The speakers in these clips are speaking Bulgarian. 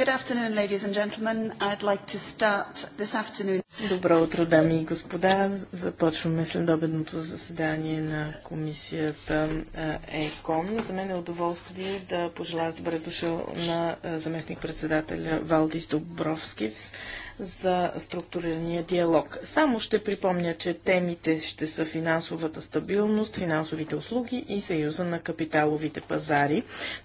Good afternoon, ladies and gentlemen. I'd like to start this afternoon. Добро утро, дами и господа. Започваме следобедното заседание на комисията ЕКОН. За мен е удоволствие да пожелая добре дошъл на заместник-председателя Валдис Добровски за структурирания диалог. Само ще припомня, че темите ще са финансовата стабилност, финансовите услуги и съюза на капиталовите пазари.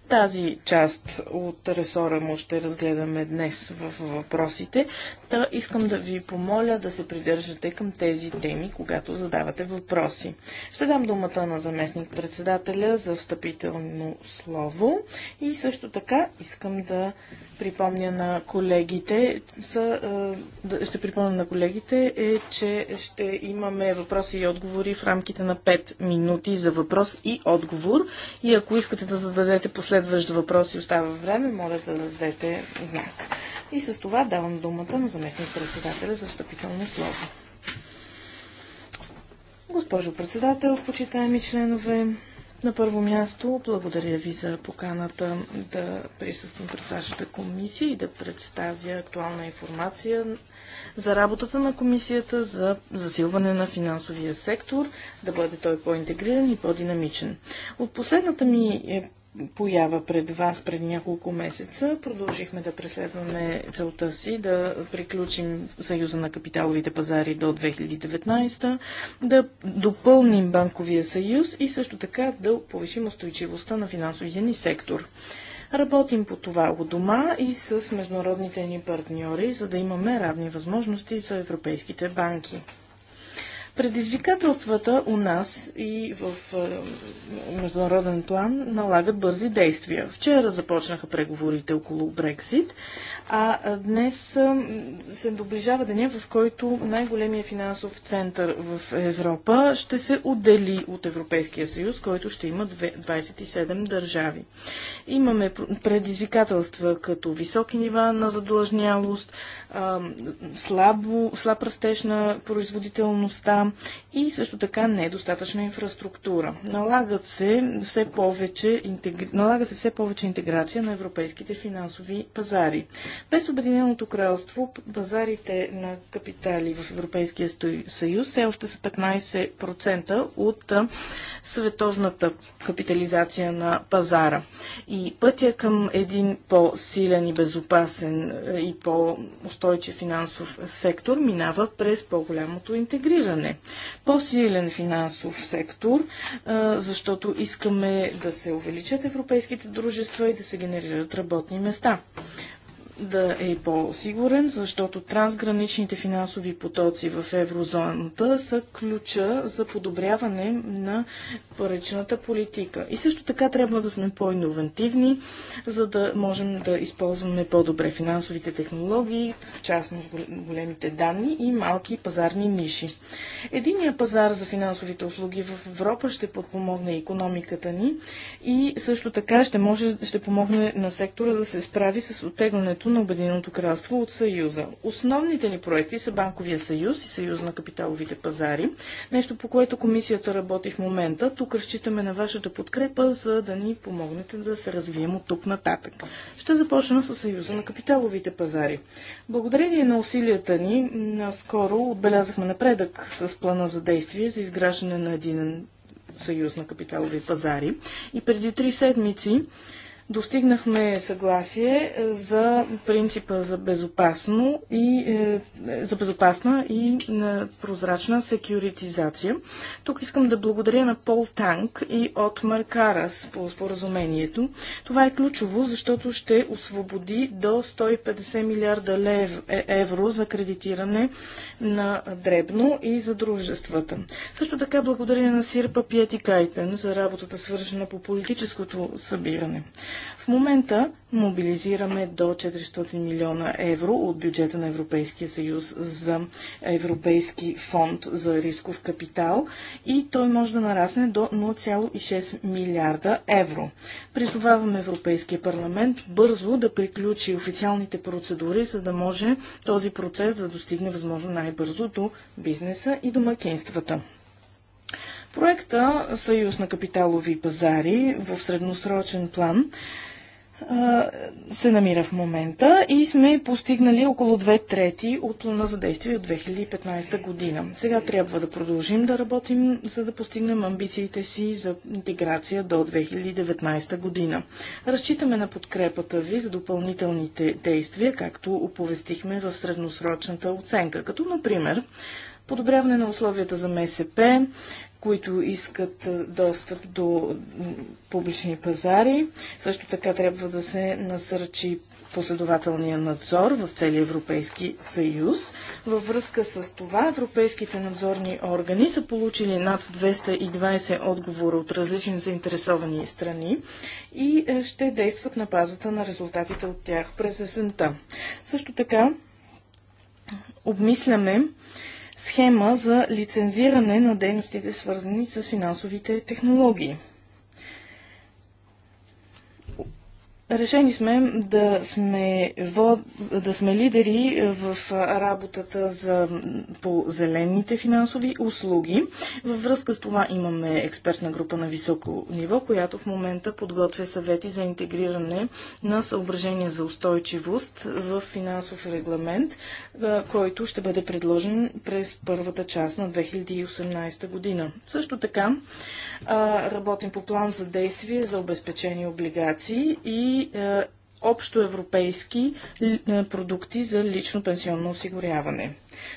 Тази част от ресора му ще разгледаме днес в въпросите. Та искам да ви помоля моля да се придържате към тези теми, когато задавате въпроси. Ще дам думата на заместник председателя за встъпително слово и също така искам да припомня на колегите, са, е, ще припомня на колегите е, че ще имаме въпроси и отговори в рамките на 5 минути за въпрос и отговор и ако искате да зададете последващ въпрос и остава време, моля да дадете знак. И с това давам думата на заместник председателя за встъпително заключително слово. Госпожо председател, почитаеми членове, на първо място благодаря ви за поканата да присъствам пред вашата комисия и да представя актуална информация за работата на комисията за засилване на финансовия сектор, да бъде той по-интегриран и по-динамичен. От последната ми е поява пред вас пред няколко месеца. Продължихме да преследваме целта си да приключим Съюза на капиталовите пазари до 2019, да допълним банковия съюз и също така да повишим устойчивостта на финансовия ни сектор. Работим по това у дома и с международните ни партньори, за да имаме равни възможности за европейските банки. Предизвикателствата у нас и в е, международен план налагат бързи действия. Вчера започнаха преговорите около Брексит, а днес е, се доближава деня, в който най-големия финансов център в Европа ще се отдели от Европейския съюз, който ще има 27 държави. Имаме предизвикателства като високи нива на задлъжнялост, слабо, слаб растеж на производителността, и също така недостатъчна инфраструктура. Налагат се все повече, Налага се все повече интеграция на европейските финансови пазари. Без Обединеното кралство пазарите на капитали в Европейския съюз все още са 15% от световната капитализация на пазара. И пътя към един по-силен и безопасен и по-устойчив финансов сектор минава през по-голямото интегриране по-силен финансов сектор, защото искаме да се увеличат европейските дружества и да се генерират работни места да е по-сигурен, защото трансграничните финансови потоци в еврозоната са ключа за подобряване на паричната политика. И също така трябва да сме по-инновативни, за да можем да използваме по-добре финансовите технологии, в частност големите данни и малки пазарни ниши. Единия пазар за финансовите услуги в Европа ще подпомогне економиката ни и също така ще, може, ще помогне на сектора да се справи с оттеглянето излизането на Обединеното кралство от Съюза. Основните ни проекти са Банковия съюз и Съюз на капиталовите пазари, нещо по което комисията работи в момента. Тук разчитаме на вашата подкрепа, за да ни помогнете да се развием от тук нататък. Ще започна с Съюза на капиталовите пазари. Благодарение на усилията ни, наскоро отбелязахме напредък с плана за действие за изграждане на един съюз на капиталови пазари. И преди три седмици достигнахме съгласие е, за принципа за безопасно и е, за безопасна и е, прозрачна секюритизация. Тук искам да благодаря на Пол Танк и от Маркарас по споразумението. Това е ключово, защото ще освободи до 150 милиарда лев, евро за кредитиране на дребно и за дружествата. Също така благодаря на Сирпа Пиети Кайтен за работата свършена по политическото събиране. В момента мобилизираме до 400 милиона евро от бюджета на Европейския съюз за Европейски фонд за рисков капитал и той може да нарасне до 0,6 милиарда евро. Призоваваме Европейския парламент бързо да приключи официалните процедури, за да може този процес да достигне възможно най-бързо до бизнеса и домакинствата. Проекта Съюз на капиталови пазари в средносрочен план се намира в момента и сме постигнали около две трети от плана за действие от 2015 година. Сега трябва да продължим да работим, за да постигнем амбициите си за интеграция до 2019 година. Разчитаме на подкрепата ви за допълнителните действия, както оповестихме в средносрочната оценка, като например подобряване на условията за МСП, които искат достъп до публични пазари. Също така трябва да се насърчи последователния надзор в целия Европейски съюз. Във връзка с това европейските надзорни органи са получили над 220 отговора от различни заинтересовани страни и е, ще действат на базата на резултатите от тях през есента. Също така обмисляме схема за лицензиране на дейностите, свързани с финансовите технологии. Решени сме да сме, да сме лидери в работата за, по зелените финансови услуги. Във връзка с това имаме експертна група на високо ниво, която в момента подготвя съвети за интегриране на съображения за устойчивост в финансов регламент, който ще бъде предложен през първата част на 2018 година. Също така работим по план за действие за обезпечени облигации и е, общоевропейски е, продукти за лично пенсионно осигуряване.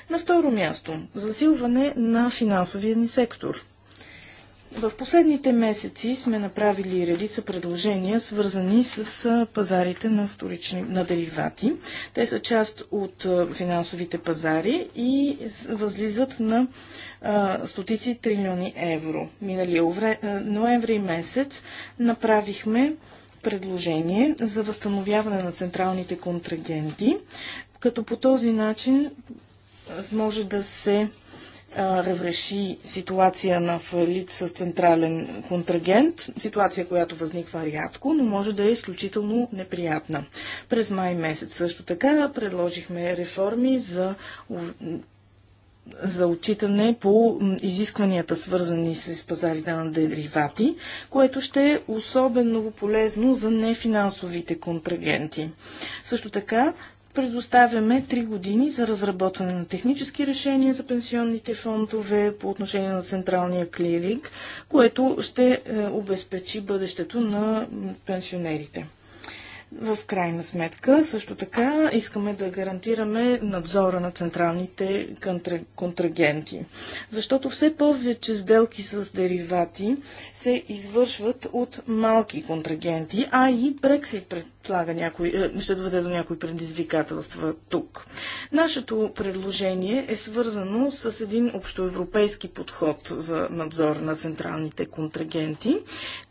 На второ място – засилване на финансовия ни сектор. В последните месеци сме направили редица предложения, свързани с е, пазарите на вторични на деривати. Те са част от е, финансовите пазари и възлизат на а, стотици трилиони евро. Миналия ноември месец направихме предложение за възстановяване на централните контрагенти, като по този начин може да се разреши ситуация на фалит с централен контрагент, ситуация, която възниква рядко, но може да е изключително неприятна. През май месец също така предложихме реформи за за отчитане по изискванията, свързани с пазарите на деривати, което ще е особено полезно за нефинансовите контрагенти. Също така, предоставяме 3 години за разработване на технически решения за пенсионните фондове по отношение на централния клиринг, което ще е, обезпечи бъдещето на пенсионерите. В крайна сметка, също така, искаме да гарантираме надзора на централните контрагенти. Защото все повече сделки с деривати се извършват от малки контрагенти, а и Брексит предлага някой, е, ще доведе до някои предизвикателства тук. Нашето предложение е свързано с един общоевропейски подход за надзор на централните контрагенти,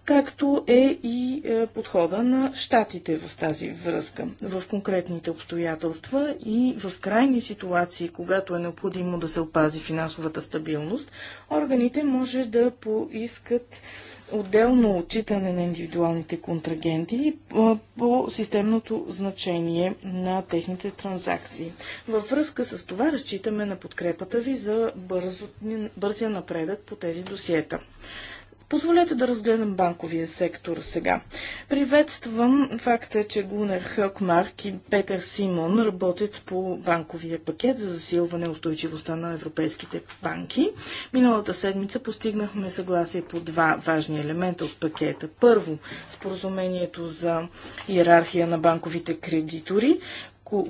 както е и е, подхода на щатите в тази връзка, в конкретните обстоятелства и в крайни ситуации, когато е необходимо да се опази финансовата стабилност, органите може да поискат отделно отчитане на индивидуалните контрагенти е, по системното значение на техните транзакции. Във връзка с това разчитаме на подкрепата ви за бързо, бързия напредък по тези досиета. Позволете да разгледам банковия сектор сега. Приветствам факта, че Гунер Хъкмарк и Петър Симон работят по банковия пакет за засилване устойчивостта на европейските банки. Миналата седмица постигнахме съгласие по два важни елемента от пакета. Първо, споразумението за иерархия на банковите кредитори,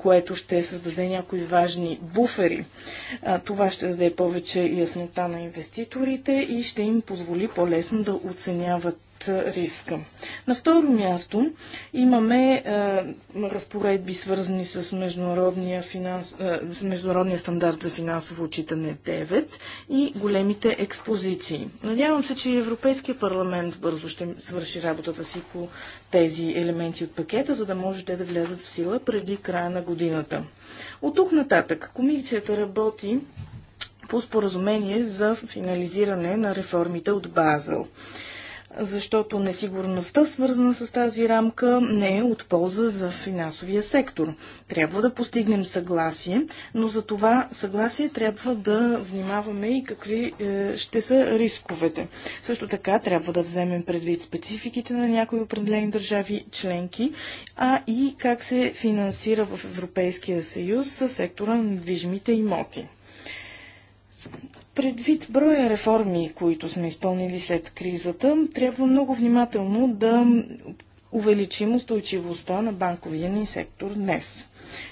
което ще създаде някои важни буфери. Това ще даде повече яснота на инвеститорите и ще им позволи по-лесно да оценяват риска. На второ място имаме а, разпоредби, свързани с Международния, финанс... а, международния стандарт за финансово отчитане 9 и големите експозиции. Надявам се, че Европейския парламент бързо ще свърши работата си по тези елементи от пакета, за да може те да влязат в сила преди края на годината. От тук нататък комисията работи по споразумение за финализиране на реформите от Базел защото несигурността, свързана с тази рамка, не е от полза за финансовия сектор. Трябва да постигнем съгласие, но за това съгласие трябва да внимаваме и какви е, ще са рисковете. Също така трябва да вземем предвид спецификите на някои определени държави членки, а и как се финансира в Европейския съюз с сектора на движимите имоти. Предвид броя реформи, които сме изпълнили след кризата, трябва много внимателно да увеличим устойчивостта на банковия ни сектор днес.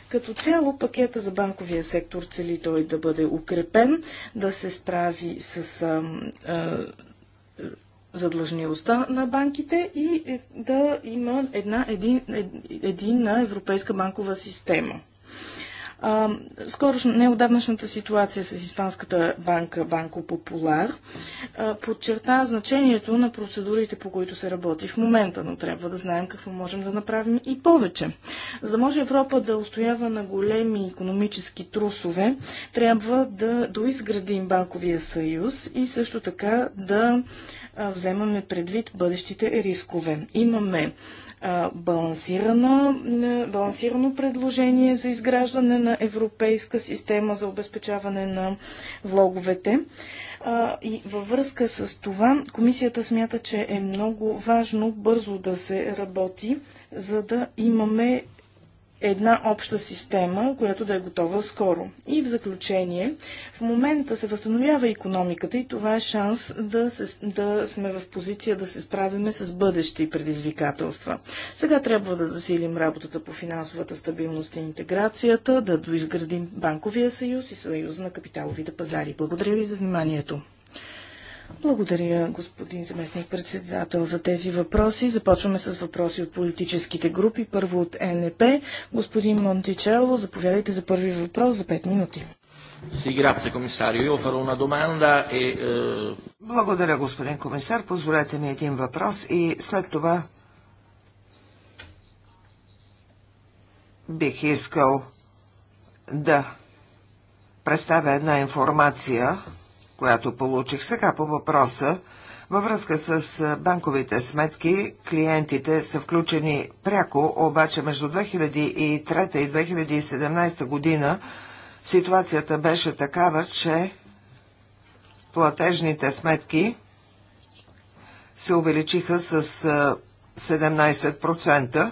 Като цяло пакета за банковия сектор цели той да бъде укрепен, да се справи с а, а, задлъжнилостта на банките и е, да има една един, е, на европейска банкова система скоро неодавнашната ситуация с Испанската банка Банко Популар подчерта значението на процедурите, по които се работи в момента, но трябва да знаем какво можем да направим и повече. За да може Европа да устоява на големи економически трусове, трябва да доизградим банковия съюз и също така да вземаме предвид бъдещите рискове. Имаме балансирано предложение за изграждане на европейска система за обезпечаване на влоговете. И във връзка с това, комисията смята, че е много важно бързо да се работи, за да имаме една обща система, която да е готова скоро. И в заключение, в момента се възстановява економиката и това е шанс да, се, да сме в позиция да се справиме с бъдещи предизвикателства. Сега трябва да засилим работата по финансовата стабилност и интеграцията, да доизградим банковия съюз и съюз на капиталовите пазари. Благодаря ви за вниманието. Благодаря, господин заместник председател, за тези въпроси. Започваме с въпроси от политическите групи. Първо от НП. Господин Монтичело, заповядайте за първи въпрос за 5 минути. E, eh, Благодаря, господин комисар. Позволете ми един въпрос и след това бих искал да представя една информация която получих. Сега по въпроса. Във връзка с банковите сметки, клиентите са включени пряко, обаче между 2003 и 2017 година ситуацията беше такава, че платежните сметки се увеличиха с 17%.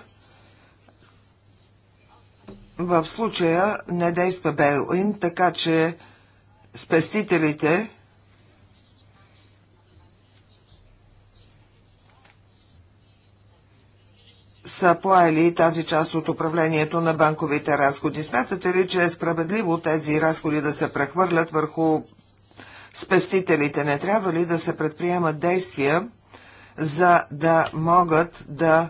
В случая не действа Бейлин, така че спестителите са поели тази част от управлението на банковите разходи. Смятате ли, че е справедливо тези разходи да се прехвърлят върху спестителите? Не трябва ли да се предприемат действия, за да могат да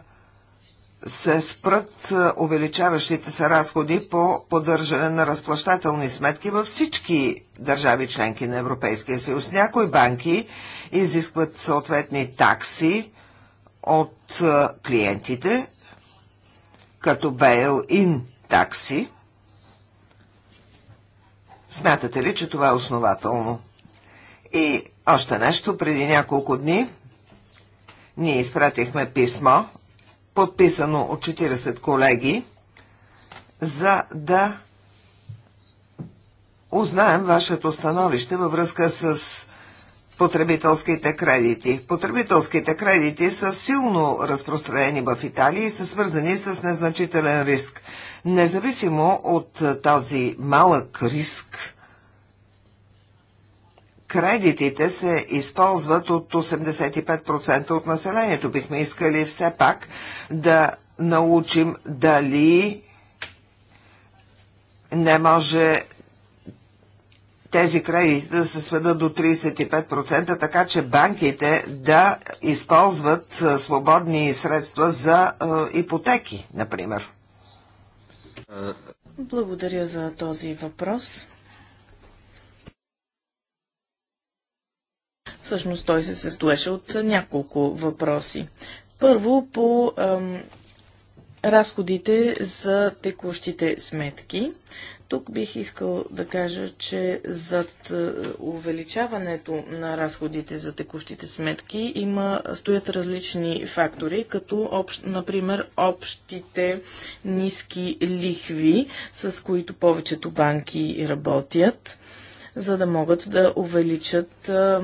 се спрат е, увеличаващите се разходи по поддържане на разплащателни сметки във всички държави членки на Европейския съюз. Някои банки изискват съответни такси, от клиентите, като bail-in такси. Смятате ли, че това е основателно? И още нещо, преди няколко дни ние изпратихме писмо, подписано от 40 колеги, за да узнаем вашето становище във връзка с потребителските кредити. Потребителските кредити са силно разпространени в Италия и са свързани с незначителен риск. Независимо от този малък риск, кредитите се използват от 85% от населението. Бихме искали все пак да научим дали не може тези кредити да се сведат до 35%, така че банките да използват свободни средства за ипотеки, например. Благодаря за този въпрос. Всъщност той се състоеше от няколко въпроси. Първо по ам, разходите за текущите сметки. Тук бих искал да кажа, че зад е, увеличаването на разходите за текущите сметки има, стоят различни фактори, като, общ, например, общите ниски лихви, с които повечето банки работят, за да могат да увеличат е,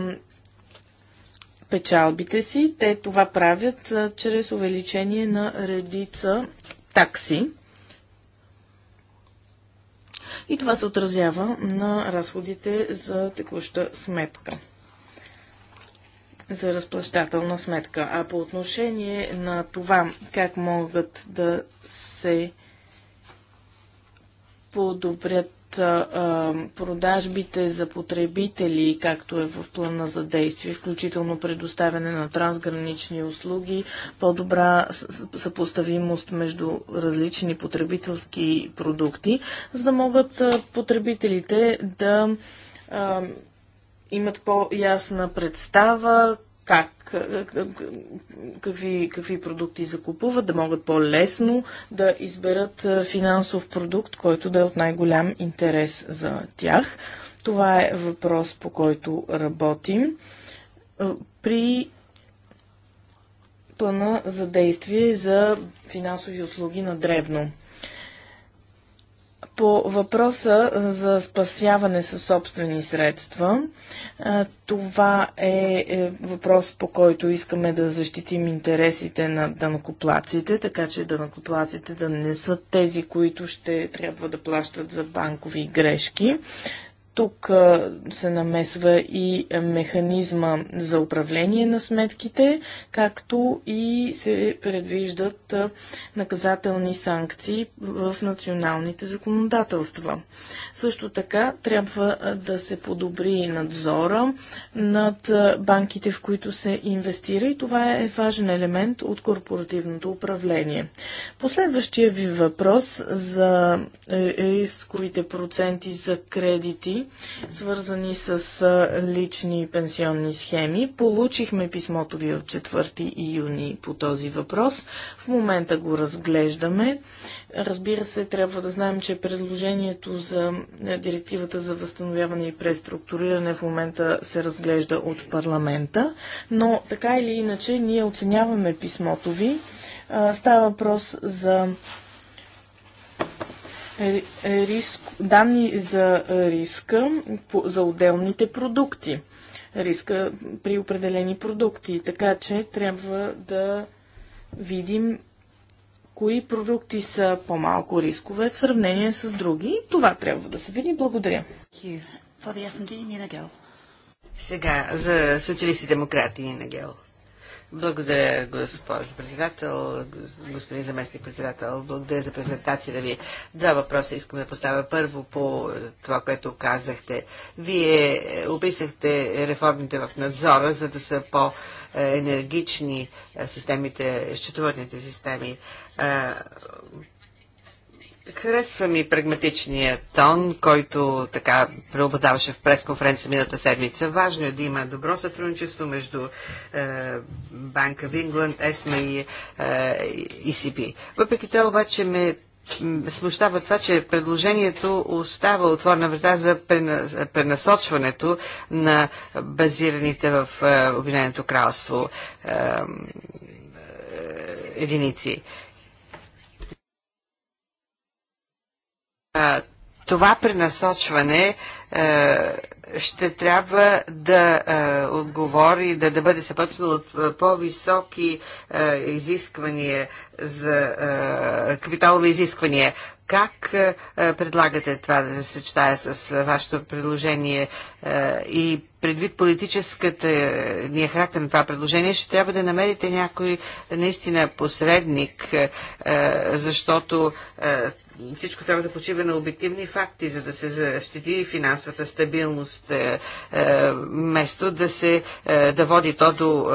печалбите си. Те това правят е, чрез увеличение на редица такси и това се отразява на разходите за текуща сметка за разплащателна сметка. А по отношение на това как могат да се подобрят а, продажбите за потребители, както е в плана за действие, включително предоставяне на трансгранични услуги, по-добра съпоставимост между различни потребителски продукти, за да могат потребителите да а, имат по-ясна представа как, е, е, какви, какви продукти закупуват, да могат по-лесно да изберат е, финансов продукт, който да е от най-голям интерес за тях. Това е въпрос, по който работим. При плана за действие за финансови услуги на дребно. По въпроса за спасяване със собствени средства, това е, е въпрос, по който искаме да защитим интересите на данакоплаците, така че данокоплаците да не са тези, които ще трябва да плащат за банкови грешки. Тук се намесва и механизма за управление на сметките, както и се предвиждат наказателни санкции в националните законодателства. Също така трябва да се подобри надзора над банките, в които се инвестира и това е важен елемент от корпоративното управление. Последващия ви въпрос за е, рисковите проценти за кредити свързани с лични пенсионни схеми. Получихме писмото ви от 4 июни по този въпрос. В момента го разглеждаме. Разбира се, трябва да знаем, че предложението за е, директивата за възстановяване и преструктуриране в момента се разглежда от парламента, но така или иначе ние оценяваме писмото ви. Става въпрос за риск, данни за риска за отделните продукти. Риска при определени продукти. Така че трябва да видим кои продукти са по-малко рискове в сравнение с други. Това трябва да се види. Благодаря. Сега за социалисти демократи на Гел. Благодаря, госпожо председател, господин заместник председател. Благодаря за презентацията ви. Два въпроса искам да поставя. Първо по това, което казахте. Вие описахте реформите в надзора, за да са по- енергични системите, счетоводните системи. Харесва ми прагматичния тон, който така преобладаваше в пресконференция миналата седмица. Важно е да има добро сътрудничество между е, Банка в Ингланд, ЕСМА и ИСП. Е, Въпреки това обаче ме смущава това, че предложението остава отворена врата за пренасочването на базираните в е, Обединеното кралство е, е единици. това пренасочване е, ще трябва да е, отговори, да, да бъде съпътствано от е, по-високи изисквания за капиталови изисквания. Как е, е, предлагате това да се съчетая с е, вашето предложение и предвид политическата ни е характер на това предложение, ще трябва да намерите някой наистина посредник, защото всичко трябва да почива на обективни факти, за да се защити финансовата стабилност, вместо да се да води то до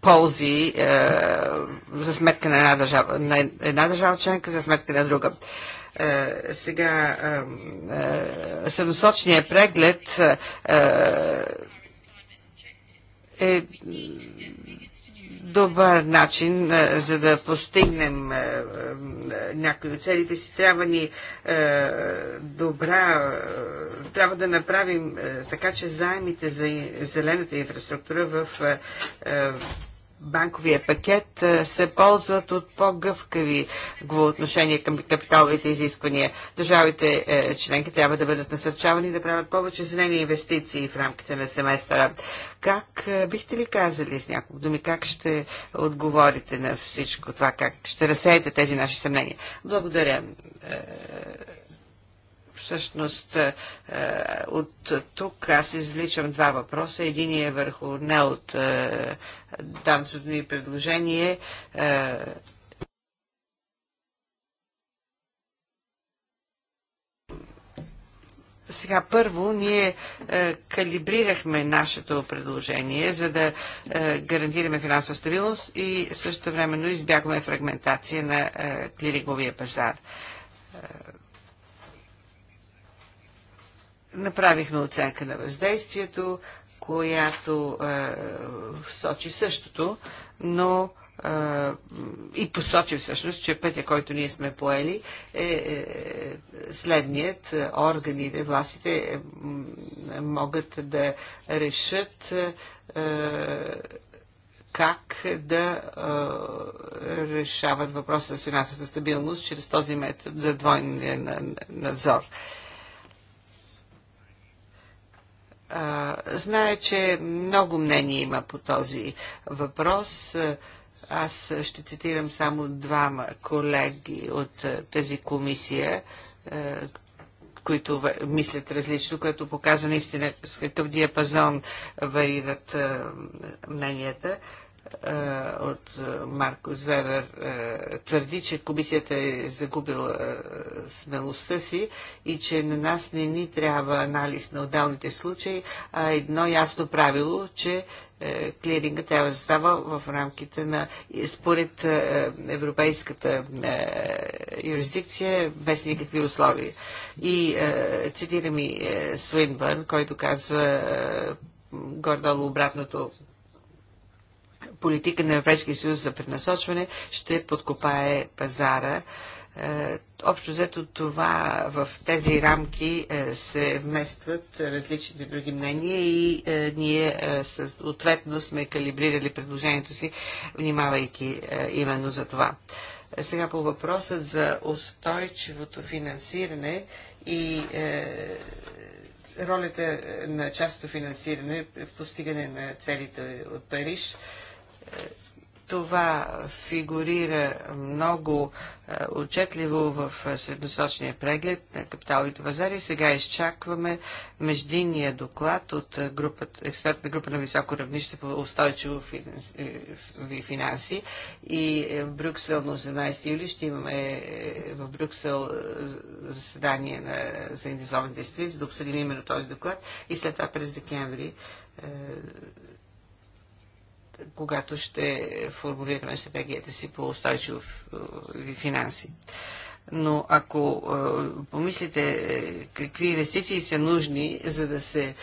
ползи е, за сметка на една държава, на една държава членка, за сметка на друга. Е, сега е, е съдосочният преглед е, е, е добър начин е, за да постигнем някои от целите си. Трябва ни добра, трябва да направим така, че заемите за зелената инфраструктура в банковия пакет се ползват от по-гъвкави отношение към капиталовите изисквания. Държавите е, членки трябва да бъдат насърчавани да правят повече зелени инвестиции в рамките на семестъра. Как е, бихте ли казали с няколко думи, как ще отговорите на всичко това, как ще разсеете тези наши съмнения? Благодаря, е, Всъщност е, от тук аз извличам два въпроса. Единият е върху не от е, данчото ми предложение. Е, сега първо ние е, калибрирахме нашето предложение, за да е, гарантираме финансова стабилност и също времено избягваме фрагментация на е, клиринговия пазар. Направихме оценка на въздействието, която е, сочи същото, но е, и посочи всъщност, че пътя, който ние сме поели, е, е следният. Е, органите, властите е, могат да решат е, е, как да е, решават въпроса с финансовата стабилност чрез този метод за двойния надзор. на Знае, че много мнение има по този въпрос. Аз ще цитирам само двама колеги от тази комисия, които мислят различно, което показва наистина с какъв диапазон варират мненията. Е, от е, Маркус Вебер е, твърди, че комисията е загубила смелостта си и че на нас не ни трябва анализ на отделните случаи, а едно ясно правило, че клиринга трябва да става в рамките на, според европейската юрисдикция, без никакви условия. И цитирам и Свинбърн, който казва гордало обратното политика на Европейския съюз за пренасочване ще подкопае пазара. Е, общо взето това в тези рамки е, се вместват различните други мнения и е, ние съответно сме калибрирали предложението си, внимавайки именно за това. Сега по въпросът за устойчивото финансиране и ролята на частото финансиране в постигане на целите от Париж – това фигурира много е, отчетливо в е, средносрочния преглед на капиталовите пазари. Сега изчакваме междинния доклад от е, групата, експертна група на високо равнище по устойчиво финанси и в Брюксел на 18 юли ще имаме в Брюксел заседание на заинтересованите страни, за да обсъдим именно този доклад и след това през декември когато ще формулираме стратегията си по устойчиви е, финанси. Но ако е, помислите е, какви инвестиции са нужни, за да се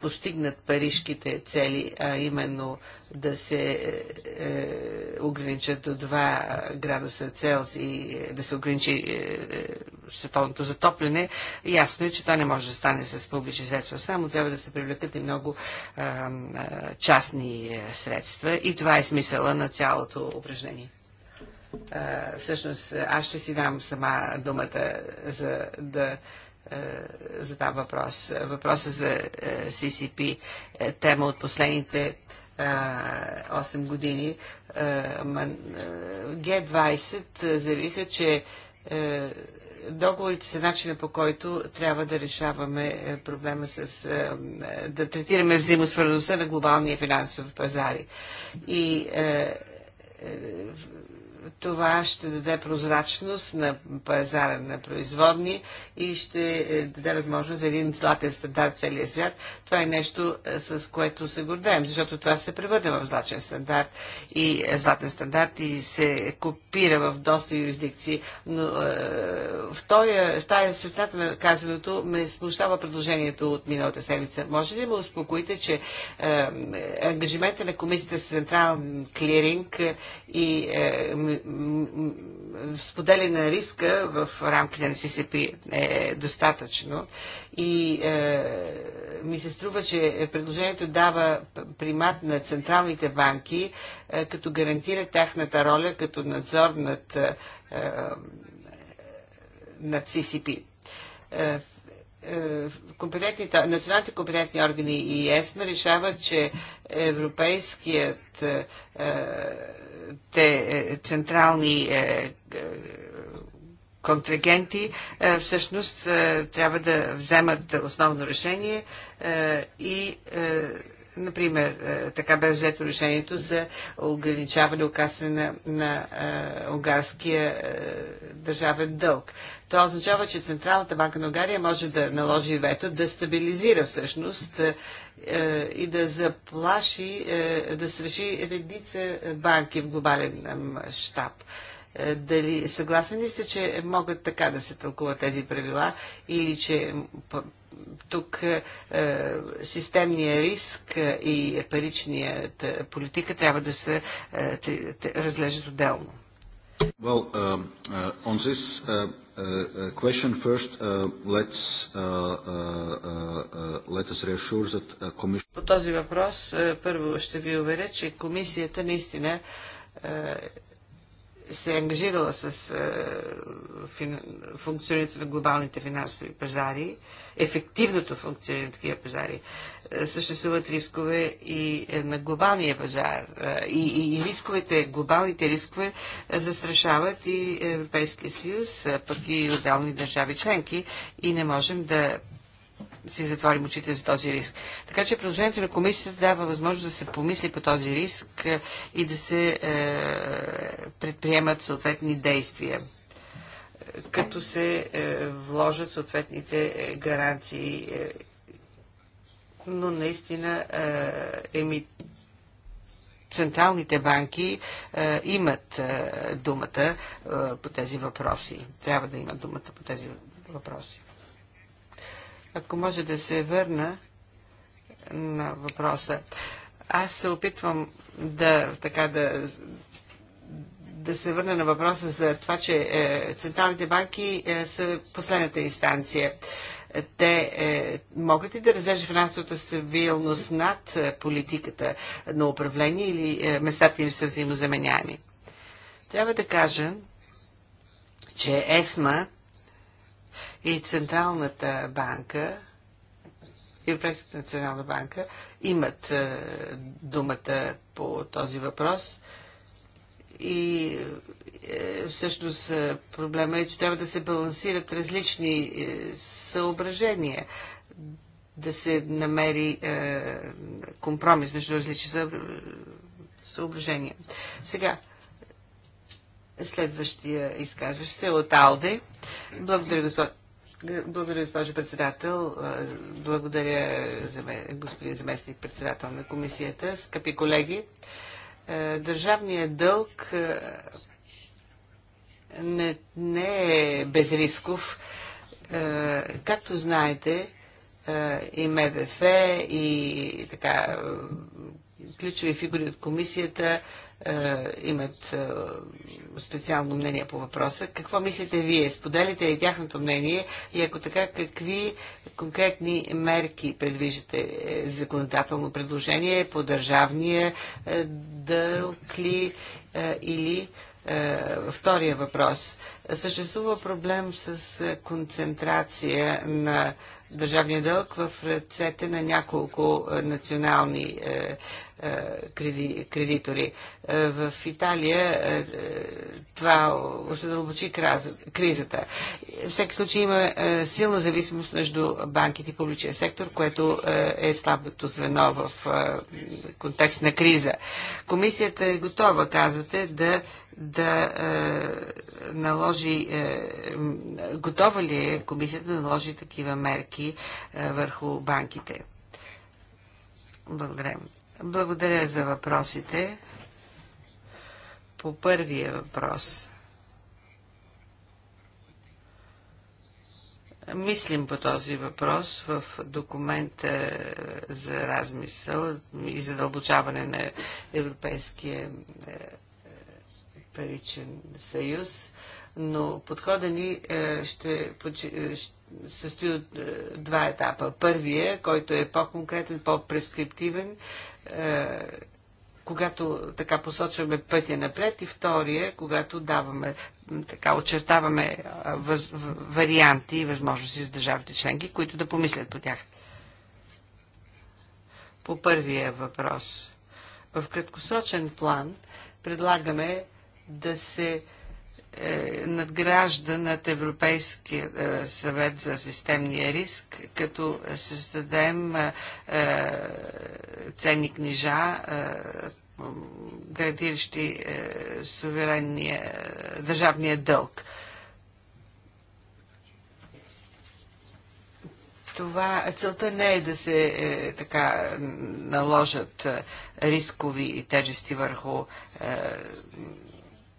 постигнат парижките цели, а именно да се е, е ограничат до 2 градуса Целсий и е, да се ограничи е, е, световното затопляне, ясно е, че това не може да стане с публични средства. Само трябва да се привлекат и много е, частни средства. И това е смисъла на цялото упражнение. Всъщност, аз ще си дам сама думата за да е, задам въпрос. Въпроса за е, CCP, е тема от последните 8 е, години. Г20 заявиха, че договорите са начина по който трябва да решаваме проблема с... да третираме взаимосвързаността на глобалния финансов пазари. И това ще даде прозрачност на пазара на производни и ще е, даде възможност за един златен стандарт в целия свят. Това е нещо, е, с което се гордеем, защото това се превърне в златен стандарт и е, златен стандарт и се копира в доста юрисдикции. Но в, тоя, в тая светлината на казаното ме смущава предложението от миналата седмица. Може ли да ме успокоите, че ангажимента на комисията с централен клиринг и е, споделяне на риска в рамките на ССП е достатъчно и е, ми се струва, че предложението дава примат на централните банки, е, като гарантира тяхната роля като надзор над, е, над CCP. националните компетентни органи и ЕСМА решават, че европейският е, те е, централни е, е, контрагенти всъщност трябва да вземат основно решение и Например, така бе взето решението за ограничаване оказване на, на унгарския държавен дълг. Това означава, че Централната банка на Угария може да наложи вето, да стабилизира всъщност е, и да заплаши, е, да среши редица банки в глобален е, мащаб. Дали съгласен ли сте, че могат така да се тълкуват тези правила или че тук е, системния риск и паричният политика трябва да се е, отделно? Well, um, uh, on this uh, uh, question first, uh, let's, uh, uh, let us reassure that uh, commission... По този въпрос, първо ще ви уверя, че комисията наистина се е ангажирала с е, функционирането на глобалните финансови пазари, ефективното функциониране на такива пазари. Е, съществуват рискове и е, на глобалния пазар. И, и, и рисковете, глобалните рискове застрашават и Европейския съюз, пък и отделни държави членки. И не можем да си затворим очите за този риск. Така че предложението на комисията дава възможност да се помисли по този риск е, и да се е, предприемат съответни действия като се е, вложат съответните е, гаранции. Е, но наистина е, еми, централните банки е, имат е, думата е, по тези въпроси. Трябва да имат думата по тези въпроси. Ако може да се върна на въпроса. Аз се опитвам да, така, да, да се върна на въпроса за това, че е, централните банки е, са последната инстанция. Те е, могат ли да разрежат финансовата стабилност над е, политиката на управление или е, местата им са взаимозаменяни? Трябва да кажа, че ЕСМА и Централната банка, Европейската национална банка, имат е, думата по този въпрос. И е, всъщност е, проблема е, че трябва да се балансират различни съображения, да се намери компромис между различни съображения. Сега, следващия изказващ се от Алде. Благодаря, господин. Благодаря, госпожо председател. Благодаря, господин заместник председател на комисията. Скъпи колеги, държавният дълг не, не е безрисков. Както знаете, и МВФ, и така ключови фигури от комисията е, имат е, специално мнение по въпроса. Какво мислите вие? Споделите ли тяхното мнение? И ако така, какви конкретни мерки предвиждате е, законодателно предложение по държавния дълг ли или втория въпрос? Съществува проблем с концентрация на държавния дълг в ръцете на няколко е, национални е, е, кредитори. В Италия това задълбочи кризата. Всеки случай има силна зависимост между банките и публичния сектор, което е слабото звено в контекст на криза. Комисията е готова, казвате, да да е, наложи, е, готова ли е комисията да наложи такива мерки е, върху банките? Благодаря. Благодаря за въпросите. По първия въпрос. Мислим по този въпрос в документа е, за размисъл и задълбочаване на европейския е, паричен съюз, но подхода ни е, е, ще, състои от е, два етапа. Първия, който е по-конкретен, по-прескриптивен, когато така посочваме пътя напред и втория, когато даваме, така очертаваме въз, варианти и възможности за държавите членки, които да помислят по тях. По първия въпрос. В краткосрочен план предлагаме да се е, надгражда над Европейския е, съвет за системния риск, като създадем е, е ценни книжа, е, градиращи е, суверенния държавния дълг. това целта не е да се е, така наложат е, рискови и тежести върху е,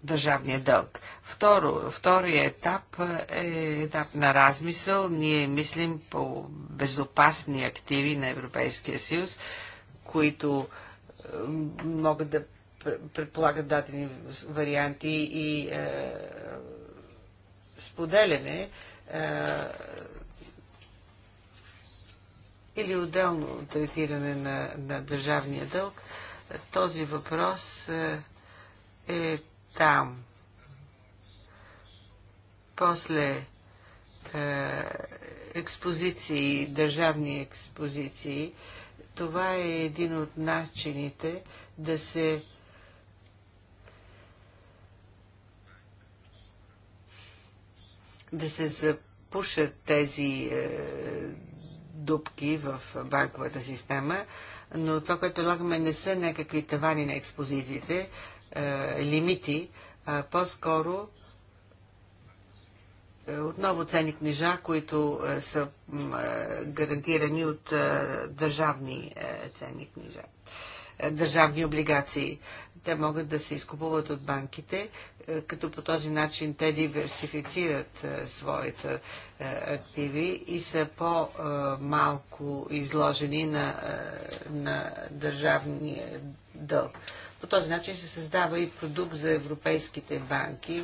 държавния дълг. Второ, втория етап е етап на размисъл. Ние мислим по безопасни активи на Европейския съюз, които могат да предполагат дадени варианти и е, споделяне е, или отделно третиране на, на държавния дълг. Този въпрос е, е там. После е, експозиции, държавни експозиции, това е един от начините да се да се запушат тези е, дупки в банковата система, но това, което лагаме, не са някакви тавани на експозициите, е, лимити, а по-скоро е, отново цени книжа, които е, са е, гарантирани от е, държавни е, ценни книжа, е, държавни облигации. Те могат да се изкупуват от банките, е, като по този начин те диверсифицират е, своите е, активи и са по-малко изложени на, е, на държавния дълг. По този начин се създава и продукт за европейските банки,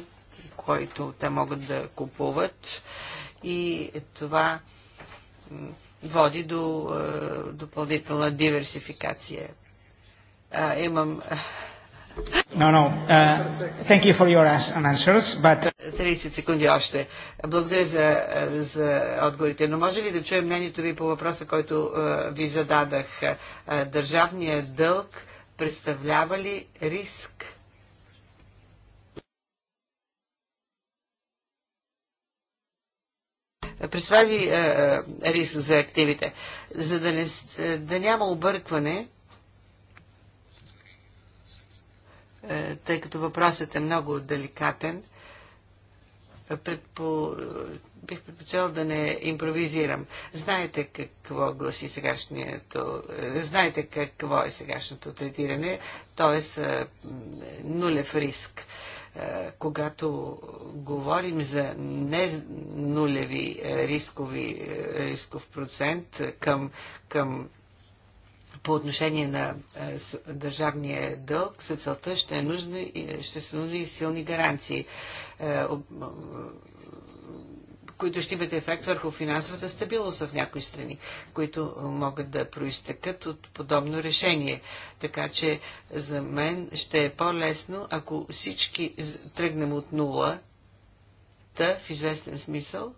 който те могат да купуват и това води до е, допълнителна диверсификация. А, имам... Е, no, no. Uh, thank you for your answers, but... 30 uh, секунди още. Благодаря за, за отговорите. Но може ли да чуем мнението ви по въпроса, който uh, ви зададах? Държавният дълг представлява ли риск? Представи ли е, е, риск за активите? За да, не, е, да няма объркване, е, тъй като въпросът е много деликатен, предпо бих предпочел да не импровизирам. Знаете какво гласи сегашното, е, знаете какво е сегашното третиране, т.е. нулев риск. Е, когато говорим за не нулеви е, рискови, рисков процент към, към по отношение на държавния дълг, за целта ще, е нужни, ще са нужни силни гаранции които ще имат ефект върху финансовата стабилност в някои страни, които могат да проистъкат от подобно решение. Така че за мен ще е по-лесно, ако всички тръгнем от нула, да, в известен смисъл,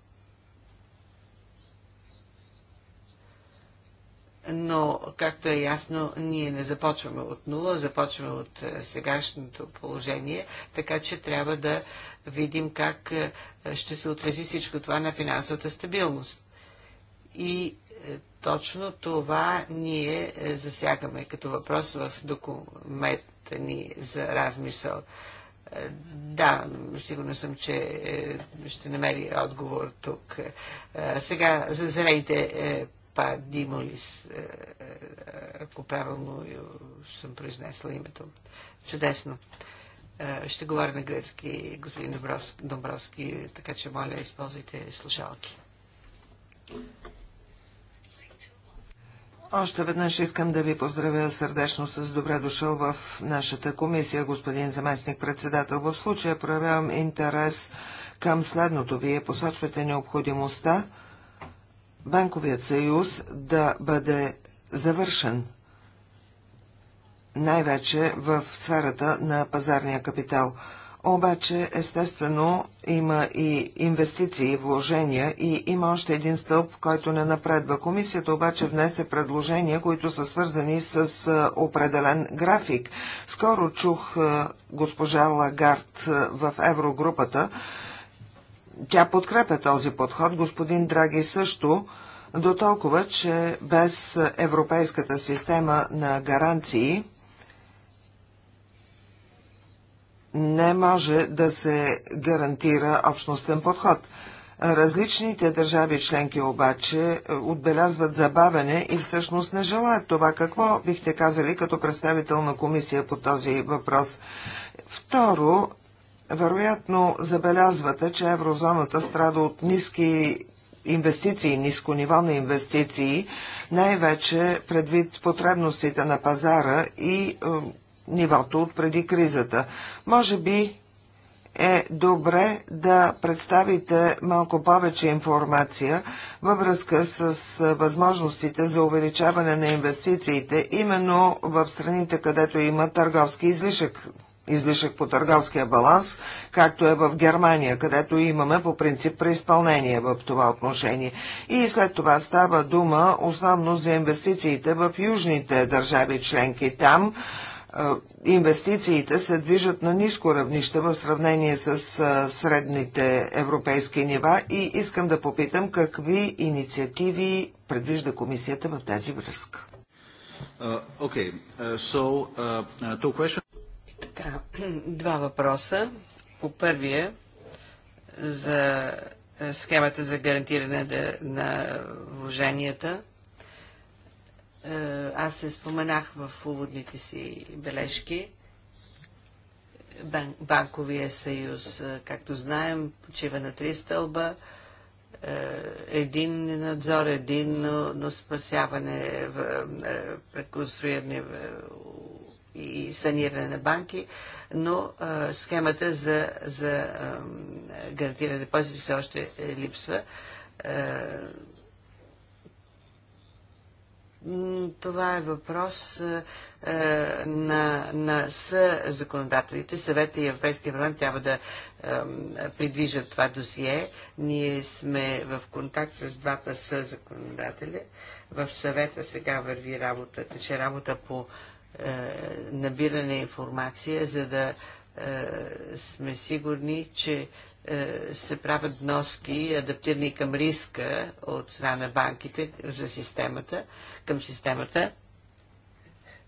но, както е ясно, ние не започваме от нула, започваме от е, сегашното положение, така че трябва да видим как е, ще се отрази всичко това на финансовата стабилност. И е, точно това ние е, засягаме като въпрос в документа ни за размисъл. Да, сигурно съм, че ще намери отговор тук. Сега за зрените Димолис, ако правилно съм произнесла името. Чудесно. Е, ще говоря на грецки, господин Добровски, така че моля, използвайте слушалки. Още веднъж искам да ви поздравя сърдечно с добре дошъл в нашата комисия, господин заместник-председател. В случая проявявам интерес към следното. Вие посочвате необходимостта Банковият съюз да бъде завършен най-вече в сферата на пазарния капитал. Обаче, естествено, има и инвестиции, и вложения и има още един стълб, който не напредва. Комисията обаче внесе предложения, които са свързани с определен график. Скоро чух госпожа Лагард в Еврогрупата. Тя подкрепя този подход. Господин Драги също до толкова, че без европейската система на гаранции – не може да се гарантира общностен подход. Различните държави членки обаче е, отбелязват забавене и всъщност не желаят това. Какво бихте казали като представител на комисия по този въпрос? Второ, вероятно забелязвате, че еврозоната страда от ниски инвестиции, ниско ниво на инвестиции, най-вече предвид потребностите на пазара и е, нивото от преди кризата. Може би е добре да представите малко повече информация във връзка с възможностите за увеличаване на инвестициите, именно в страните, където има търговски излишък излишък по търговския баланс, както е в Германия, където имаме по принцип преизпълнение в това отношение. И след това става дума основно за инвестициите в южните държави членки. Там инвестициите се движат на ниско равнище в сравнение с средните европейски нива и искам да попитам какви инициативи предвижда комисията в тази връзка. Uh, okay. uh, so, uh, така, два въпроса. По първия за е, схемата за гарантиране на вложенията е, аз се споменах в уводните си бележки, банковия съюз, е, както знаем, почива на три стълба. Е, един надзор, един но спасяване, преконструиране и саниране на банки, но схемата за, за гарантиране депозити все още липсва това е въпрос е, е на, на съ законодателите. Съвета и Европейския парламент трябва да е, придвижат това досие. Ние сме в контакт с двата съ законодателя. В съвета сега върви работа, тече работа по е, набиране информация, за да е, сме сигурни, че е, се правят вноски, адаптирани към риска от страна на банките за системата, към системата.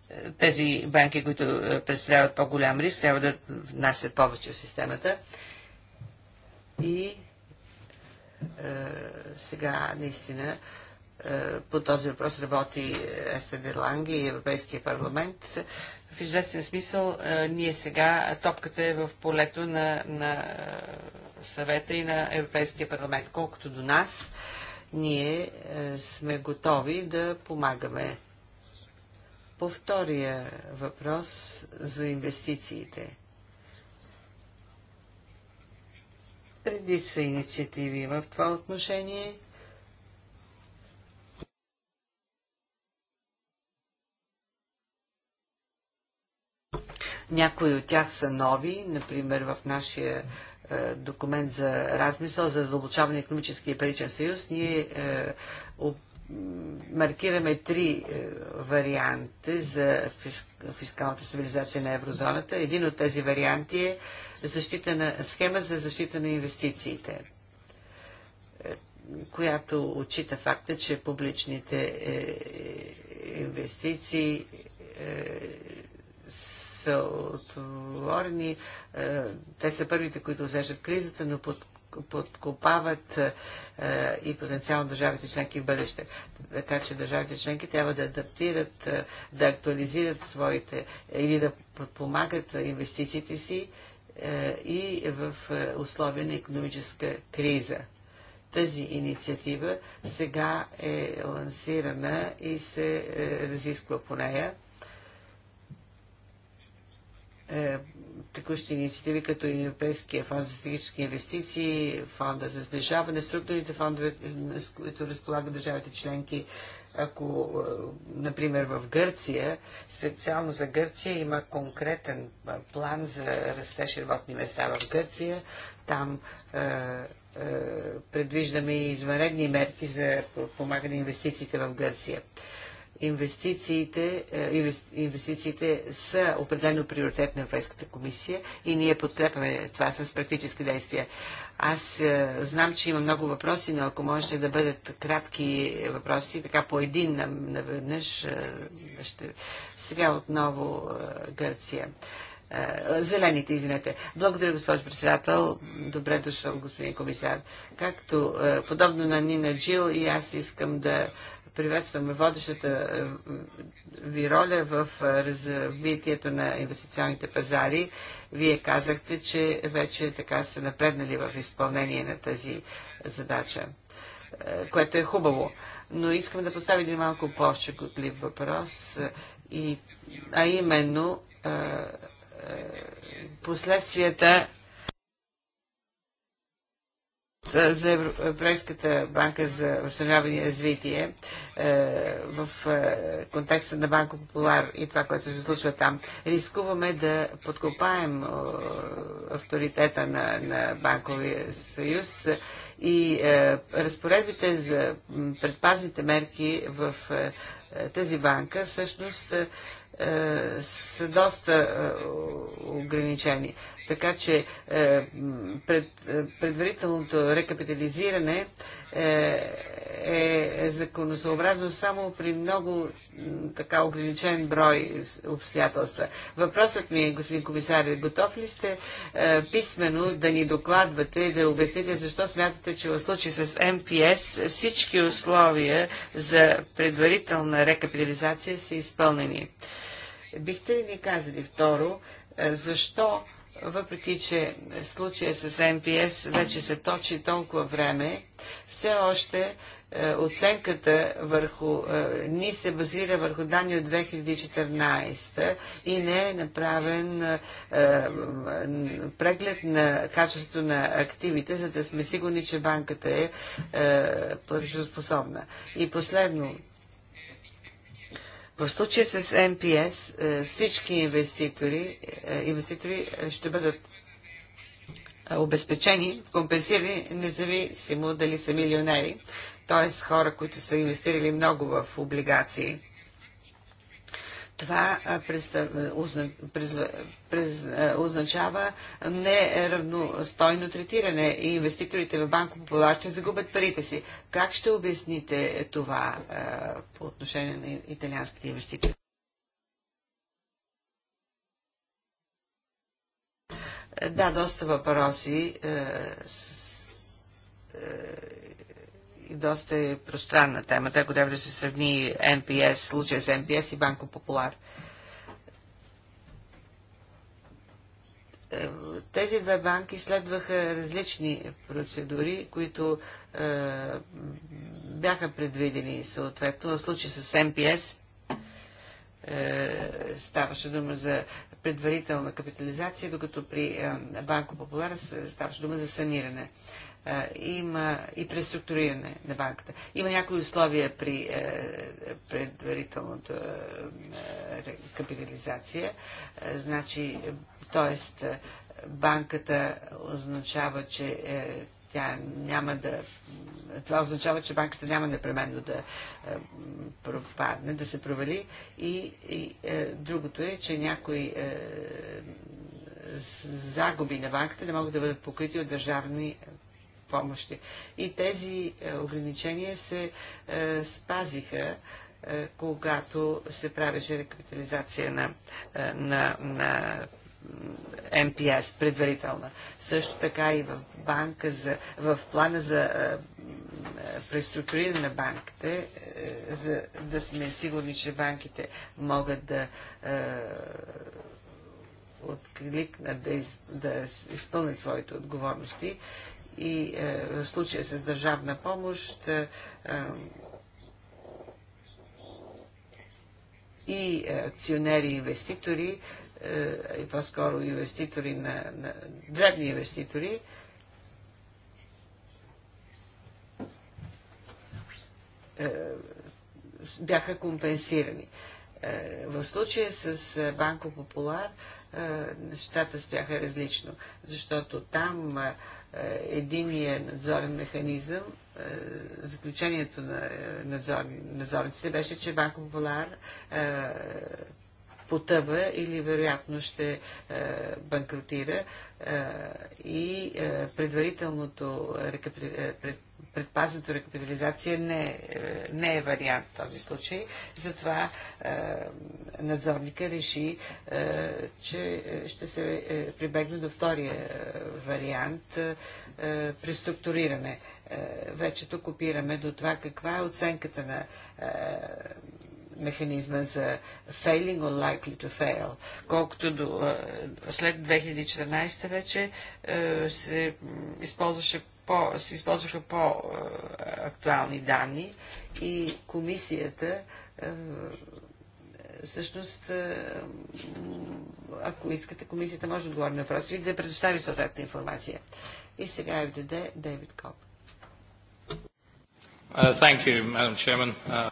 Е, тези банки, които е, представляват по-голям риск, трябва да внасят повече в системата. И е, сега наистина е, по този въпрос работи Естер Ланги и Европейския парламент в известен смисъл ние сега топката е в полето на, на съвета и на Европейския парламент. Колкото до нас, ние е, сме готови да помагаме. По втория въпрос за инвестициите. Преди са инициативи в това отношение. Някои от тях са нови, например в нашия е, документ за размисъл за задълбочаване на економически и паричен съюз, ние е, маркираме три е, варианти за фискалната стабилизация на еврозоната. Един от тези варианти е защита на, схема за защита на инвестициите която отчита факта, че публичните инвестиции са отворени. Е, те са първите, които усещат кризата, но под подкопават е, и потенциално държавите членки в бъдеще. Така че държавите членки трябва да адаптират, е, да актуализират своите или да подпомагат инвестициите си е, и в условия на економическа криза. Тази инициатива сега е лансирана и се разисква по нея. Е, текущи инициативи, като Европейския фонд за стратегически инвестиции, фонда за сближаване, структурните фондове, е, с които разполагат държавите членки. Ако, е, например, в Гърция, специално за Гърция има конкретен план за растеж работни места в Гърция, там е, е, предвиждаме и извънредни мерки за помагане на инвестициите в Гърция инвестициите, е, инвестициите са определено приоритет на Европейската комисия и ние подкрепяме това с практически действия. Аз е, знам, че има много въпроси, но ако можете да бъдат кратки въпроси, така по един наведнъж, е, ще... сега отново Гърция. Зелените, извинете. Благодаря, госпожо председател. Добре дошъл, господин комисар. Както подобно на Нина Джил, и аз искам да приветстваме водещата е, ви роля в е, развитието на инвестиционните пазари. Вие казахте, че вече така сте напреднали в изпълнение на тази задача, е, което е хубаво. Но искам да поставя един малко по-щекотлив въпрос, а именно последствията е, за Европейската банка за възстановяване и развитие е, в е, контекста на Банко Популар и това, което се случва там. Рискуваме да подкопаем авторитета на, на Банковия съюз и разпоредбите за предпазните мерки в тази банка всъщност са доста ограничени. Така че е, пред, е, предварителното рекапитализиране е, е законосъобразно само при много така ограничен брой обстоятелства. Въпросът ми, е, господин комисар, готов ли сте е, писменно да ни докладвате, и да обясните защо смятате, че в случай с МПС всички условия за предварителна рекапитализация са изпълнени? Бихте ли ни казали второ, защо въпреки че случая с МПС вече се точи толкова време, все още е, оценката върху е, ни се базира върху данни от 2014 и не е направен е, преглед на качеството на активите, за да сме сигурни, че банката е платежоспособна. И последно, в случая с МПС е, всички инвеститори, е, инвеститори е, ще бъдат обезпечени, компенсирани, независимо дали са милионери, т.е. хора, които са инвестирали много в облигации това означава неравностойно третиране и инвеститорите в Банко Популар ще загубят парите си. Как ще обясните това по отношение на италианските инвеститори? Да, доста въпроси доста е пространна темата, ако трябва да се сравни НПС, случая с НПС и Банко Популар. Е, тези две банки следваха различни процедури, които е, бяха предвидени съответно. В случай с МПС е, ставаше дума за предварителна капитализация, докато при е, Банко Популяра ставаше дума за саниране. Е, е, има и преструктуриране на банката. Има някои условия при е, предварителната е, капитализация. Значи, т.е. банката означава, че тя няма да. Това означава, че банката няма непременно да пропадне, да се провали. И, и другото е, че някои загуби на банката не могат да бъдат покрити от държавни помощи. И тези е, ограничения се е, спазиха е, когато се правеше рекапитализация на, на, на МПС предварителна. Също така и в, банка за, в плана за преструктуриране на банките, за да сме сигурни, че банките могат да е, откликнат, да, из, да изпълнят своите отговорности, и е, в случая с държавна помощ е, е, и акционери инвеститори, и по-скоро инвеститори на, на дребни инвеститори, бяха компенсирани. В случая с Банко Популар нещата стояха различно, защото там е, единия надзорен механизъм, е, заключението на е, надзор, надзорниците беше, че Банков Волар потъва или вероятно ще банкротира и предварителното предпазната рекапитализация не, е, не е вариант в този случай. Затова е, надзорника реши, е, че ще се е, прибегне до втория е, вариант е, е, преструктуриране. Е, вече тук опираме до това каква е оценката на е, механизма за failing or likely to fail. Колкото до, след 2014 вече се използваше по, се използваха по-актуални данни и комисията всъщност, ако искате, комисията може да отговори на въпроса и да предостави съответна информация. И сега е даде Дейвид Коп. Uh, you, uh...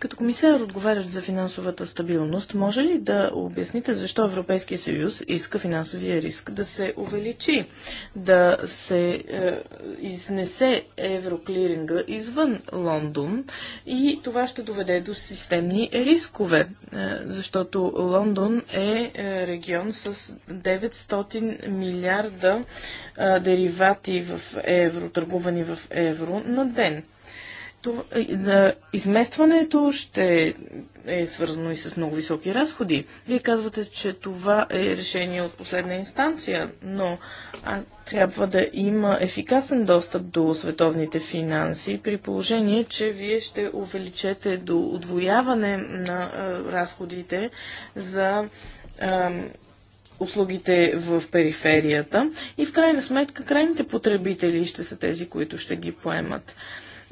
Като комисар, отговарящ за финансовата стабилност, може ли да обясните защо Европейския съюз иска финансовия риск да се увеличи, да се е, изнесе евроклиринга извън Лондон и това ще доведе до системни рискове, е, защото Лондон е, е регион с 900 милиарда е, деривати в евро, търгувани в евро на ден. Е, изместването ще е свързано и с много високи разходи. Вие казвате, че това е решение от последна инстанция, но а, трябва да има ефикасен достъп до световните финанси, при положение, че вие ще увеличете до отвояване на а, разходите за. А, услугите в периферията и в крайна сметка крайните потребители ще са тези, които ще ги поемат. А,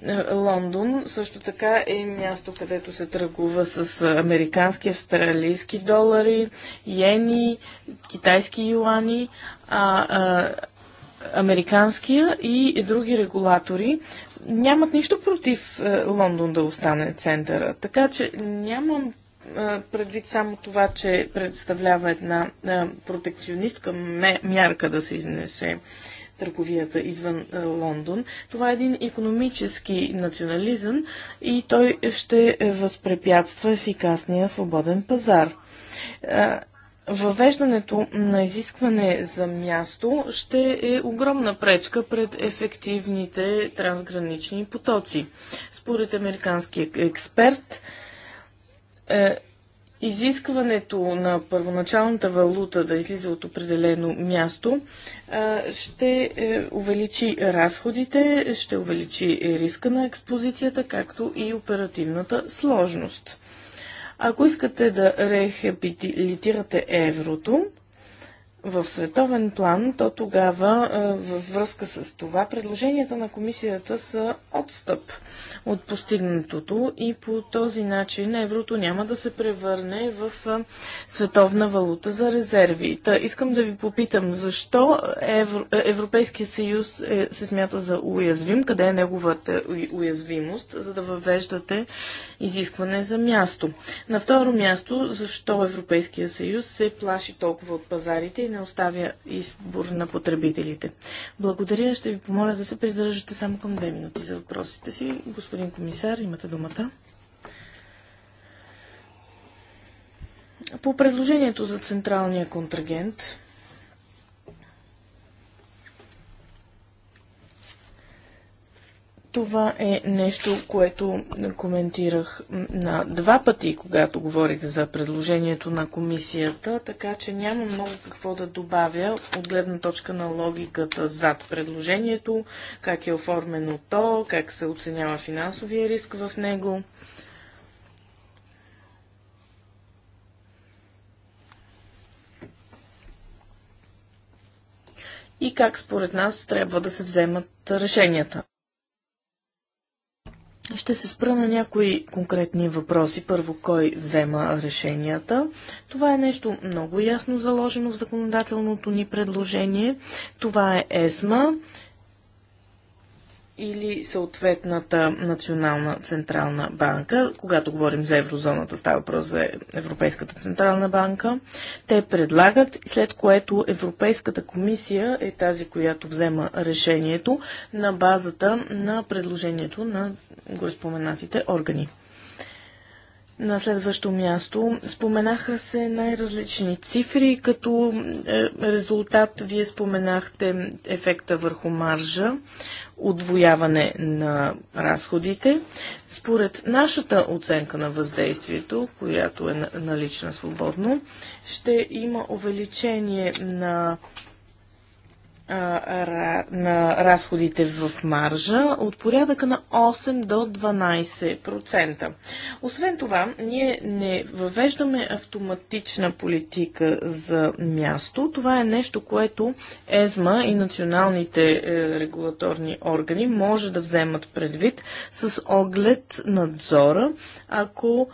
е, Лондон също така е място, където се търгува с е, американски, австралийски долари, йени, китайски юани, а, а американския и други регулатори нямат нищо против е, Лондон да остане центъра. Така че нямам предвид само това, че представлява една протекционистка мярка да се изнесе търговията извън е, Лондон. Това е един економически национализъм и той ще възпрепятства ефикасния свободен пазар. Е, въвеждането на изискване за място ще е огромна пречка пред ефективните трансгранични потоци. Според американски експерт, е, изискването на първоначалната валута да излиза от определено място ще е, увеличи разходите, ще увеличи риска на експозицията, както и оперативната сложност. Ако искате да рехабилитирате еврото, в световен план, то тогава във връзка с това предложенията на комисията са отстъп от постигнатото и по този начин еврото няма да се превърне в световна валута за резерви. Та, искам да ви попитам, защо Евро... Европейския съюз е, се смята за уязвим, къде е неговата уязвимост, за да въвеждате изискване за място. На второ място, защо Европейския съюз се плаши толкова от пазарите не оставя избор на потребителите. Благодаря. Ще ви помоля да се придържате само към две минути за въпросите си. Господин комисар, имате думата. По предложението за централния контрагент, Това е нещо, което коментирах на два пъти, когато говорих за предложението на комисията, така че няма много какво да добавя от гледна точка на логиката зад предложението, как е оформено то, как се оценява финансовия риск в него. и как според нас трябва да се вземат решенията. Ще се спра на някои конкретни въпроси. Първо, кой взема решенията? Това е нещо много ясно заложено в законодателното ни предложение. Това е ЕСМА или съответната национална централна банка. Когато говорим за еврозоната, става въпрос за Европейската централна банка. Те предлагат, след което Европейската комисия е тази, която взема решението на базата на предложението на гореспоменатите органи. На следващо място споменаха се най-различни цифри, като е, резултат вие споменахте ефекта върху маржа, отвояване на разходите. Според нашата оценка на въздействието, която е налична свободно, ще има увеличение на на разходите в маржа от порядъка на 8 до 12%. Освен това, ние не въвеждаме автоматична политика за място. Това е нещо, което ЕЗМА и националните е, регулаторни органи може да вземат предвид с оглед надзора, ако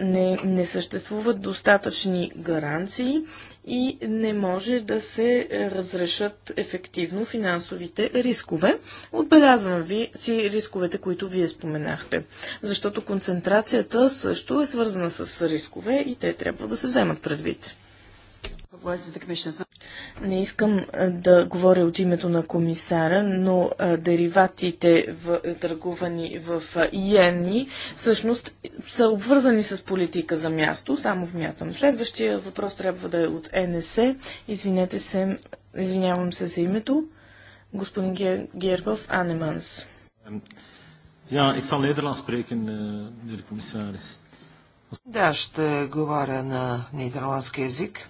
не, не съществуват достатъчни гаранции и не може да се разрешат ефективно финансовите рискове. Отбелязвам ви си рисковете, които вие споменахте, защото концентрацията също е свързана с рискове и те трябва да се вземат предвид. Не искам да говоря от името на комисара, но дериватите в, търгувани в ИЕНИ всъщност са обвързани с политика за място, само вмятам. Следващия въпрос трябва да е от НСЕ. Извинете се, извинявам се за името. Господин Гербов Анеманс. Ja, и zal Nederlands спрекен, eh, meneer Да, ще говоря на нидерландски язик.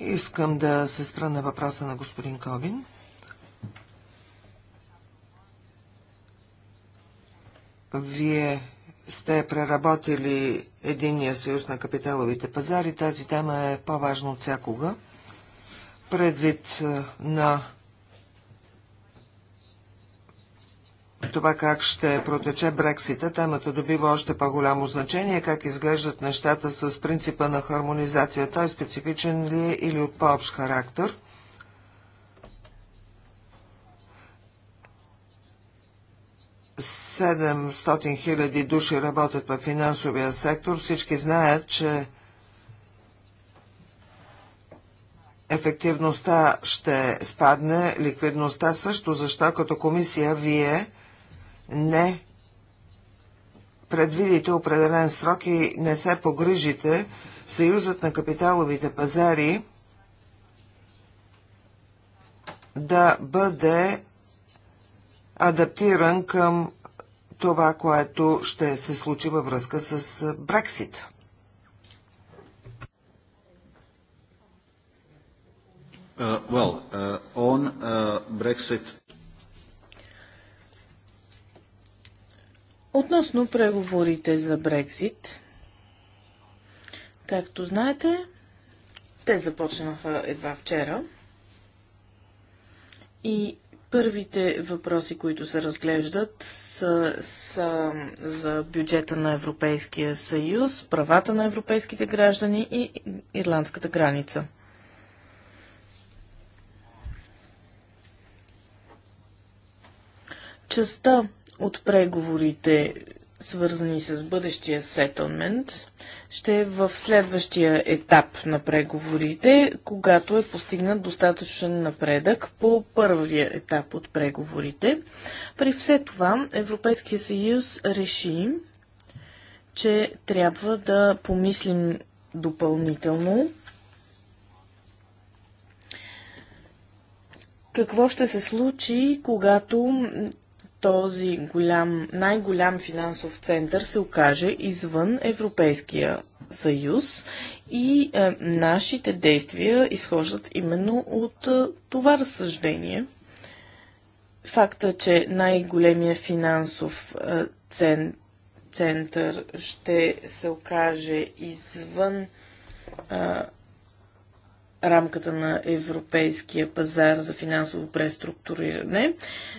Искам да се спра на въпроса на господин Кобин. Вие сте преработили Единия съюз на капиталовите пазари. Тази тема е по-важна от всякога. Предвид на това как ще протече Брексита, темата добива още по-голямо значение, как изглеждат нещата с принципа на хармонизация. Той е специфичен ли е или от по-общ характер? Седемстотин хиляди души работят в финансовия сектор. Всички знаят, че ефективността ще спадне, ликвидността също, защо като комисия вие не предвидите определен срок и не се погрижите, Съюзът на капиталовите пазари да бъде адаптиран към това, което ще се случи във връзка с Брексит. Uh, well, uh, on uh, Brexit Относно преговорите за Брекзит, както знаете, те започнаха едва вчера. И първите въпроси, които се разглеждат, са, са за бюджета на Европейския съюз, правата на европейските граждани и ирландската граница. Частта от преговорите, свързани с бъдещия сетълмент, ще е в следващия етап на преговорите, когато е постигнат достатъчен напредък по първия етап от преговорите. При все това Европейския съюз реши, че трябва да помислим допълнително какво ще се случи, когато този голям, най-голям финансов център се окаже извън Европейския съюз и е, нашите действия изхождат именно от е, това разсъждение. Факта, че най-големия финансов е, цен, център ще се окаже извън е, рамката на европейския пазар за финансово преструктуриране,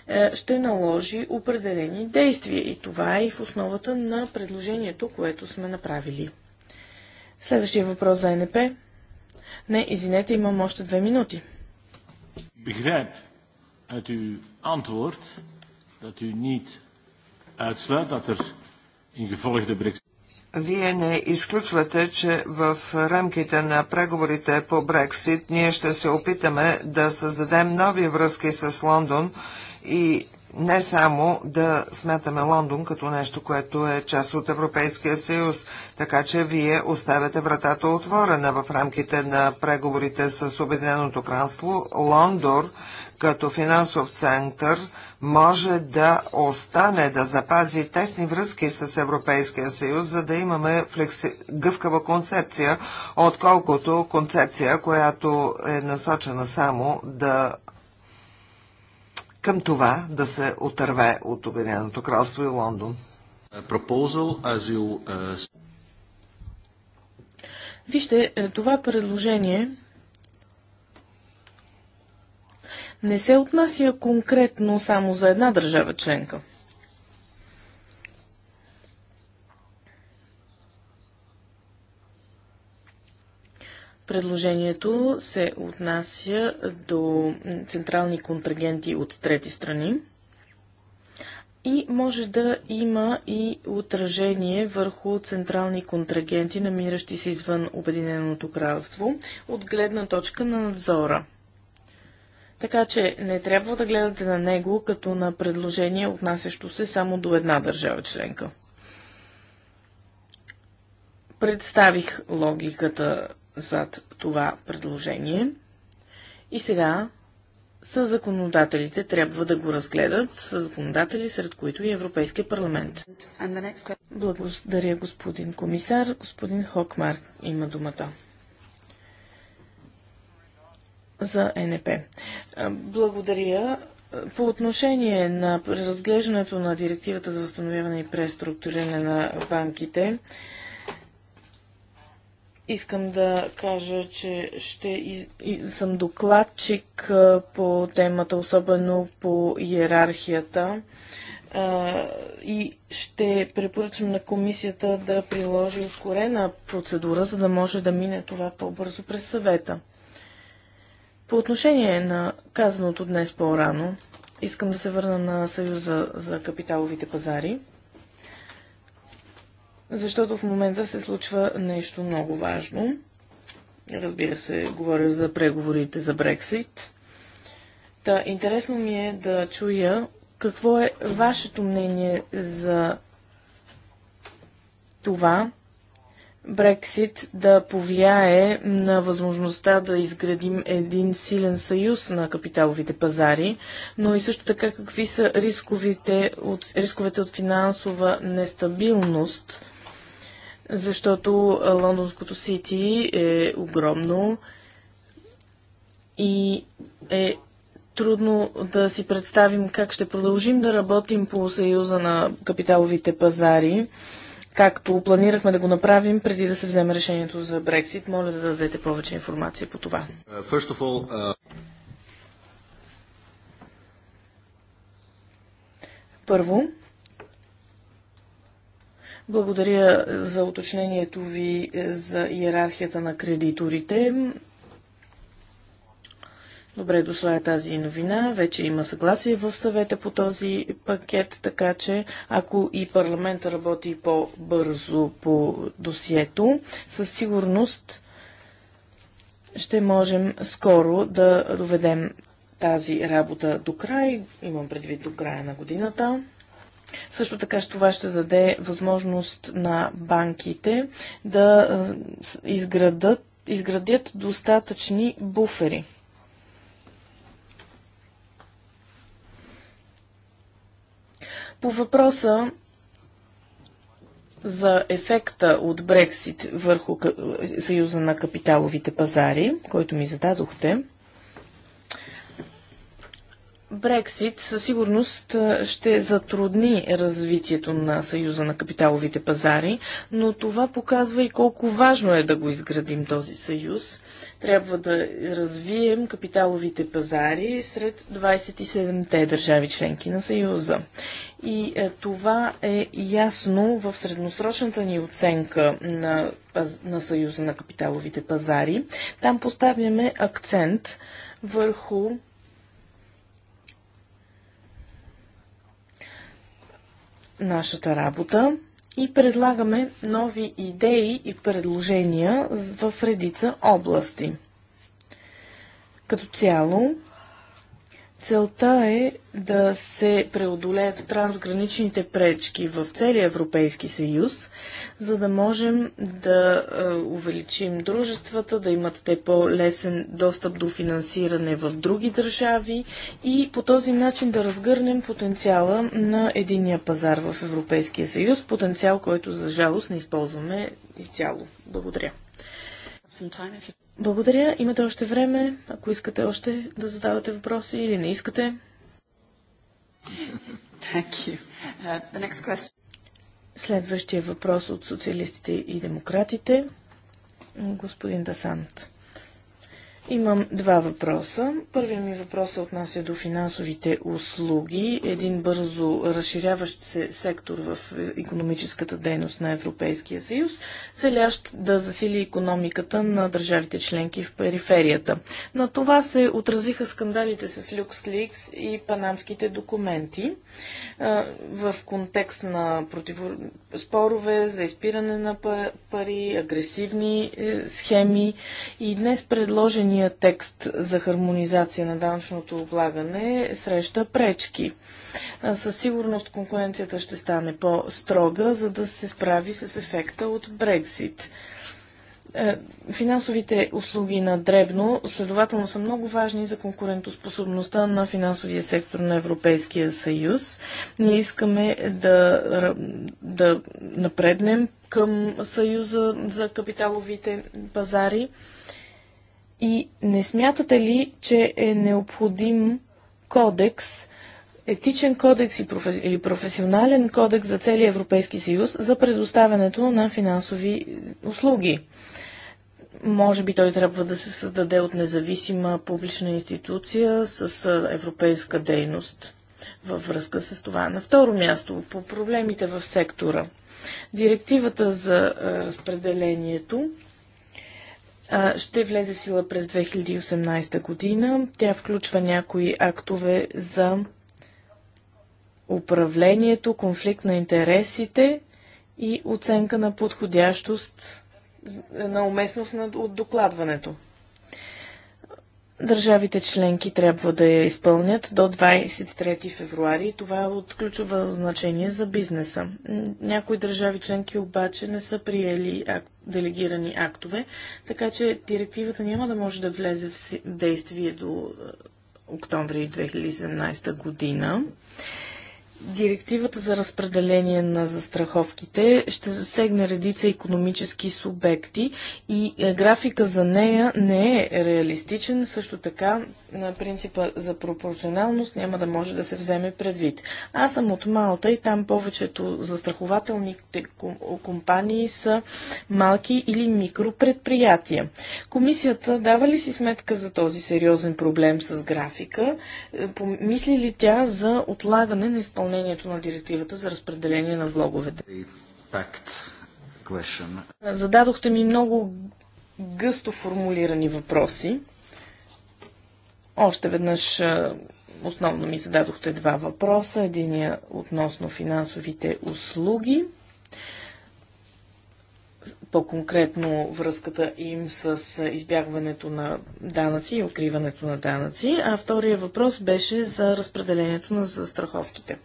е, ще наложи определени действия. И това е и в основата на предложението, което сме направили. Следващия въпрос за НП. Не, извинете, имам още две минути. Begrijp uit uw antwoord dat u niet uitsluit dat er in gevolg de brexit... Вие не изключвате, че в рамките на преговорите по Брексит ние ще се опитаме да създадем нови връзки с Лондон и не само да смятаме Лондон като нещо, което е част от Европейския съюз, така че вие оставяте вратата отворена в рамките на преговорите с Обединеното кралство. Лондор като финансов център – може да остане, да запази тесни връзки с Европейския съюз, за да имаме флекси... гъвкава концепция, отколкото концепция, която е насочена само да към това да се отърве от Обединеното кралство и Лондон. Uh, Вижте, е, това предложение не се отнася конкретно само за една държава членка. Предложението се отнася до централни контрагенти от трети страни и може да има и отражение върху централни контрагенти, намиращи се извън Обединеното кралство, от гледна точка на надзора – така че не трябва да гледате на него като на предложение, отнасящо се само до една държава членка. Представих логиката зад това предложение и сега са законодателите трябва да го разгледат, са законодатели, сред които и Европейския парламент. Благодаря, господин комисар. Господин Хокмар има думата за НП. Благодаря. По отношение на разглеждането на директивата за възстановяване и преструктуриране на банките, искам да кажа, че ще из... съм докладчик по темата, особено по иерархията и ще препоръчам на комисията да приложи ускорена процедура, за да може да мине това по-бързо през съвета. По отношение на казаното днес по-рано, искам да се върна на Съюза за капиталовите пазари, защото в момента се случва нещо много важно. Разбира се, говоря за преговорите за Брексит. Та, интересно ми е да чуя какво е вашето мнение за това, Брексит да повлияе на възможността да изградим един силен съюз на капиталовите пазари, но и също така какви са рисковите от, рисковете от финансова нестабилност, защото Лондонското Сити е огромно и е трудно да си представим как ще продължим да работим по съюза на капиталовите пазари както планирахме да го направим преди да се вземе решението за Брексит. Моля да дадете повече информация по това. Uh, uh, Първо, благодаря за уточнението ви е, за иерархията на кредиторите. Добре дошла е тази новина. Вече има съгласие в съвета по този пакет, така че ако и парламента работи по-бързо по досието, със сигурност ще можем скоро да доведем тази работа до край. Имам предвид до края на годината. Също така това ще даде възможност на банките да изградят достатъчни буфери. По въпроса за ефекта от Брексит върху Съюза на капиталовите пазари, който ми зададохте, Брексит със сигурност ще затрудни развитието на Съюза на капиталовите пазари, но това показва и колко важно е да го изградим този съюз трябва да развием капиталовите пазари сред 27-те държави членки на Съюза. И е, това е ясно в средносрочната ни оценка на, на Съюза на капиталовите пазари. Там поставяме акцент върху нашата работа и предлагаме нови идеи и предложения в редица области. Като цяло, Целта е да се преодолеят трансграничните пречки в целия Европейски съюз, за да можем да увеличим дружествата, да имат те по-лесен достъп до финансиране в други държави и по този начин да разгърнем потенциала на единия пазар в Европейския съюз, потенциал, който за жалост не използваме изцяло. Благодаря. Благодаря. Имате още време, ако искате още да задавате въпроси или не искате. Uh, Следващия въпрос от социалистите и демократите. Господин Дасант. Имам два въпроса. Първият ми въпрос се отнася до финансовите услуги, един бързо разширяващ се сектор в економическата дейност на Европейския съюз, целящ да засили економиката на държавите членки в периферията. На това се отразиха скандалите с LuxLeaks и панамските документи в контекст на против... спорове за изпиране на пари, агресивни е, схеми и днес предложени самия текст за хармонизация на данъчното облагане среща пречки. Със сигурност конкуренцията ще стане по-строга, за да се справи с ефекта от Брекзит. Е, финансовите услуги на дребно следователно са много важни за конкурентоспособността на финансовия сектор на Европейския съюз. Ние искаме да, да напреднем към Съюза за капиталовите пазари и не смятате ли, че е необходим кодекс, етичен кодекс или професионален кодекс за целия Европейски съюз за предоставянето на финансови е, услуги? Може би той трябва да се създаде от независима публична институция с е, европейска дейност във връзка с това. На второ място, по проблемите в сектора. Директивата за е, разпределението ще влезе в сила през 2018 година. Тя включва някои актове за управлението, конфликт на интересите и оценка на подходящост на уместност от докладването. Държавите членки трябва да я изпълнят до 23 февруари. Това е от ключово значение за бизнеса. Някои държави членки обаче не са приели ак... делегирани актове, така че директивата няма да може да влезе в действие до е, октомври 2017 година. Директивата за разпределение на застраховките ще засегне редица економически субекти и е, графика за нея не е реалистичен. Също така на принципа за пропорционалност няма да може да се вземе предвид. Аз съм от Малта и там повечето застрахователните компании са малки или микропредприятия. Комисията дава ли си сметка за този сериозен проблем с графика? Е, помисли ли тя за отлагане на изпълнението изпълнението на директивата за разпределение на влоговете. Зададохте ми много гъсто формулирани въпроси. Още веднъж основно ми зададохте два въпроса. Единия относно финансовите услуги, по-конкретно връзката им с избягването на данъци и укриването на данъци, а втория въпрос беше за разпределението на застраховките.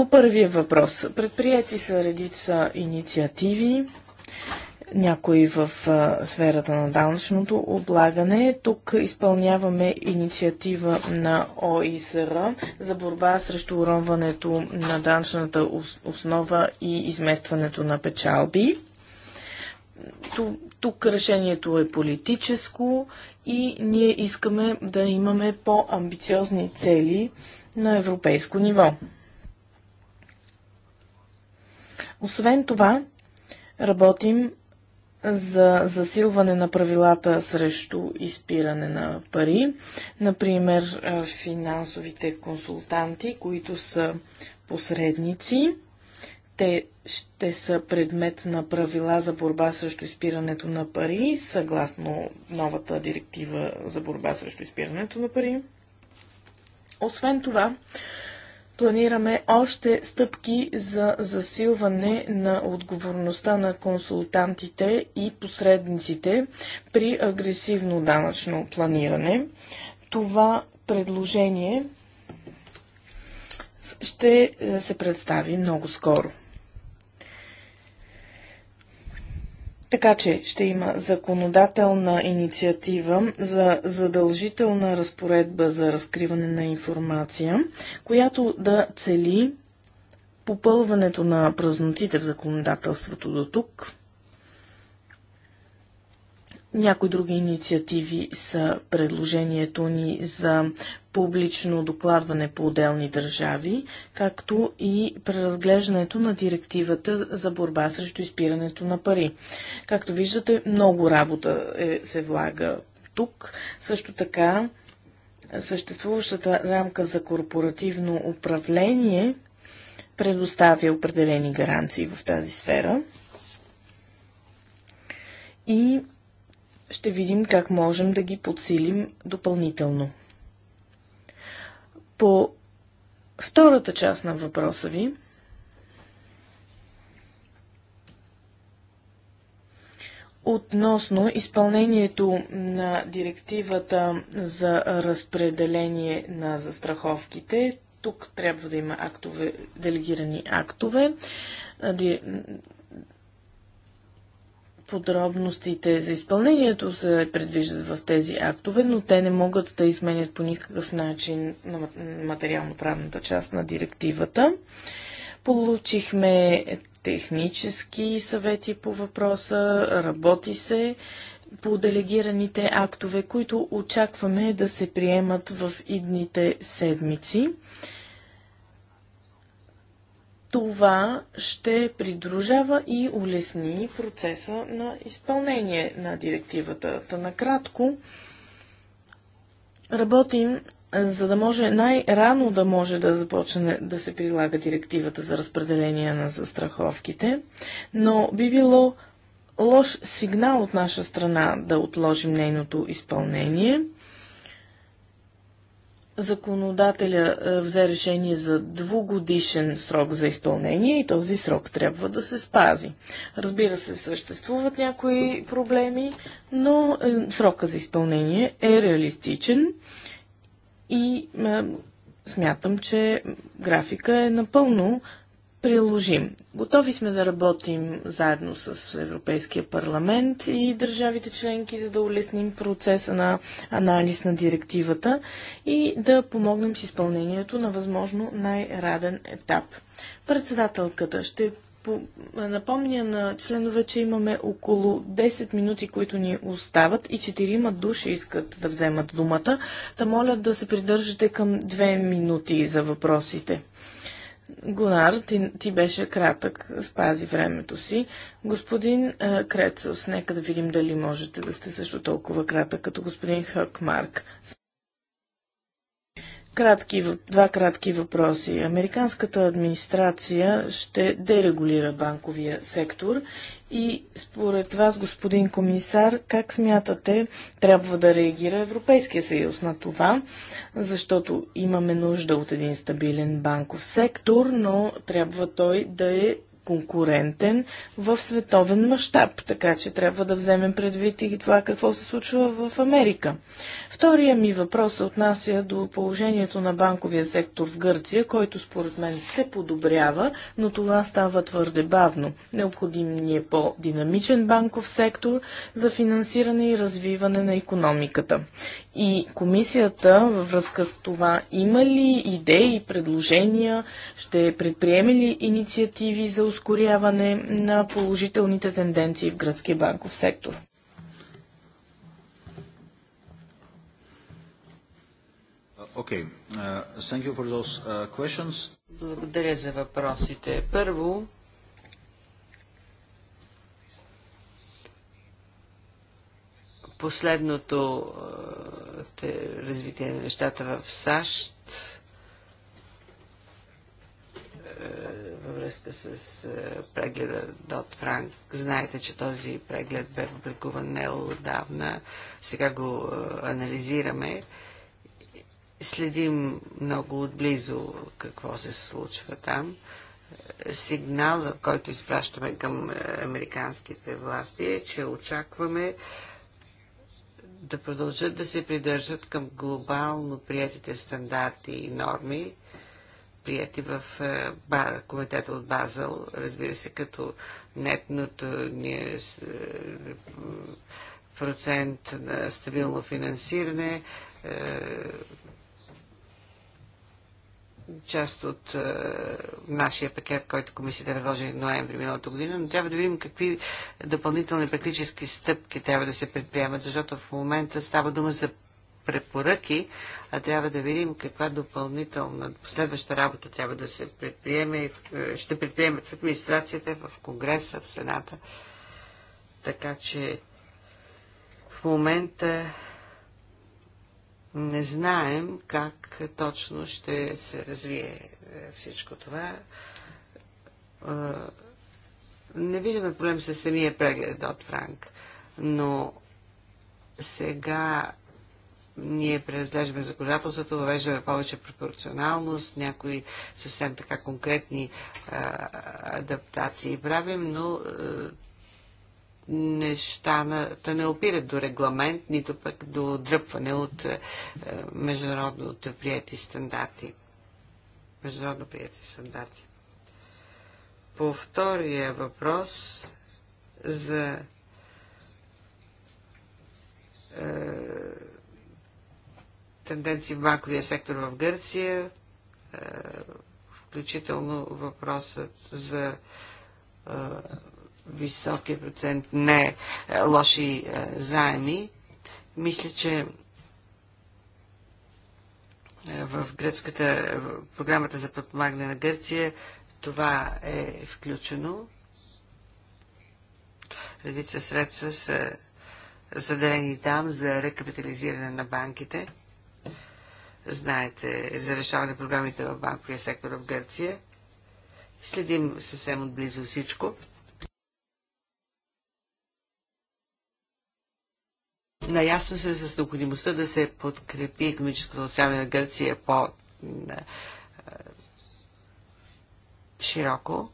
По първия въпрос. Предприяти са редица инициативи някои в сферата на данъчното облагане. Тук изпълняваме инициатива на ОИСР за борба срещу уронването на данъчната основа и изместването на печалби. Тук решението е политическо и ние искаме да имаме по-амбициозни цели на европейско ниво. Освен това, работим за засилване на правилата срещу изпиране на пари. Например, финансовите консултанти, които са посредници, те ще са предмет на правила за борба срещу изпирането на пари, съгласно новата директива за борба срещу изпирането на пари. Освен това, планираме още стъпки за засилване на отговорността на консултантите и посредниците при агресивно данъчно планиране. Това предложение ще е, се представи много скоро. Така че ще има законодателна инициатива за задължителна разпоредба за разкриване на информация, която да цели попълването на празнотите в законодателството до тук, някои други инициативи са предложението ни за публично докладване по отделни държави, както и преразглеждането на директивата за борба срещу изпирането на пари. Както виждате, много работа е, се влага тук. Също така, съществуващата рамка за корпоративно управление предоставя определени гаранции в тази сфера. И ще видим как можем да ги подсилим допълнително. По втората част на въпроса ви, относно изпълнението на директивата за разпределение на застраховките. Тук трябва да има актове, делегирани актове. Подробностите за изпълнението се предвиждат в тези актове, но те не могат да изменят по никакъв начин на материално-правната част на директивата. Получихме технически съвети по въпроса, работи се по делегираните актове, които очакваме да се приемат в идните седмици това ще придружава и улесни процеса на изпълнение на директивата. Та накратко работим е, за да може най-рано да може да започне да се прилага директивата за разпределение на застраховките, но би било лош сигнал от наша страна да отложим нейното изпълнение – законодателя е, взе решение за двугодишен срок за изпълнение и този срок трябва да се спази. Разбира се, съществуват някои проблеми, но е, срока за изпълнение е реалистичен и е, смятам, че графика е напълно приложим. Готови сме да работим заедно с Европейския парламент и държавите членки, за да улесним процеса на анализ на директивата и да помогнем с изпълнението на възможно най-раден етап. Председателката ще напомня на членове, че имаме около 10 минути, които ни остават и 4 души искат да вземат думата. Та моля да се придържате към 2 минути за въпросите. Гонар, ти, ти беше кратък, спази времето си. Господин е, Крецос, нека да видим дали можете да сте също толкова кратък като господин Хъкмарк. Кратки, два кратки въпроси. Американската администрация ще дерегулира банковия сектор и според вас, господин комисар, как смятате, трябва да реагира Европейския съюз на това, защото имаме нужда от един стабилен банков сектор, но трябва той да е конкурентен в световен мащаб, така че трябва да вземем предвид и това какво се случва в Америка. Втория ми въпрос се отнася до положението на банковия сектор в Гърция, който според мен се подобрява, но това става твърде бавно. Необходим ни е по-динамичен банков сектор за финансиране и развиване на економиката. И комисията във връзка с това има ли идеи, предложения, ще предприеме ли инициативи за ускорение ускоряване на положителните тенденции в гръцкия банков сектор. Uh, okay. Uh, uh Благодаря за въпросите. Първо, последното uh, развитие на нещата в САЩ е, във връзка с е, прегледа Дот Франк. Знаете, че този преглед бе публикуван не отдавна. Сега го е, анализираме. Следим много отблизо какво се случва там. Сигнал, който изпращаме към американските власти е, че очакваме да продължат да се придържат към глобално приятите стандарти и норми, прияти в е, комитета от Базел, разбира се, като нетното ни е, е, процент на стабилно финансиране, част от е, нашия пакет, който комисията предложи в ноември миналата година, но трябва да видим какви допълнителни практически стъпки трябва да се предприемат, защото в момента става дума за препоръки, а трябва да видим каква допълнителна следваща работа трябва да се предприеме, и е, ще предприемат в администрацията, в Конгреса, в Сената. Така че в момента не знаем как точно ще се развие е, всичко това. Е, не виждаме проблем с самия преглед от Франк, но сега ние преразглеждаме законодателството, въвеждаме повече пропорционалност, някои съвсем така конкретни а, адаптации правим, но а, нещата не опират до регламент, нито пък до дръпване от а, международно прияти стандарти. Международно прияти стандарти. По втория въпрос за тенденции в банковия сектор в Гърция, е, включително въпросът за е, високия процент не е, лоши заеми. Мисля, че в гръцката програмата за подпомагане на Гърция това е включено. Редица средства са заделени там за рекапитализиране на банките знаете, за решаване на проблемите в банковия сектор в Гърция. Следим съвсем отблизо всичко. Наясно се с необходимостта да се подкрепи економическото осяване на Гърция по широко.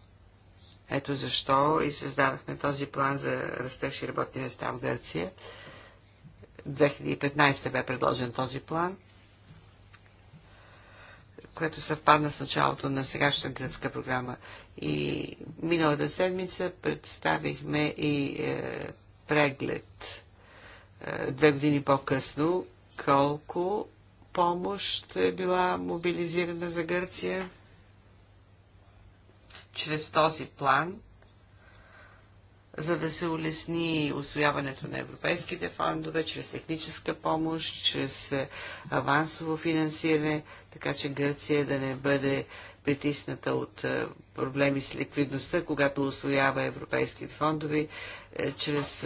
Ето защо и създадахме този план за растеж и работни места в Гърция. 2015 бе предложен този план което съвпадна с началото на сегашната гръцка програма. И миналата седмица представихме и е, преглед е, две години по-късно колко помощ е била мобилизирана за Гърция чрез този план за да се улесни освояването на европейските фондове, чрез техническа помощ, чрез авансово финансиране, така че Гърция да не бъде притисната от проблеми с ликвидността, когато освоява европейските фондове, е, чрез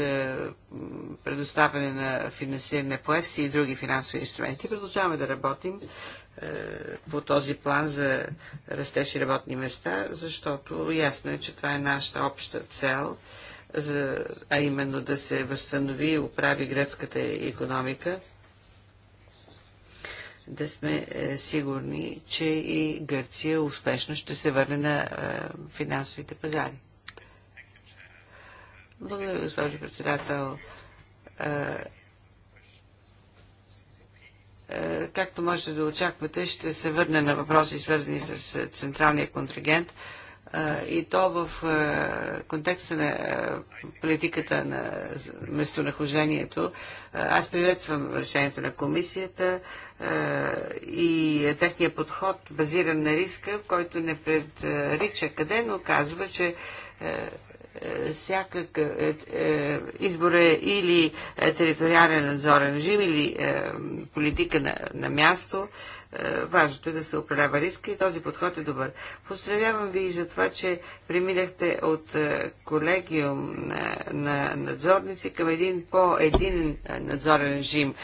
предоставяне на финансиране по ЕФСИ и други финансови инструменти. Продължаваме да работим е, по този план за растеж и работни места, защото ясно е, че това е нашата обща цел за, а именно да се възстанови и оправи гръцката економика, да сме е, сигурни, че и Гърция успешно ще се върне на е, финансовите пазари. Благодаря, госпожо председател. Е, както можете да очаквате, ще се върне на въпроси, свързани с централния контрагент и то в контекста на политиката на местонахождението. Аз приветствам решението на комисията и техния подход, базиран на риска, който не предрича къде, но казва, че всякак избор е или териториален надзорен режим, или политика на място важното е да се управлява риска и този подход е добър. Поздравявам ви и за това, че преминахте от е, колегиум на, е, на надзорници към един по-един е, надзорен режим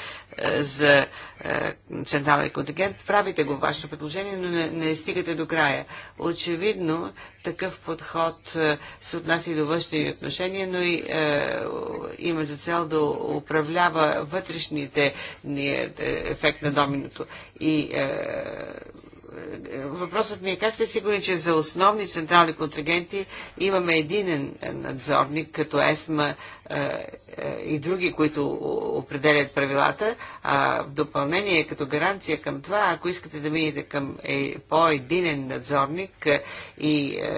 за е, централен контингент. Правите го ваше предложение, но не, не стигате до края. Очевидно, такъв подход е, се отнася и до външни отношения, но и е, има за цел да управлява вътрешните е, ефект на доминото. И е, въпросът ми е как сте сигурни, че за основни централни контрагенти имаме единен надзорник, като ЕСМА е, е, и други, които определят правилата, а в допълнение като гаранция към това, ако искате да минете към е, по-единен надзорник и е,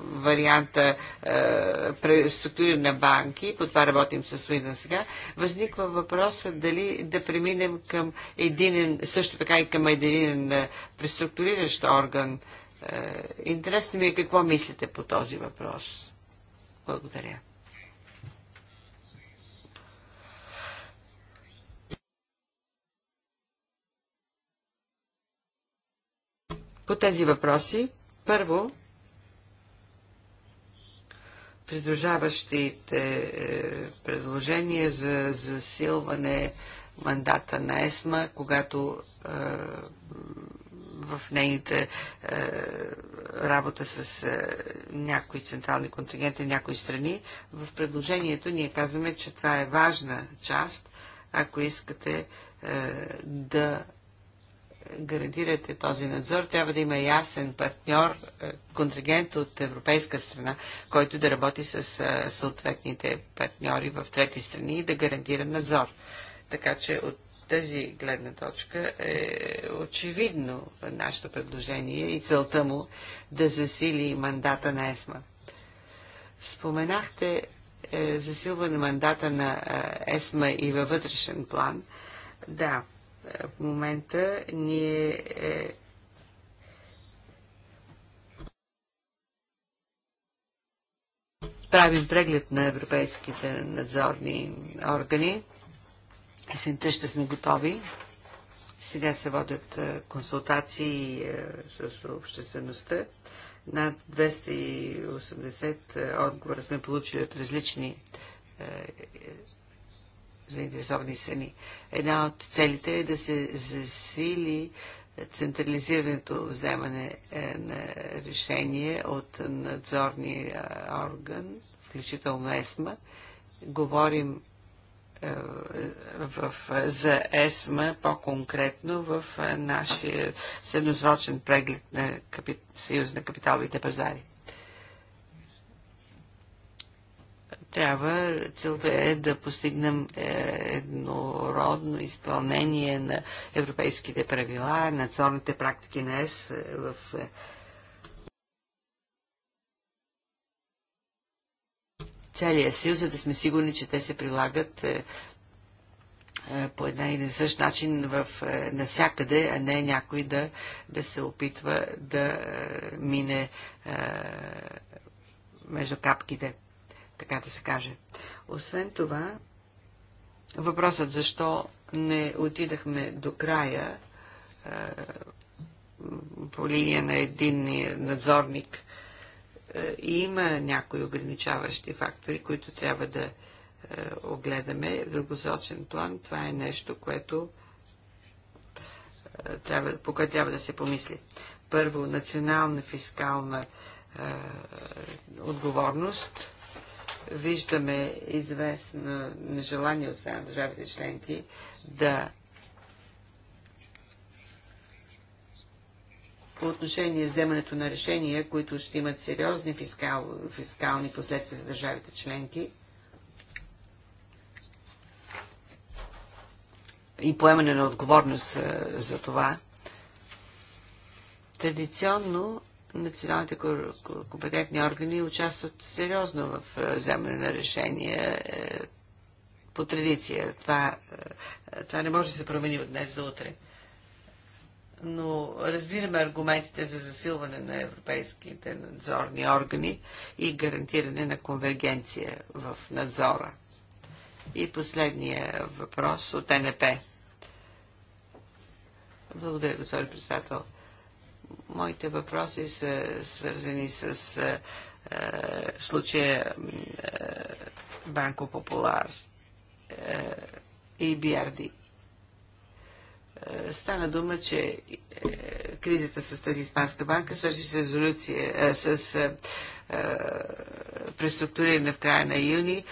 варианта е, на банки, по това работим с Суина сега, възниква въпроса дали да преминем към единен, също така и към единен преструктуриращ орган. Интересно ми е какво мислите по този въпрос. Благодаря. по тези въпроси. Първо, придружаващите е, предложения за засилване мандата на ЕСМА, когато е, в нейните е, работа с е, някои централни контингенти, някои страни. В предложението ние казваме, че това е важна част, ако искате е, да гарантирате този надзор, трябва да има ясен партньор, е, контрагент от европейска страна, който да работи с е, съответните партньори в трети страни и да гарантира надзор. Така че от тази гледна точка е очевидно нашето предложение и целта му да засили мандата на ЕСМА. Споменахте е, засилване мандата на е, ЕСМА и във вътрешен план. Да, в момента ние е, правим преглед на европейските надзорни органи. Есента ще сме готови. Сега се водят е, консултации е, с обществеността. Над 280 е, отговора сме получили от различни заинтересовани страни. Една от целите е да се засили централизирането вземане е, на решение от надзорния е, орган, включително ЕСМА. Говорим е, в, за ЕСМА по-конкретно в нашия средносрочен преглед на капит, Съюз на капиталовите пазари. трябва, целта е да постигнем е, еднородно изпълнение на европейските правила, надзорните практики на ЕС е, в е, целия съюз, за да сме сигурни, че те се прилагат по една или същ начин в, насякъде, а не някой да, да се опитва да мине между капките така да се каже. Освен това, въпросът защо не отидахме до края е, по линия на един надзорник, е, има някои ограничаващи фактори, които трябва да е, огледаме. В дългосрочен план това е нещо, което е, трябва, по което трябва да се помисли. Първо, национална фискална е, отговорност виждаме известно нежелание от страна на държавите членки да по отношение вземането на решения, които ще имат сериозни фискал, фискални последствия за държавите членки и поемане на отговорност за това. Традиционно националните компетентни органи участват сериозно в е, вземане на решения е, по традиция. Това, е, това не може да се промени от днес за утре. Но разбираме аргументите за засилване на европейските надзорни органи и гарантиране на конвергенция в надзора. И последния въпрос от НП. Благодаря, господин председател моите въпроси са свързани с е, е, случая е, Банко Популар е, и Биарди. Е, стана дума, че е, кризата с тази испанска банка свърши с резолюция, с преструктуриране в края на юни.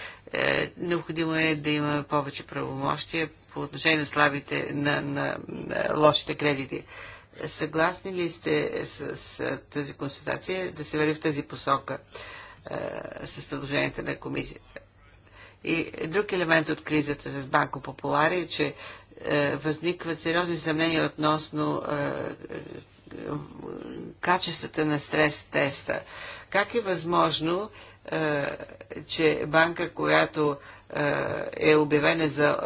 Необходимо е да има повече правомощия по отношение на слабите, на, на, на лошите кредити. Съгласни ли сте с, с тази констатация да се върви в тази посока е, с предложенията на комисията? И друг елемент от кризата с Банко Популари е, че е, възникват сериозни съмнения относно е, е, качествата на стрес теста. Как е възможно, е, че банка, която е обявена за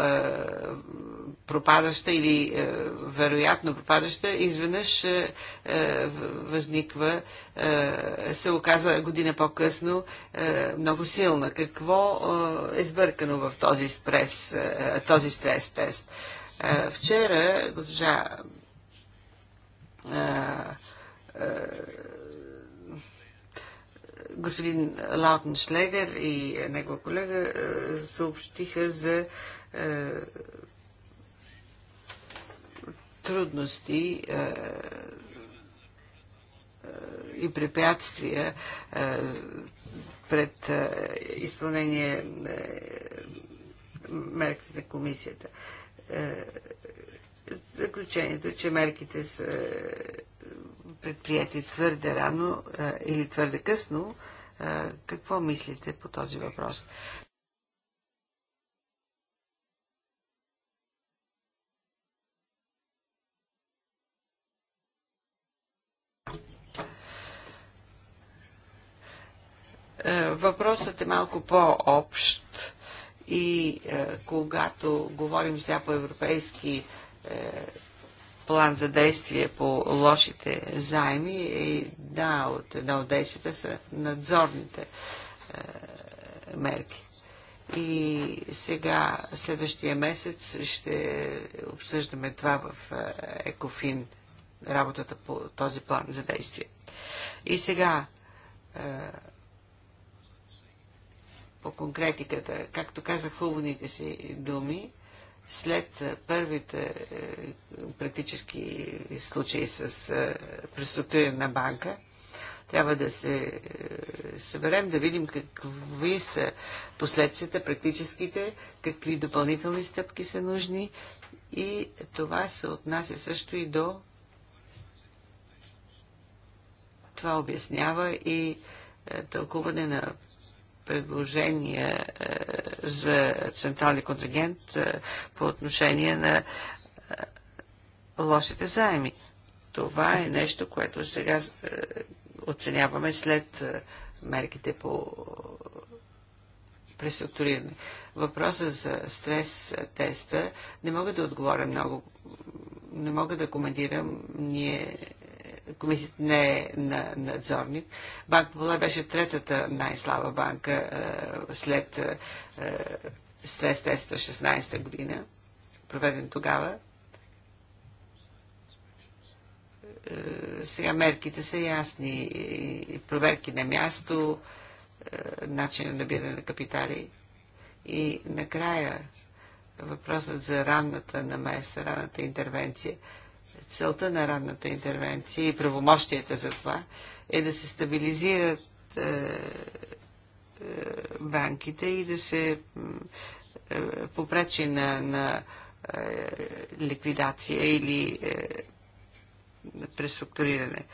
пропадаща или е, вероятно пропадаща, изведнъж е, е, възниква, е, се оказва година по-късно е, много силна. Какво е, е сбъркано в този, спрес, е, е, този стрес тест? Е, вчера госпожа е, е, господин Лаутеншлегер и негова колега съобщиха за трудности е, е, и препятствия е, пред изпълнение мерките на комисията. Заключението е, че мерките са предприяти твърде рано или твърде късно. Какво мислите по този въпрос? Въпросът е малко по-общ и е, когато говорим сега по европейски е, план за действие по лошите заеми, и е, да, от едно от действията са надзорните е, мерки. И сега, следващия месец, ще обсъждаме това в е, Екофин, работата по този план за действие. И сега, е, по конкретиката. Както казах в уводните си думи, след първите е, практически случаи с преструктуриране на банка, трябва да се е, съберем, да видим какви са последствията, практическите, какви допълнителни стъпки са нужни и това се отнася също и до това обяснява и е, тълкуване на предложения е, за централен контингент е, по отношение на е, лошите заеми. Това е нещо, което сега оценяваме след мерките по преструктуриране. Въпроса за стрес теста не мога да отговоря много, не мога да коментирам. Ние комисията не е на надзорник. Банк Популар беше третата най-слаба банка е, след е, е, стрес теста 16-та година, проведен тогава. сега мерките са ясни. И проверки на място, е, начин на набиране на капитали. И накрая въпросът за ранната намеса, ранната интервенция – Целта на ранната интервенция и правомощията за това е да се стабилизират е, е, банките и да се е, попречи на, на е, ликвидация или е, преструктуриране.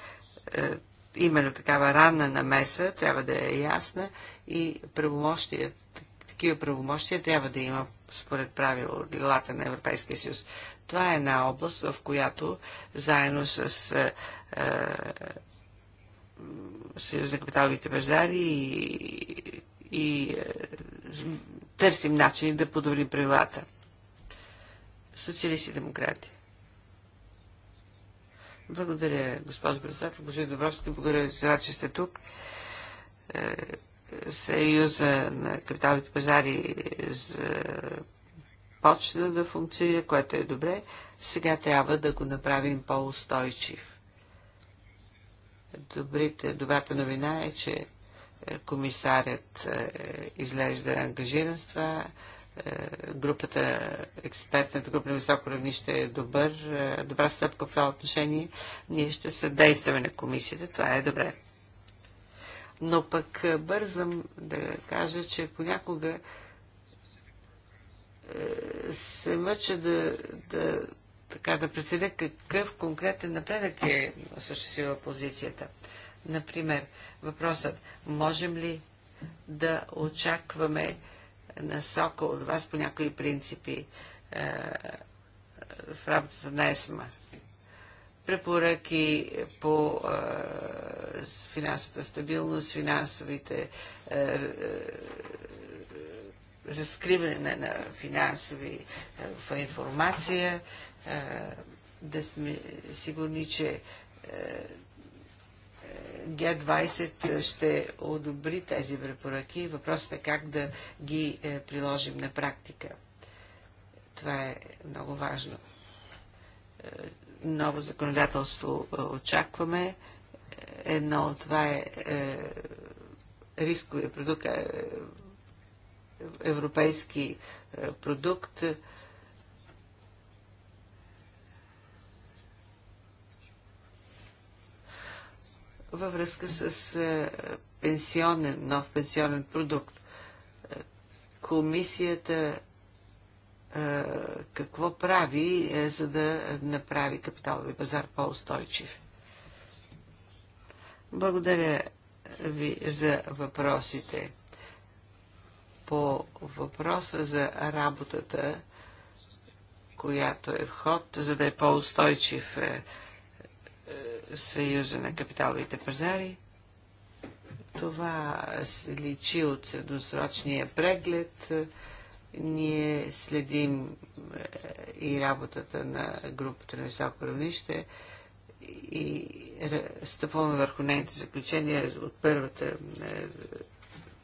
Е, именно такава ранна намеса трябва да е ясна и правомощия, такива правомощия трябва да има според правилата на Европейския съюз. Това е една област, в която заедно с е, е, Съюз на капиталовите пазари и, и е, търсим начини да подобрим правилата. Социалисти демократи. Благодаря, госпожо председател. Божи Добровски, благодаря за че сте тук. Е, Съюза на капиталовите пазари за почна да функционира, което е добре, сега трябва да го направим по-устойчив. добрата новина е, че е, комисарят е, изглежда ангажиран с това. Е, групата, експертната група на високо равнище е добър, добра стъпка в това отношение. Ние ще съдействаме на комисията. Това е добре. Но пък бързам да кажа, че понякога се мъча да, да, така, да преценя какъв конкретен напредък е осъществила позицията. Например, въпросът, можем ли да очакваме насока от вас по някои принципи е, в работата на ЕСМА? препоръки по е, финансовата стабилност, финансовите е, е разкриване на финансови е, информация, е, да сме сигурни, че е, Г-20 ще одобри тези препоръки. Въпросът е как да ги приложим на практика. Това е много важно. Ново законодателство очакваме. Едно от това е рискови продукта европейски е, продукт. Във връзка с е, пенсионен, нов пенсионен продукт. Е, комисията какво прави, за да направи капиталови пазар по-устойчив? Благодаря ви за въпросите по въпроса за работата, която е вход, за да е по-устойчив е, е, Съюза на капиталовите пазари. Това се личи от средносрочния преглед. Ние следим е, и работата на групата на високо равнище и стъпваме върху нейните заключения от първата е,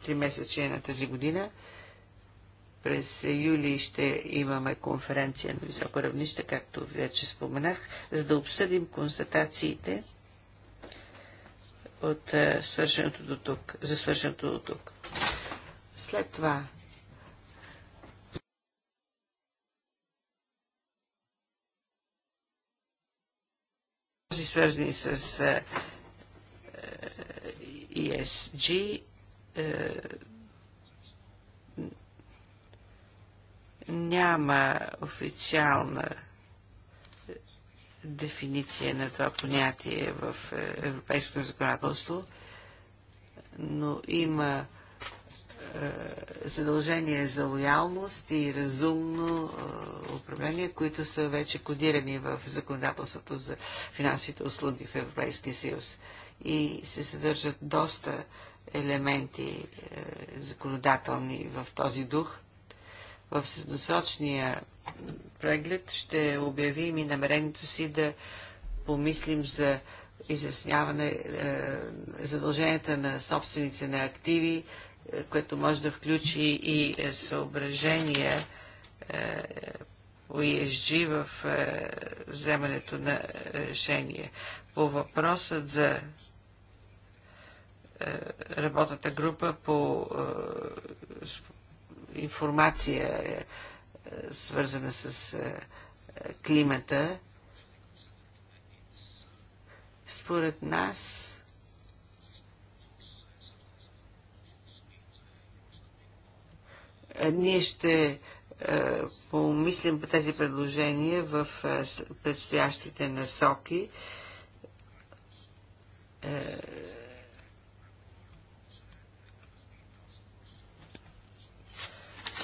три месече на тази година. През юли ще имаме конференция на високо равнище, както вече споменах, за да обсъдим констатациите от е, свършеното до тук, за свършеното до тук. След това свързани с ESG е, е, е, няма официална дефиниция на това понятие в е, европейското законодателство, но има е, задължение за лоялност и разумно управление, които са вече кодирани в законодателството за финансовите услуги в Европейския съюз и се съдържат доста елементи е, законодателни в този дух. В средносрочния преглед ще обявим и намерението си да помислим за изясняване е, задълженията на собственици на активи, е, което може да включи и съображения по ESG в вземането на решение. По въпросът за е, работната група по е, информация, е, свързана с климата. Според нас, ние ще помислим по тези предложения в предстоящите насоки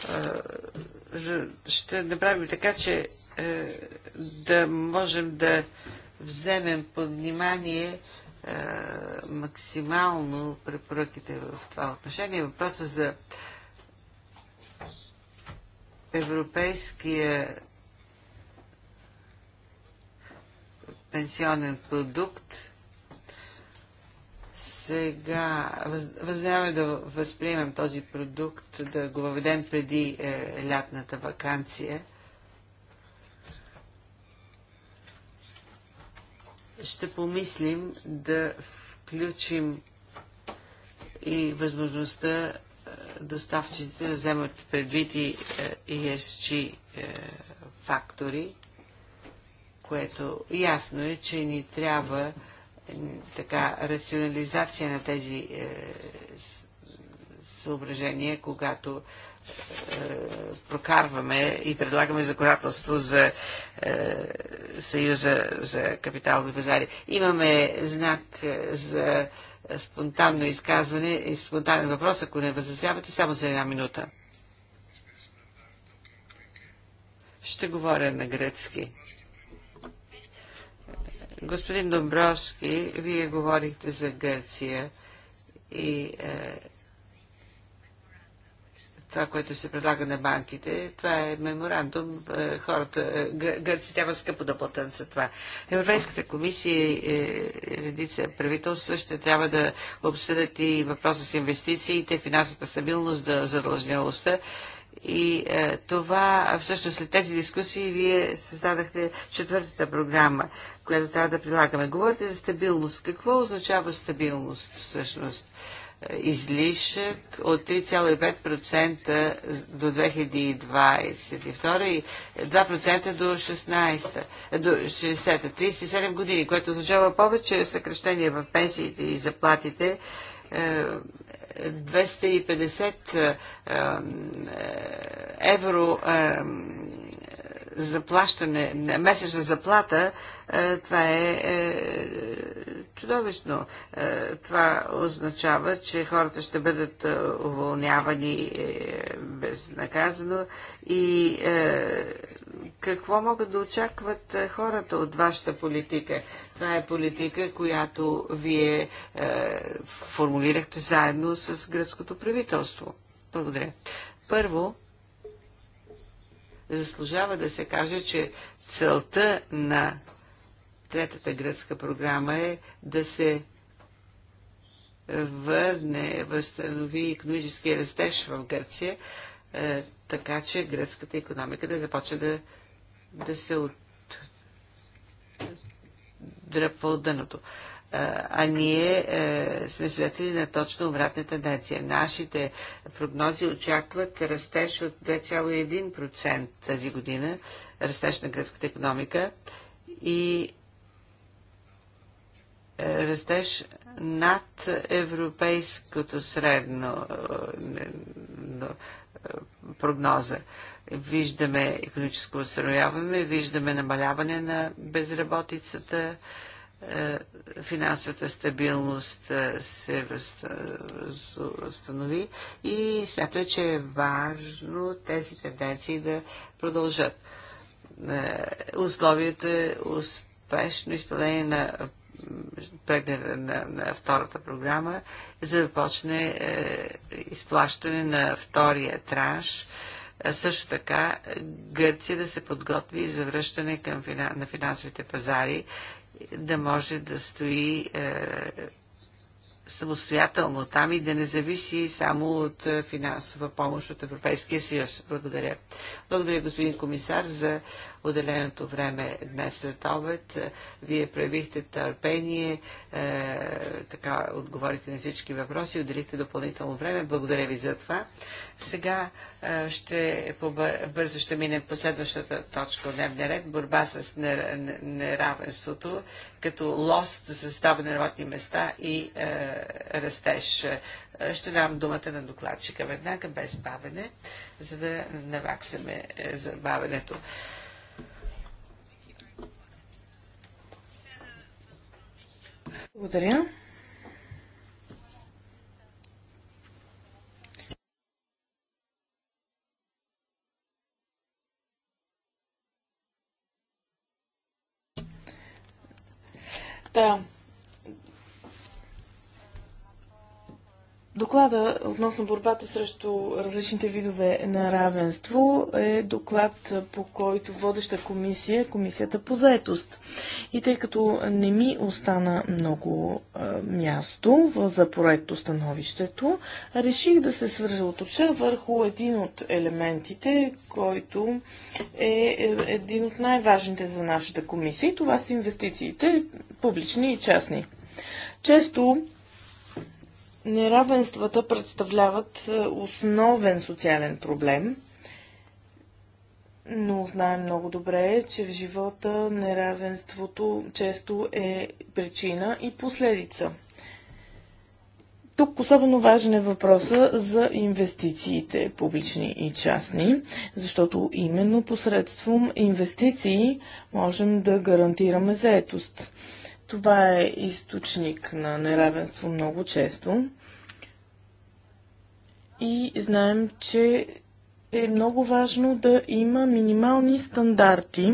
Е, ще направим така, че е, да можем да вземем под внимание е, максимално препоръките в това отношение. Въпроса за европейския пенсионен продукт сега възнаваме да възприемем този продукт, да го въведем преди е, лятната вакансия. Ще помислим да включим и възможността е, доставчиците да вземат предвид и е, ESG е, фактори, което ясно е, че ни трябва така рационализация на тези е, съображения, когато е, прокарваме и предлагаме законодателство за е, Съюза за капитал за пазари. Имаме знак е, за спонтанно изказване и спонтанен въпрос, ако не възразявате, само за една минута. Ще говоря на гръцки. Господин Домбровски, вие говорихте за Гърция и е, това, което се предлага на банките, това е меморандум. Е, хората, е, гърци трябва скъпо да платят за това. Европейската комисия и е, редица правителства ще трябва да обсъдят и въпроса с инвестициите, финансовата стабилност, да, задължнялостта и е, това, всъщност след тези дискусии, вие създадахте четвъртата програма, която трябва да прилагаме. Говорите за стабилност. Какво означава стабилност всъщност? Е, излишък от 3,5% до 2022 и 2% до 16, е, до 60, 37 години, което означава повече съкрещение в пенсиите и заплатите е, 250 е, е, евро е, заплащане, месечна заплата, това е, чудовищно. това означава, че хората ще бъдат уволнявани безнаказано и какво могат да очакват е, хората от вашата политика? Това е политика, която вие е, формулирахте заедно с гръцкото правителство. Благодаря. Първо, заслужава да се каже, че целта на третата гръцка програма е да се върне, възстанови економическия растеж в Гърция, е, така че гръцката економика да започне да да се отдръпва от дъното. А ние е, сме свидетели на точно обратна тенденция. Нашите прогнози очакват растеж от 2,1% тази година, растеж на гръцката економика и е, растеж над европейското средно е, е, прогноза. Виждаме економическо възстановяване, виждаме намаляване на безработицата, е, финансовата стабилност е, се възстанови и смятаме, че е важно тези тенденции да продължат. Е, условието е успешно изпълнение на прегледа на, на втората програма, за да почне е, изплащане на втория транш също така Гърция да се подготви за връщане към, на финансовите пазари, да може да стои е, самостоятелно там и да не зависи само от е, финансова помощ от Европейския съюз. Благодаря. Благодаря, господин комисар, за отделеното време днес след обед. Вие проявихте търпение, е, така отговорите на всички въпроси, отделихте допълнително време. Благодаря ви за това. Сега е, ще бързо ще минем по следващата точка от дневния ред. Борба с неравенството, като лост за създаване на работни места и е, растеж. Ще дам думата на докладчика веднага, без бавене, за да наваксаме е, забавенето. Благодаря. Да, Доклада относно борбата срещу различните видове на равенство е доклад, по който водеща комисия е комисията по заетост. И тъй като не ми остана много а, място за проектостановището, реших да се съсредоточа върху един от елементите, който е, е един от най-важните за нашата комисия. И това са инвестициите, публични и частни. Често Неравенствата представляват е, основен социален проблем, но знаем много добре, че в живота неравенството често е причина и последица. Тук особено важен е въпроса за инвестициите, публични и частни, защото именно посредством инвестиции можем да гарантираме заетост. Това е източник на неравенство много често. И знаем, че е много важно да има минимални стандарти,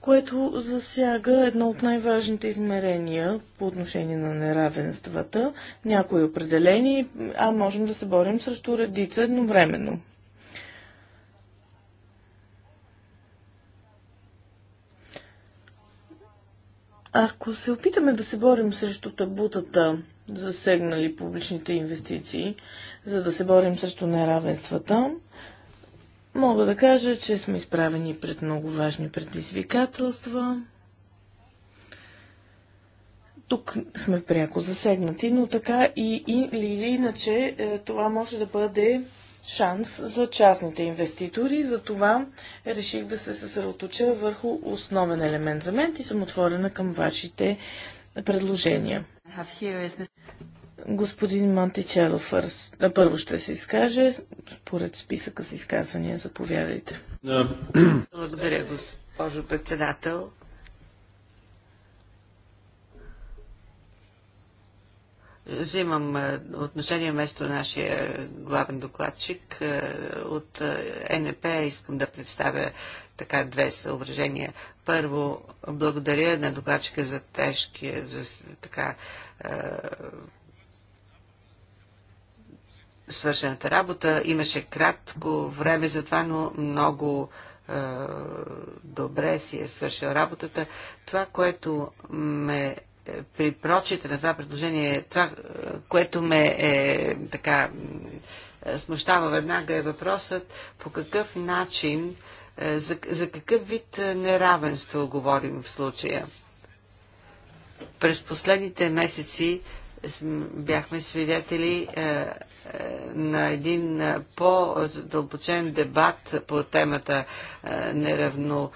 което засяга едно от най-важните измерения по отношение на неравенствата, някои определени, а можем да се борим срещу редица едновременно. Ако се опитаме да се борим срещу табутата, засегнали публичните инвестиции, за да се борим срещу неравенствата, мога да кажа, че сме изправени пред много важни предизвикателства. Тук сме пряко засегнати, но така и, и или иначе е, това може да бъде шанс за частните инвеститори. Затова реших да се съсредоточа върху основен елемент за мен и съм отворена към вашите предложения. Господин Мантичелов, първо ще се изкаже. Поред списъка с изказвания, заповядайте. Благодаря, госпожо председател. Взимам е, отношение вместо нашия главен докладчик. Е, от е, НП искам да представя така две съображения. Първо, благодаря на докладчика за тежкия, за така свършената работа. Имаше кратко време за това, но много е, добре си е свършил работата. Това, което ме при прочита на това предложение, това, което ме е така смущава веднага е въпросът по какъв начин, е, за, за какъв вид е, неравенство говорим в случая. През последните месеци бяхме свидетели е, на един по-задълбочен дебат по темата неравно,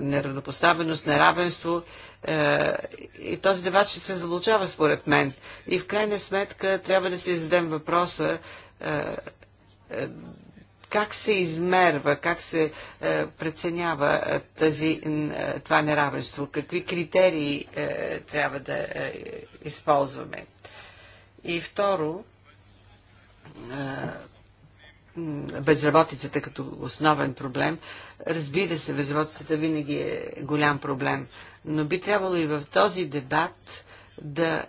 неравнопоставеност, неравенство е, и този дебат ще се залучава, според мен. И в крайна сметка трябва да си зададем въпроса е, е, как се измерва, как се преценява тази, това неравенство, какви критерии трябва да използваме. И второ, безработицата като основен проблем. Разбира се, безработицата винаги е голям проблем но би трябвало и в този дебат да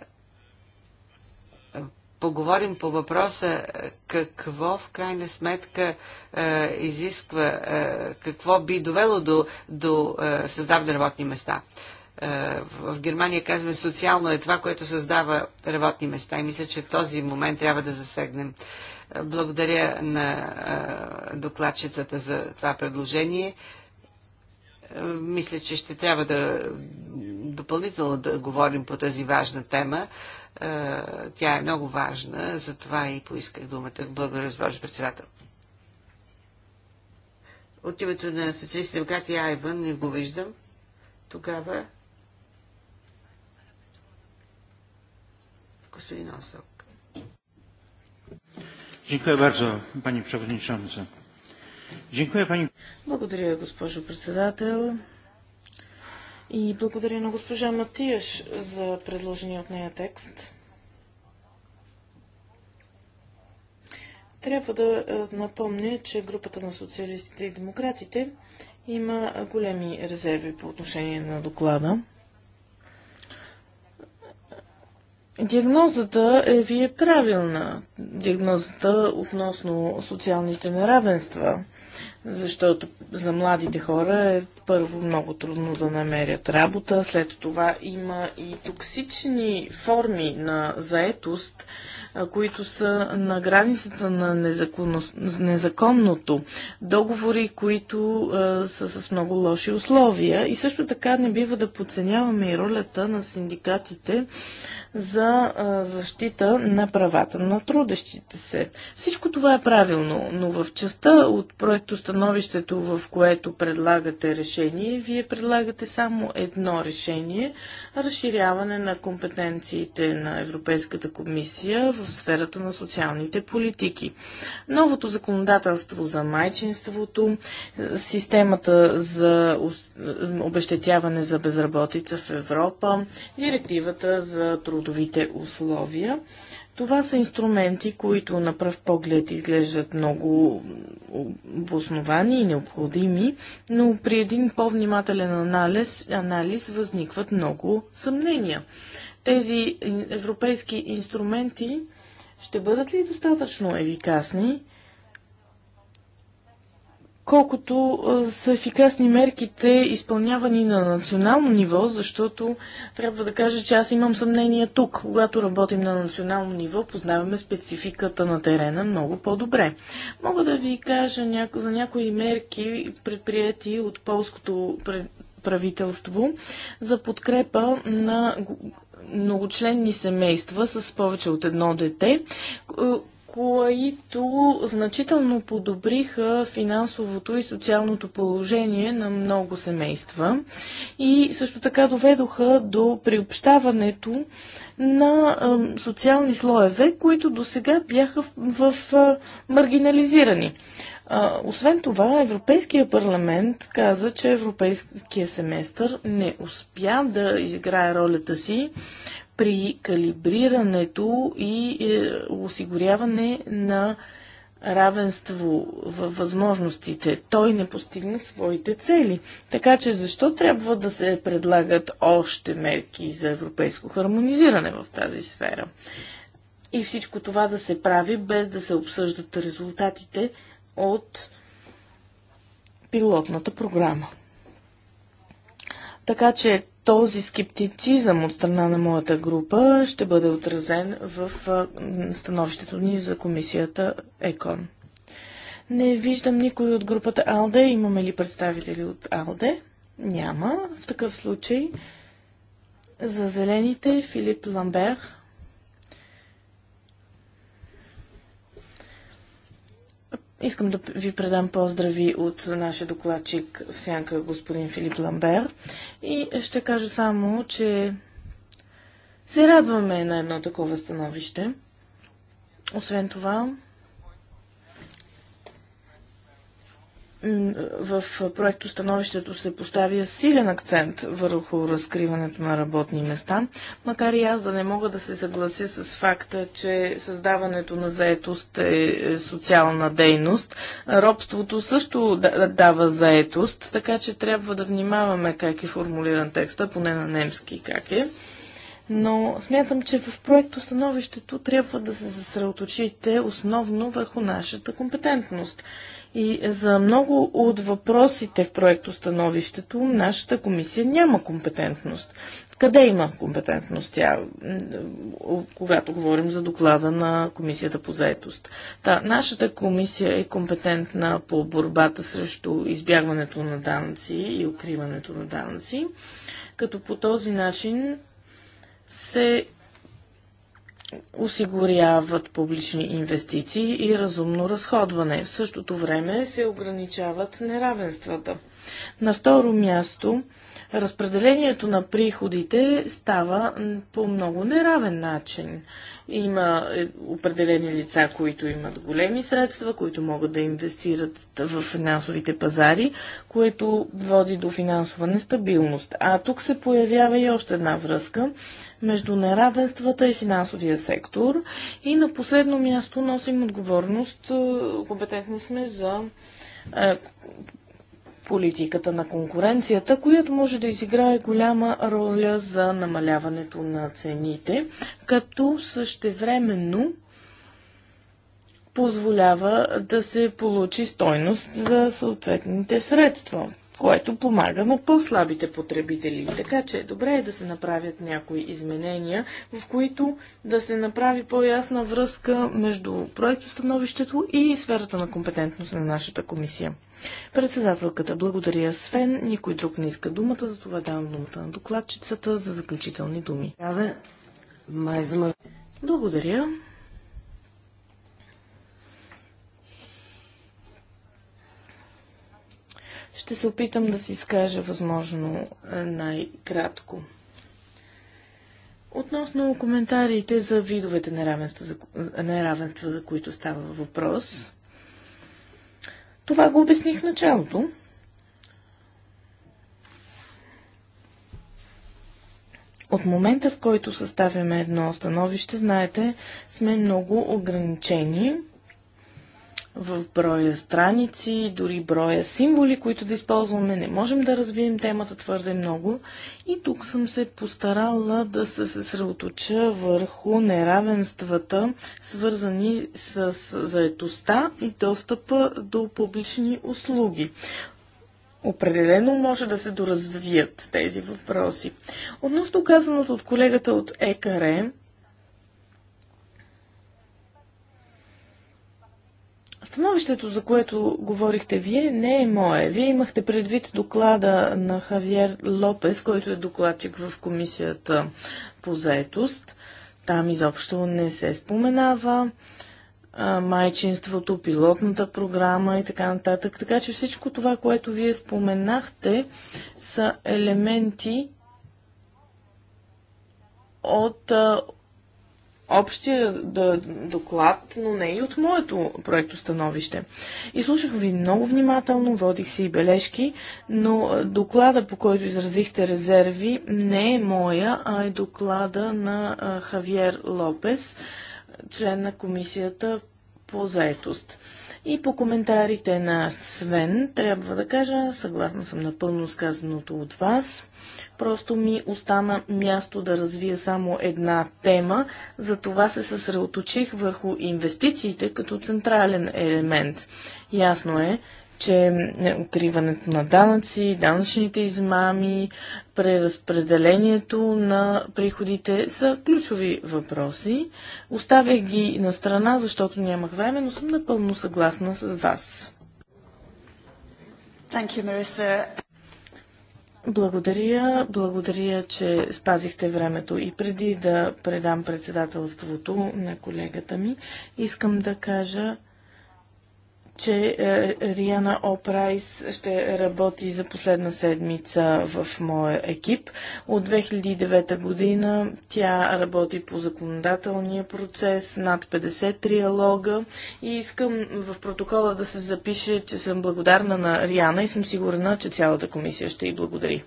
поговорим по въпроса какво в крайна сметка е, изисква, е, какво би довело до, до е, създаване на работни места. Е, в Германия казваме социално е това, което създава работни места и мисля, че този момент трябва да засегнем. Благодаря на е, докладчицата за това предложение. Е, мисля, че ще трябва да допълнително да говорим по тази важна тема. Е, тя е много важна, затова и поисках думата. Благодаря, госпожо председател. От името на социалистите демократи Айван не го виждам. Тогава господин Осок. Dziękuję bardzo, благодаря, госпожо председател. И благодаря на госпожа Матияш за предложения от нея текст. Трябва да е, напомня, че групата на социалистите и демократите има големи резерви по отношение на доклада. Диагнозата е ви е правилна. Диагнозата относно социалните неравенства, защото за младите хора е първо много трудно да намерят работа, след това има и токсични форми на заетост, които са на границата на незаконно, незаконното. Договори, които а, са с много лоши условия. И също така не бива да подценяваме и ролята на синдикатите за защита на правата на трудещите се. Всичко това е правилно, но в частта от проекто становището, в което предлагате решение, вие предлагате само едно решение – разширяване на компетенциите на Европейската комисия в сферата на социалните политики. Новото законодателство за майчинството, системата за обещетяване за безработица в Европа, директивата за труд трудовите условия. Това са инструменти, които на пръв поглед изглеждат много обосновани и необходими, но при един по-внимателен анализ, анализ възникват много съмнения. Тези европейски инструменти ще бъдат ли достатъчно ефикасни, колкото са ефикасни мерките, изпълнявани на национално ниво, защото трябва да кажа, че аз имам съмнение тук. Когато работим на национално ниво, познаваме спецификата на терена много по-добре. Мога да ви кажа няко... за някои мерки, предприяти от полското правителство, за подкрепа на многочленни семейства с повече от едно дете, които значително подобриха финансовото и социалното положение на много семейства и също така доведоха до приобщаването на социални слоеве, които до сега бяха в, в маргинализирани. Освен това, Европейския парламент каза, че Европейския семестър не успя да изиграе ролята си при калибрирането и е, осигуряване на равенство във възможностите. Той не постигна своите цели. Така че защо трябва да се предлагат още мерки за европейско хармонизиране в тази сфера? И всичко това да се прави без да се обсъждат резултатите от пилотната програма. Така че този скептицизъм от страна на моята група ще бъде отразен в становището ни за комисията ЕКОН. Не виждам никой от групата АЛДЕ. Имаме ли представители от АЛДЕ? Няма. В такъв случай за зелените Филип Ламбер. Искам да ви предам поздрави от нашия докладчик в сянка господин Филип Ламбер и ще кажа само, че се радваме на едно такова становище. Освен това, в проекто становището се поставя силен акцент върху разкриването на работни места, макар и аз да не мога да се съглася с факта, че създаването на заетост е, е социална дейност. Робството също дава заетост, така че трябва да внимаваме как е формулиран текста, поне на немски как е. Но смятам, че в проекто становището трябва да се съсредоточите основно върху нашата компетентност – и за много от въпросите в проекто становището нашата комисия няма компетентност. Къде има компетентност тя, когато говорим за доклада на Комисията по заетост? Та, нашата комисия е компетентна по борбата срещу избягването на данъци и укриването на данъци, като по този начин се осигуряват публични инвестиции и разумно разходване. В същото време се ограничават неравенствата. На второ място разпределението на приходите става по много неравен начин. Има е, определени лица, които имат големи средства, които могат да инвестират в финансовите пазари, което води до финансова нестабилност. А тук се появява и още една връзка между неравенствата и финансовия сектор. И на последно място носим отговорност, е, компетентни сме за е, политиката на конкуренцията, която може да изиграе голяма роля за намаляването на цените, като същевременно позволява да се получи стойност за съответните средства което помага на по-слабите потребители. Така че е добре е да се направят някои изменения, в които да се направи по-ясна връзка между проектостановището и сферата на компетентност на нашата комисия. Председателката благодаря Свен, никой друг не иска думата, затова давам думата на докладчицата за заключителни думи. Благодаря. Ще се опитам да си изкажа възможно най-кратко. Относно коментарите за видовете неравенства, за, неравенства, за които става въпрос, това го обясних в началото. От момента, в който съставяме едно становище, знаете, сме много ограничени в броя страници, дори броя символи, които да използваме. Не можем да развием темата твърде много. И тук съм се постарала да се съсредоточа върху неравенствата, свързани с заетостта и достъпа до публични услуги. Определено може да се доразвият тези въпроси. Относно казаното от колегата от ЕКАРЕ, Становището, за което говорихте вие, не е мое. Вие имахте предвид доклада на Хавиер Лопес, който е докладчик в комисията по заетост. Там изобщо не се споменава майчинството, пилотната програма и така нататък. Така че всичко това, което вие споменахте, са елементи от общия доклад, но не и от моето проекто становище. И слушах ви много внимателно, водих си и бележки, но доклада, по който изразихте резерви, не е моя, а е доклада на Хавиер Лопес, член на комисията по заетост. И по коментарите на Свен трябва да кажа, съгласна съм напълно сказаното от вас. Просто ми остана място да развия само една тема, За това се съсредоточих върху инвестициите като централен елемент. Ясно е, че е, укриването на данъци, данъчните измами, преразпределението на приходите са ключови въпроси. Оставях ги на страна, защото нямах време, но съм напълно съгласна с вас. You, благодаря, благодаря, че спазихте времето. И преди да предам председателството на колегата ми, искам да кажа, че е, Риана Опрайс ще работи за последна седмица в моя екип. От 2009 година тя работи по законодателния процес, над 50 триалога и искам в протокола да се запише, че съм благодарна на Риана и съм сигурна, че цялата комисия ще й благодари.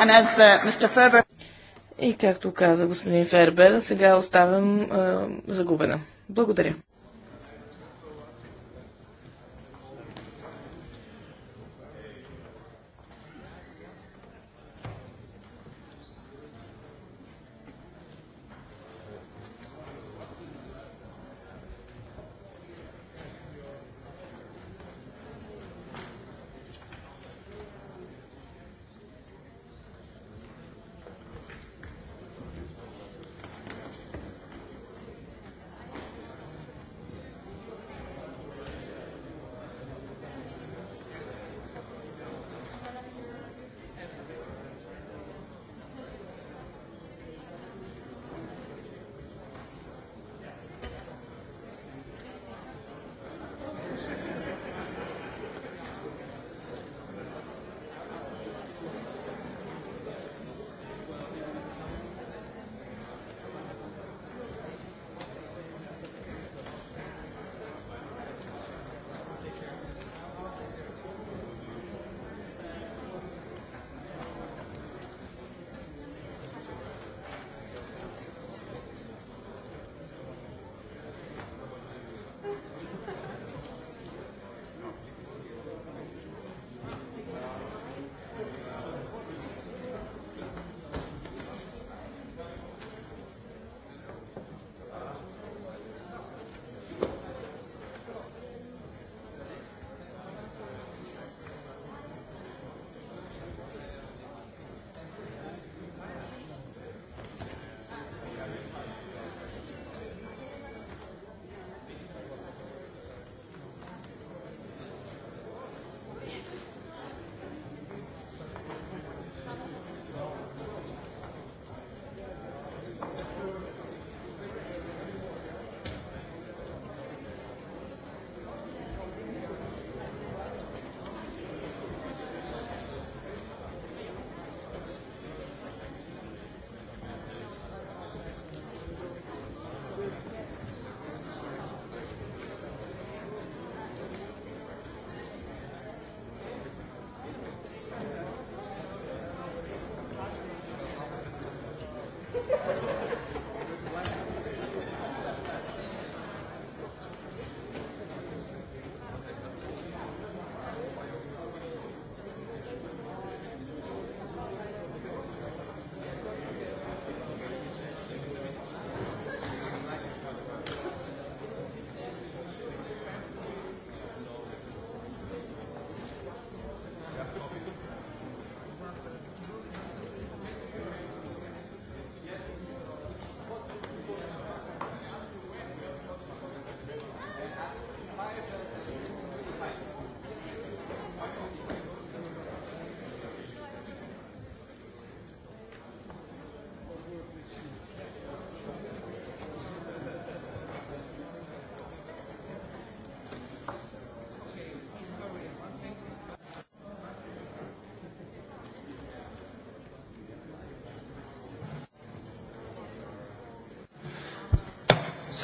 Uh, и както каза господин Фербер, сега оставям е, загубена. Благодаря.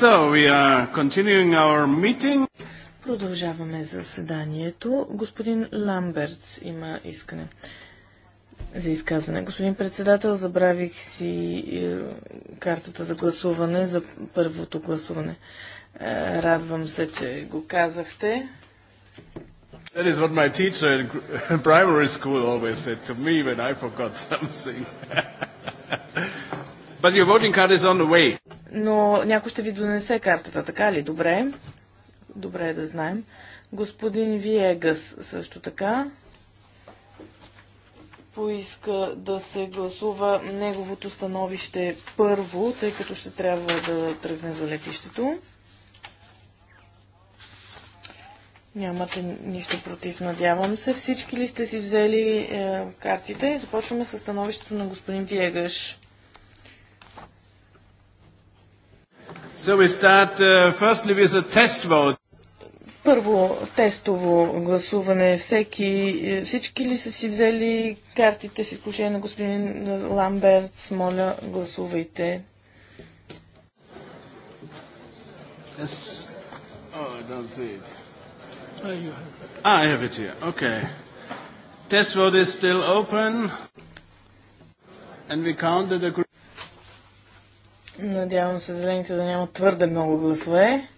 So we are continuing our meeting. Продължаваме заседанието. Господин Ламбертс има искане за изказване. Господин председател, забравих си е, картата за гласуване, за първото гласуване. Е, радвам се, че го казахте. That is what my teacher in primary school always said to me when I forgot something. But your voting card is on the way но някой ще ви донесе картата, така ли? Добре. Добре е да знаем. Господин Виегас също така поиска да се гласува неговото становище първо, тъй като ще трябва да тръгне за летището. Нямате нищо против, надявам се. Всички ли сте си взели е, картите? Започваме с становището на господин Виегаш. Uh, Първо тестово гласуване. Всеки, е, всички ли са си взели картите си изключение на господин Ламберт? Моля, гласувайте. Yes. Oh, I don't see it. Oh, you Надявам се зелените да няма твърде много гласове.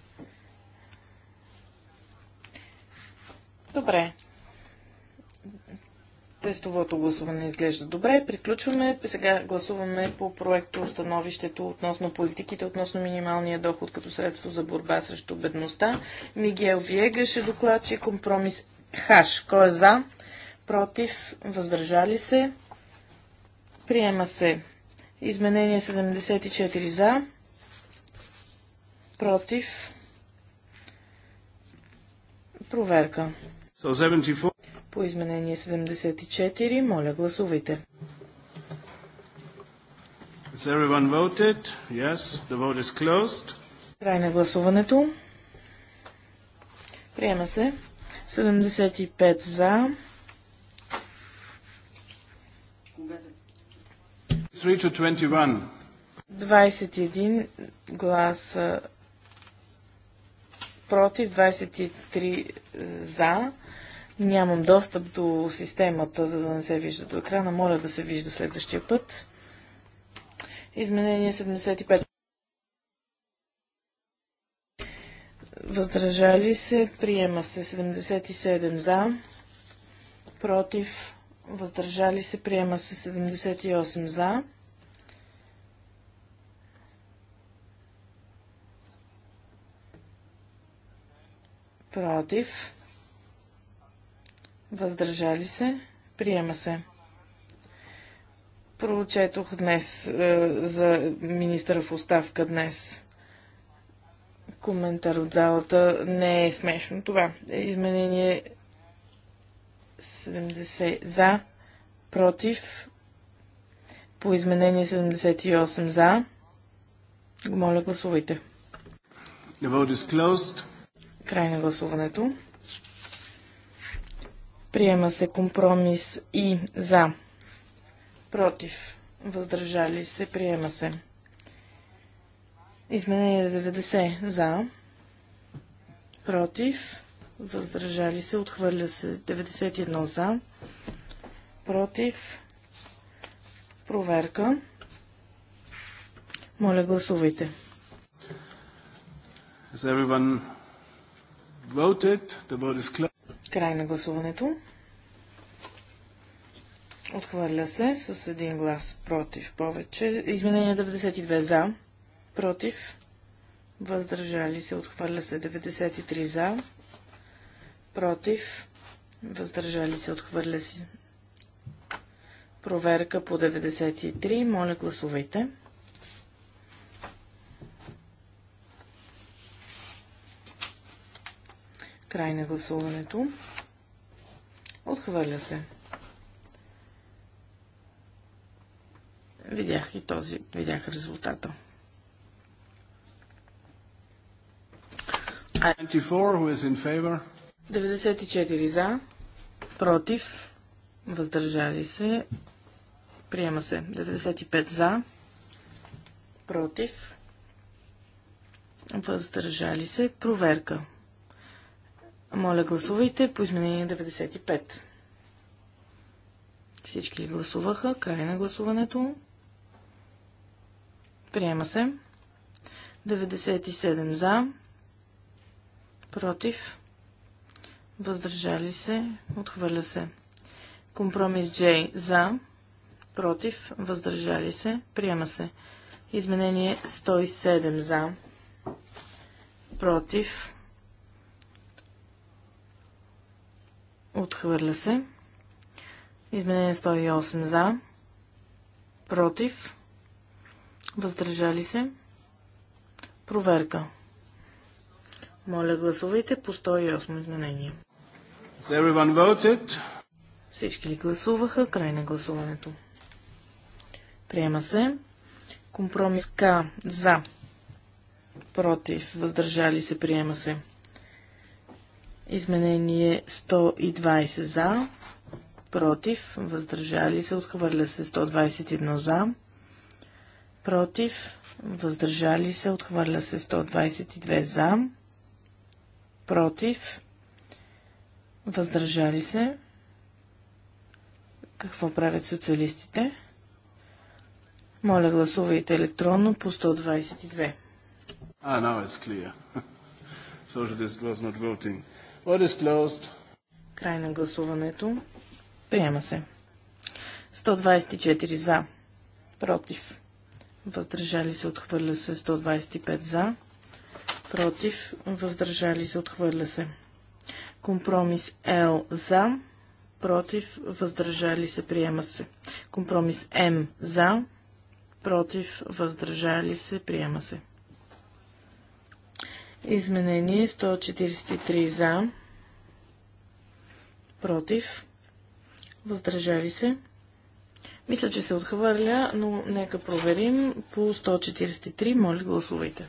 Добре. Тестовото гласуване изглежда добре. Приключваме. Сега гласуваме по проекто установището относно политиките, относно минималния доход като средство за борба срещу бедността. Мигел Виегаш е че Компромис Хаш. Кой е за? Против? Въздържали се? Приема се. Изменение 74 за, против, проверка. По изменение 74, моля гласувайте. Has everyone voted? Yes, the vote is closed. Край на гласуването. Приема се. 75 за, 21. 21 гласа против, 23 е, за. Нямам достъп до системата, за да не се вижда до екрана. Моля да се вижда следващия път. Изменение 75. Въздържали се. Приема се 77 за. Против. Въздържали се. Приема се 78 за. против, въздържали се, приема се. Прочетох днес е, за министъра в оставка днес. Коментар от залата. Не е смешно това. Изменение 70 за, против, по изменение 78 за. Моля, гласувайте. The vote is closed. Край на гласуването. Приема се компромис и за. Против. Въздържали се. Приема се. Изменение 90 за. Против. Въздържали се. Отхвърля се 91 за. Против. Проверка. Моля, гласувайте. Is everyone Край на гласуването. Отхвърля се с един глас против повече. Изменение 92 за, против, въздържали се, отхвърля се 93 за, против, въздържали се, отхвърля се. Проверка по 93. Моля, гласувайте. Край на гласуването. Отхвърля се. Видях и този, видях резултата. 94 за, против, въздържали се, приема се 95 за, против, въздържали се, проверка. Моля, гласувайте по изменение 95. Всички ли гласуваха? Край на гласуването. Приема се. 97 за. Против. Въздържали се. Отхвърля се. Компромис J за. Против. Въздържали се. Приема се. Изменение 107 за. Против Отхвърля се. Изменение 108 за. Против. Въздържали се. Проверка. Моля, гласувайте по 108 изменение. Всички ли гласуваха? Край на гласуването. Приема се. Компромис К за. Против. Въздържали се. Приема се. Изменение 120 за, против, въздържали се, отхвърля се 121 за, против, въздържали се, отхвърля се 122 за, против, въздържали се. Какво правят социалистите? Моля, гласувайте електронно по 122. Ah, now it's clear. so it is not voting is closed? Край на гласуването. Приема се. 124 за. Против. Въздържали се, отхвърля се. 125 за. Против. Въздържали се, отхвърля се. Компромис L за. Против. Въздържали се, приема се. Компромис М за. Против. Въздържали се, приема се. Изменение 143 за, против, въздържали се. Мисля, че се отхвърля, но нека проверим по 143. Моля, гласувайте.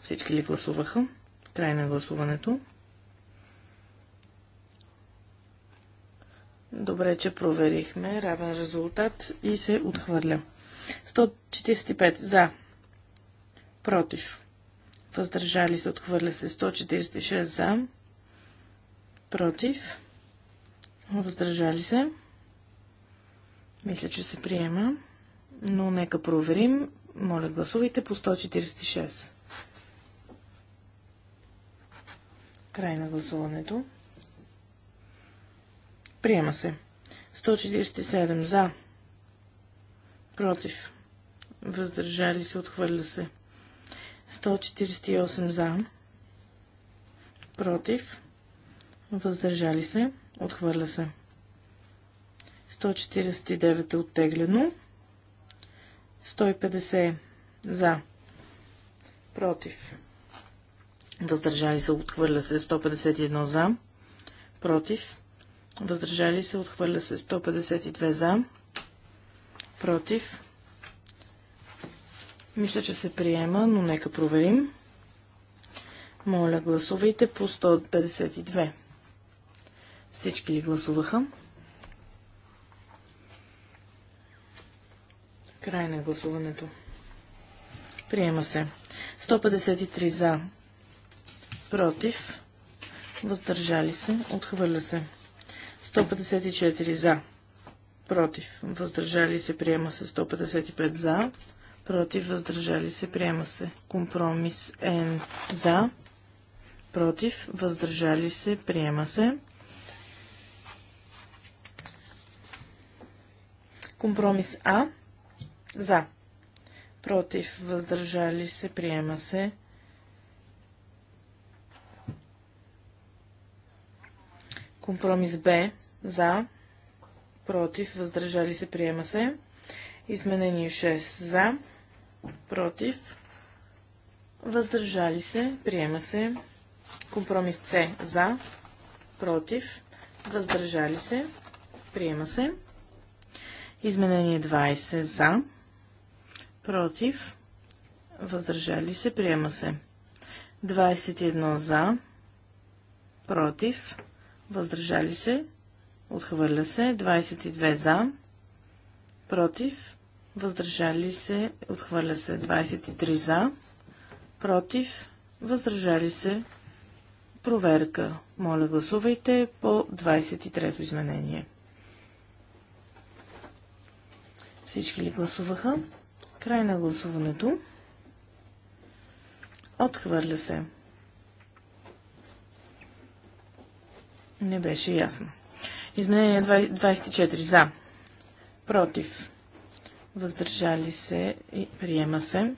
Всички ли гласуваха? Край на гласуването. Добре, че проверихме. Равен резултат и се отхвърля. 145 за. Против въздържали се, отхвърля се 146 за, против, въздържали се. Мисля, че се приема, но нека проверим. Моля, гласувайте по 146. Край на гласуването. Приема се. 147 за. Против. Въздържали се. Отхвърля се. 148 за, против, въздържали се, отхвърля се. 149 е оттеглено. 150 за, против, въздържали се, отхвърля се. 151 за, против, въздържали се, отхвърля се. 152 за, против, мисля, че се приема, но нека проверим. Моля, гласувайте по 152. Всички ли гласуваха? Край на гласуването. Приема се. 153 за. Против. Въздържали се. Отхвърля се. 154 за. Против. Въздържали се. Приема се. 155 за против, въздържали се, приема се. Компромис М за, против, въздържали се, приема се. Компромис А за, против, въздържали се, приема се. Компромис Б за, против, въздържали се, приема се. Изменение 6 за, против, въздържали се, приема се. Компромис С за, против, въздържали се, приема се. Изменение 20 за, против, въздържали се, приема се. 21 за, против, въздържали се, отхвърля се. 22 за, против, въздържали се, отхвърля се 23 за, против, въздържали се, проверка. Моля гласувайте по 23-то изменение. Всички ли гласуваха? Край на гласуването. Отхвърля се. Не беше ясно. Изменение 24 за. Против въздържали се и приема се.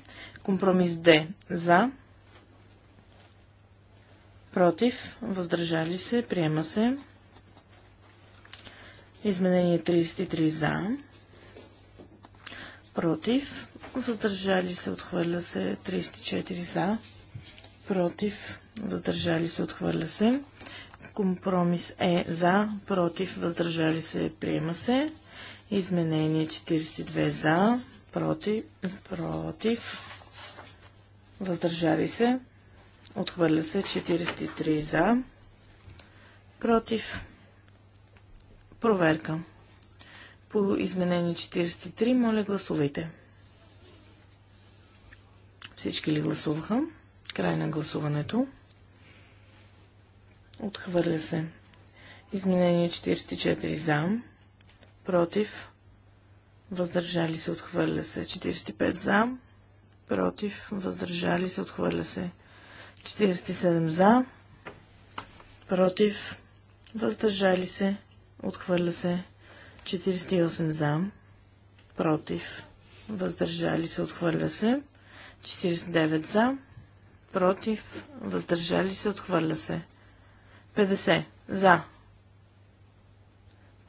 Компромис Д за, против, въздържали се, приема се. Изменение 33 за, против, въздържали се, отхвърля се 34 за, против, въздържали се, отхвърля се. Компромис Е за, против, въздържали се, приема се. Изменение 42 за, против, против, въздържали се, отхвърля се 43 за, против, проверка. По изменение 43, моля гласувайте. Всички ли гласуваха? Край на гласуването. Отхвърля се. Изменение 44 за против, въздържали се, отхвърля се. 45 за, против, въздържали се, отхвърля се. 47 за, против, въздържали се, отхвърля се. 48 за, против, въздържали се, отхвърля се. 49 за, против, въздържали се, отхвърля се. 50 за,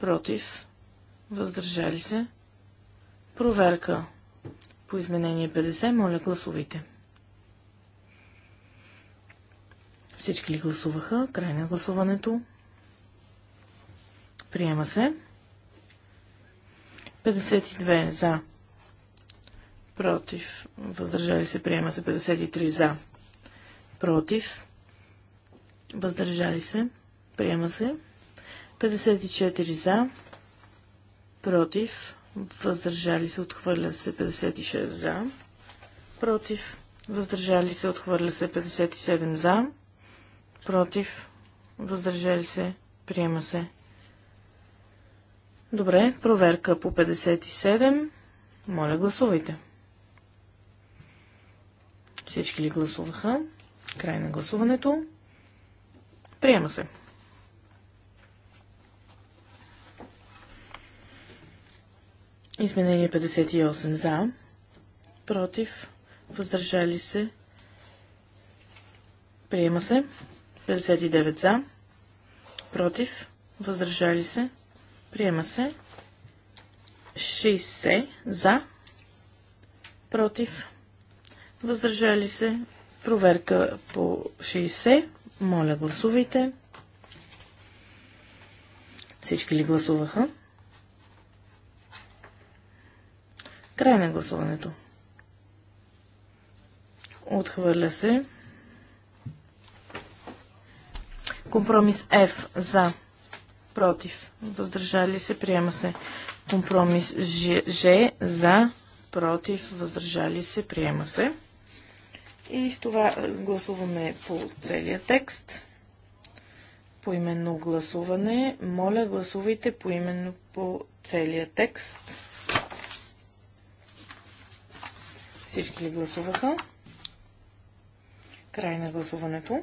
против, Въздържали се. Проверка по изменение 50. Моля, гласувайте. Всички ли гласуваха? Край на гласуването. Приема се. 52 за. Против. Въздържали се. Приема се. 53 за. Против. Въздържали се. Приема се. 54 за против, въздържали се, отхвърля се 56 за, против, въздържали се, отхвърля се 57 за, против, въздържали се, приема се. Добре, проверка по 57. Моля, гласувайте. Всички ли гласуваха? Край на гласуването. Приема се. Изменение 58 за, против, въздържали се, приема се. 59 за, против, въздържали се, приема се. 60 за, против, въздържали се, проверка по 60. Моля, гласувайте. Всички ли гласуваха? Край на гласуването. Отхвърля се. Компромис F за. Против. Въздържали се. Приема се. Компромис Ж, Ж за. Против. Въздържали се. Приема се. И с това е, гласуваме по целия текст. По именно гласуване. Моля, гласувайте по именно по целия текст. Всички ли гласуваха? Край на гласуването.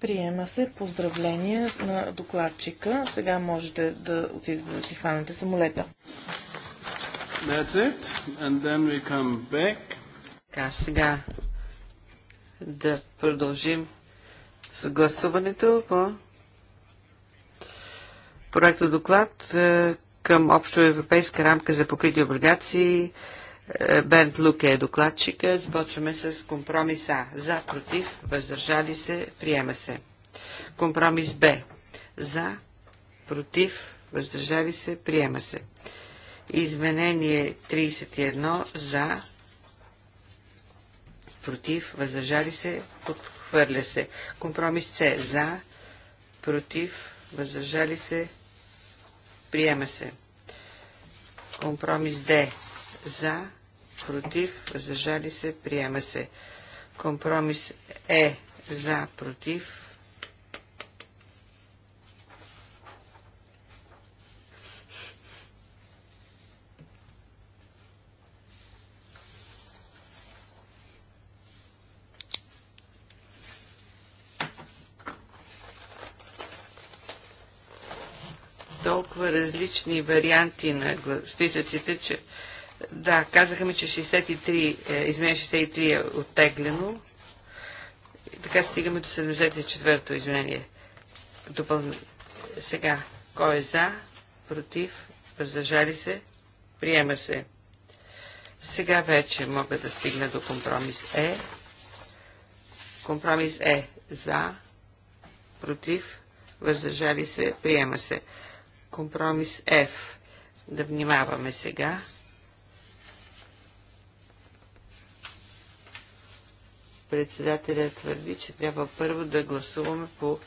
Приема се поздравления на докладчика. Сега можете да отидете да си хванете самолета. That's it. And then we come back. Така, сега да продължим с гласуването по проекта доклад е, към общо европейска рамка за покрити облигации е, Бент Луке е докладчика. Започваме с компромис А. За, против, въздържали се, приема се. Компромис Б. За, против, въздържали се, приема се. Изменение 31 за, против, въздържали се, подхвърля се. Компромис С за, против, въздържали се, приема се. Компромис Д за, против, въздържали се, приема се. Компромис Е за, против. Толкова различни варианти на списъците, че да, казаха ми, че 63, извиня, 63 е оттеглено. Така стигаме до 74-то изменение. Допълни... Сега, кой е за, против, въздържали се, приема се. Сега вече мога да стигна до компромис Е. Компромис Е за, против, въздържали се, приема се. Компромис Ф. Да внимаваме сега. Председателя твърди, че трябва първо да гласуваме по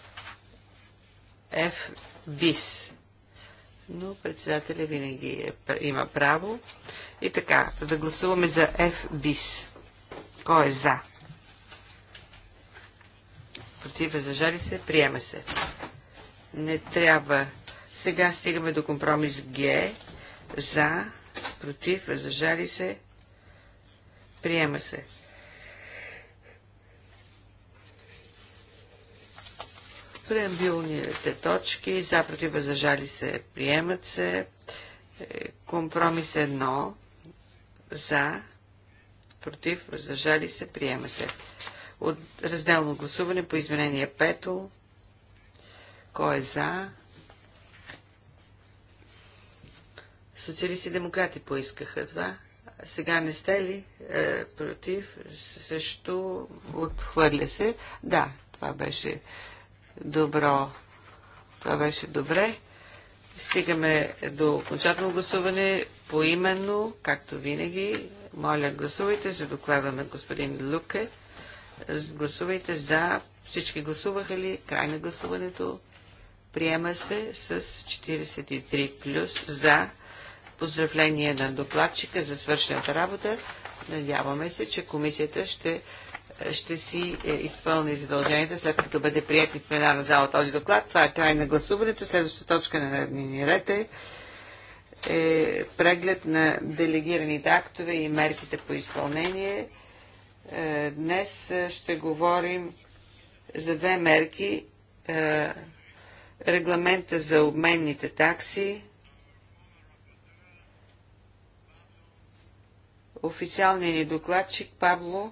ФБИС. Но председателя винаги е, има право. И така, да гласуваме за ФБИС. Кой е за? Против, зажали се, приема се. Не трябва. Сега стигаме до компромис Г. За, против, зажали се, приема се. Преамбилните точки за против въздържали се приемат се. Е, компромис 1 за против възражали се приема се. От разделно гласуване по изменение пето, Кой е за? Социалисти и демократи поискаха това. Сега не сте ли е, против? Също отхвърля се. Да, това беше добро. Това беше добре. Стигаме до окончателно гласуване по именно, както винаги. Моля, гласувайте за доклада на господин Луке. Гласувайте за. Всички гласуваха ли? Край на гласуването. Приема се с 43 плюс за. Поздравление на докладчика за свършената работа. Надяваме се, че комисията ще ще си е, изпълни задълженията, след като бъде прият и в пленарна зала този доклад. Това е край на гласуването. Следващата точка на дневния ред е, е преглед на делегираните актове и мерките по изпълнение. Е, днес ще говорим за две мерки. регламента за обменните такси, официалният ни докладчик Пабло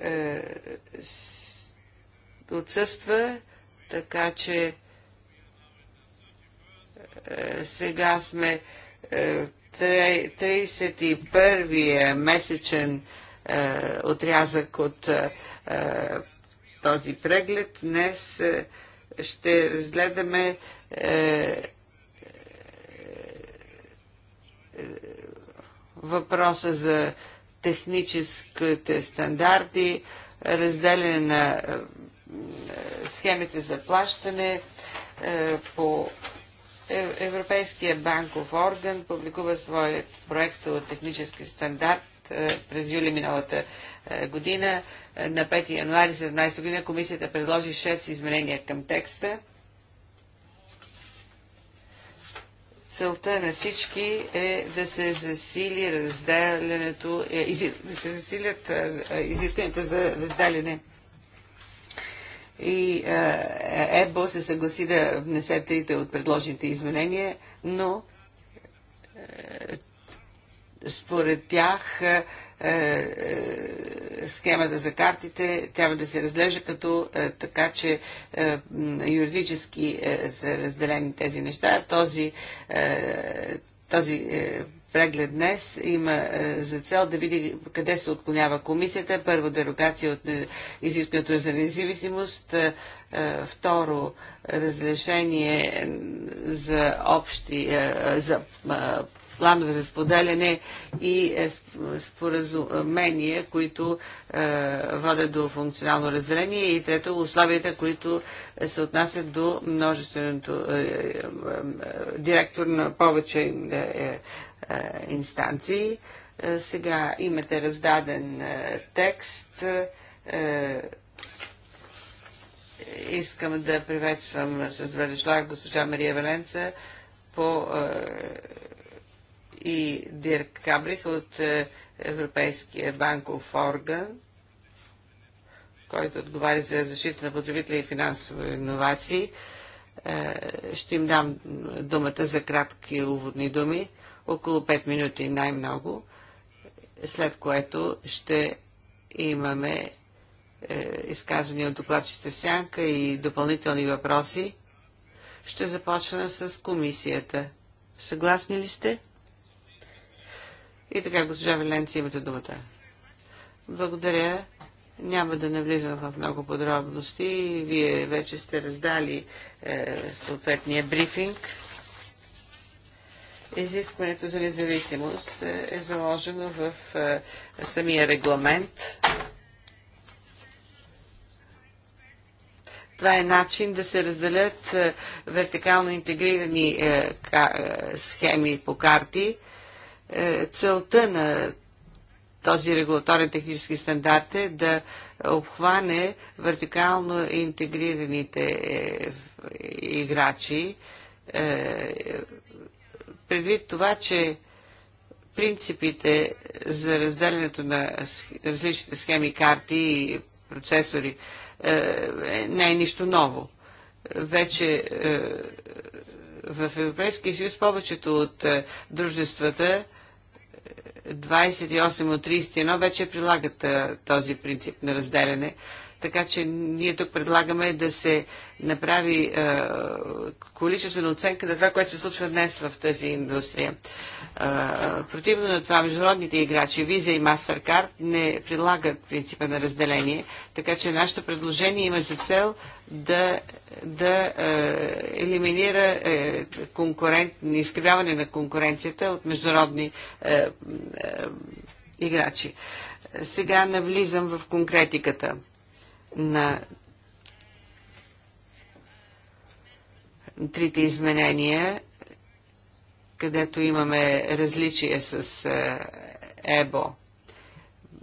е, отсъства, така че е, сега сме 31-я е, месечен отрязък от този преглед. Днес ще разгледаме въпроса за техническите стандарти, разделяне на е, е, схемите за плащане е, по Европейския банков орган публикува своят проект от технически стандарт през юли миналата година. На 5 януари 2017 година комисията предложи 6 изменения към текста целта на всички е да се засили разделянето, е, да се засилят е, е, изискванията за разделяне. И ЕБО се съгласи да внесе трите от предложените изменения, но според тях е, е, схемата за картите трябва да се разглежда като е, така, че юридически са разделени тези неща. Този, този преглед днес има за цел да види къде се отклонява комисията. Първо, дерогация от изискването за независимост. Второ, разрешение за общи, за планове за споделяне и е, споразумения, които е, водят до функционално разделение и трето условията, които е, се отнасят до множественото директор на повече инстанции. Сега имате раздаден текст. Искам да приветствам с Велишлав госпожа Мария Валенца по и Дирк Кабрих от е, Европейския банков орган, който отговаря за защита на потребители и финансови иновации. Е, ще им дам думата за кратки уводни думи, около 5 минути най-много, след което ще имаме е, изказвания от докладчите в сянка и допълнителни въпроси. Ще започна с комисията. Съгласни ли сте? И така, госпожа Веленци, имате думата. Благодаря. Няма да навлизам в много подробности. Вие вече сте раздали е, съответния брифинг. Изискването за независимост е, е заложено в е, самия регламент. Това е начин да се разделят е, вертикално интегрирани е, ка, е, схеми по карти е, целта на този регулаторен технически стандарт е да обхване вертикално интегрираните е, играчи. Е, предвид това, че принципите за разделянето на различните схеми, карти и процесори не е нищо ново. Вече в Европейския съюз повечето от дружествата 28 от 31 вече прилагат този принцип на разделяне. Така че ние тук предлагаме да се направи а, количествена оценка на това, което се случва днес в тази индустрия. А, противно на това, международните играчи, Visa и MasterCard не прилагат принципа на разделение. Така че нашето предложение има за цел да, да е, елиминира е, конкурент, изкривяване на конкуренцията от международни е, е, играчи. Сега навлизам в конкретиката на трите изменения, където имаме различие с е, ЕБО.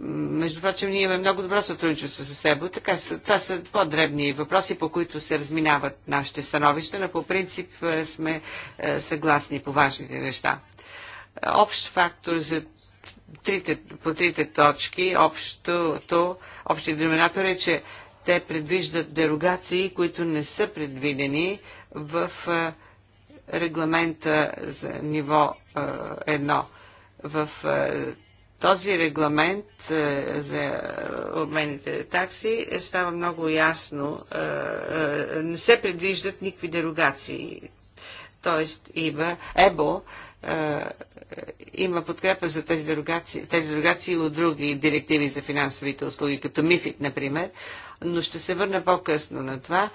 Между прочим, ние имаме много добро сътрудничество с ЕБО. Така, това са по-дребни въпроси, по които се разминават нашите становища, но по принцип е, сме е, съгласни по важните неща. Общ фактор за трите, по трите точки, общото, общия деноминатор е, че те предвиждат дерогации, които не са предвидени в е, регламента за ниво 1. В този регламент е, за обмените такси е, става много ясно. Е, не се предвиждат никакви дерогации. Тоест има ЕБО, има подкрепа за тези дерогации, тези дерогации от други директиви за финансовите услуги, като МИФИТ, например, но ще се върна по-късно на това.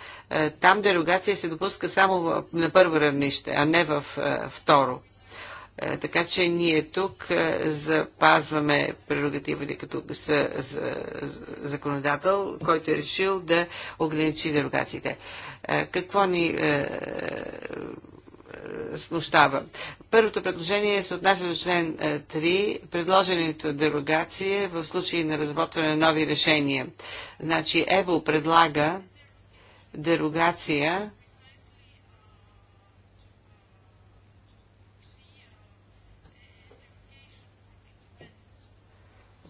Там дерогация се допуска само на първо равнище, а не в второ. Е, така че ние тук е, запазваме прерогативите като законодател, който е решил да ограничи дерогациите. Е, какво ни смущава. Първото предложение се отнася до член 3, предложеното дерогация в случай на разработване на нови решения. Значи ЕВО предлага дерогация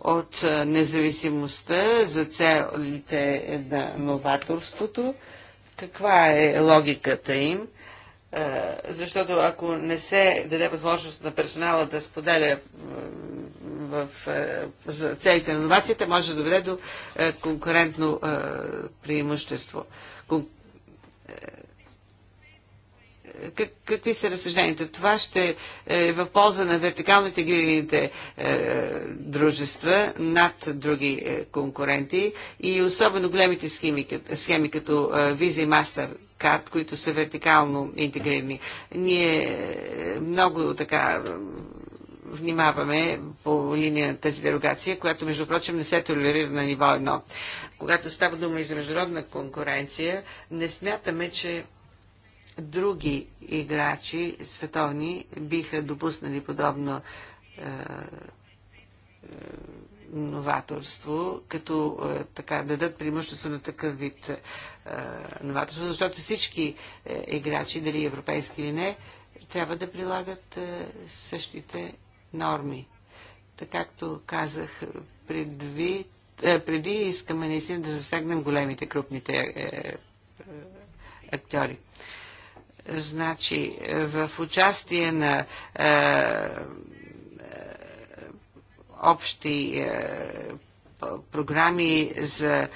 от независимостта за целите на новаторството. Каква е логиката им? Защото ако не се даде възможност на персонала да споделя в целите на новацията, може да доведе до конкурентно преимущество как, какви са разсъжденията? Това ще е в полза на вертикално интегрираните е, дружества над други е, конкуренти и особено големите схеми, схеми като е, Visa и MasterCard, които са вертикално интегрирани. Ние е, много така внимаваме по линия на тази дерогация, която, между прочим, не се толерира на ниво едно. Когато става дума и за международна конкуренция, не смятаме, че други играчи световни биха допуснали подобно е, е, новаторство, като е, така дадат преимущество на такъв вид е, новаторство, защото всички е, играчи, дали европейски или не, трябва да прилагат е, същите норми. Така както казах, предви, е, преди искаме наистина да засегнем големите, крупните е, е, актьори. Значи, в участие на е, е, общи е, програми за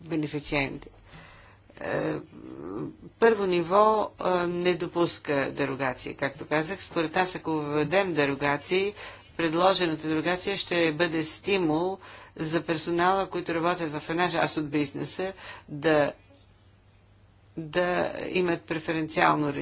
бенефициенти. Първо ниво не допуска дерогации, както казах. Според нас, ако въведем дерогации, предложената дерогация ще бъде стимул за персонала, които работят в една част от бизнеса, да да имат преференциално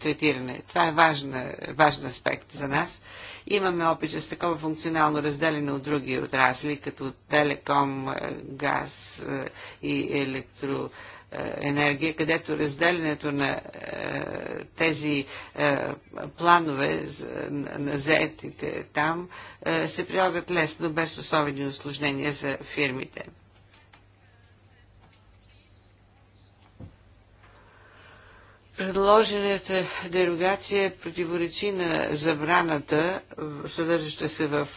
третиране. Това е важна, важен аспект за нас. Имаме опит с такова функционално разделение от други отрасли, като телеком, е, газ е, и електро е, енергия, където разделянето на е, тези е, планове на заетите там е, се прилагат лесно, без особени осложнения за фирмите. Предложената дерогация противоречи на забраната, съдържаща се в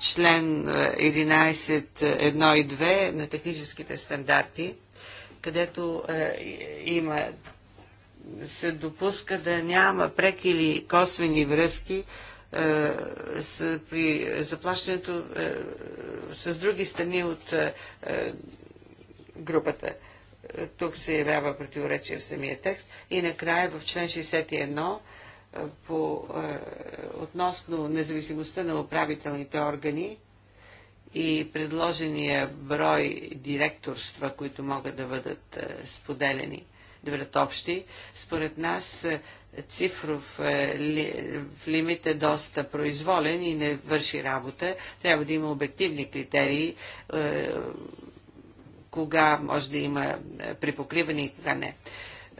член 11.1 и 2 на техническите стандарти, където е, има се допуска да няма преки или косвени връзки е, с, при заплащането е, с други страни от е, групата. Тук се явява противоречие в самия текст. И накрая в член 61 по, относно независимостта на управителните органи и предложения брой директорства, които могат да бъдат споделени, да бъдат общи, според нас цифров ли, лимит е доста произволен и не върши работа. Трябва да има обективни критерии, кога може да има е, припокриване и кога не.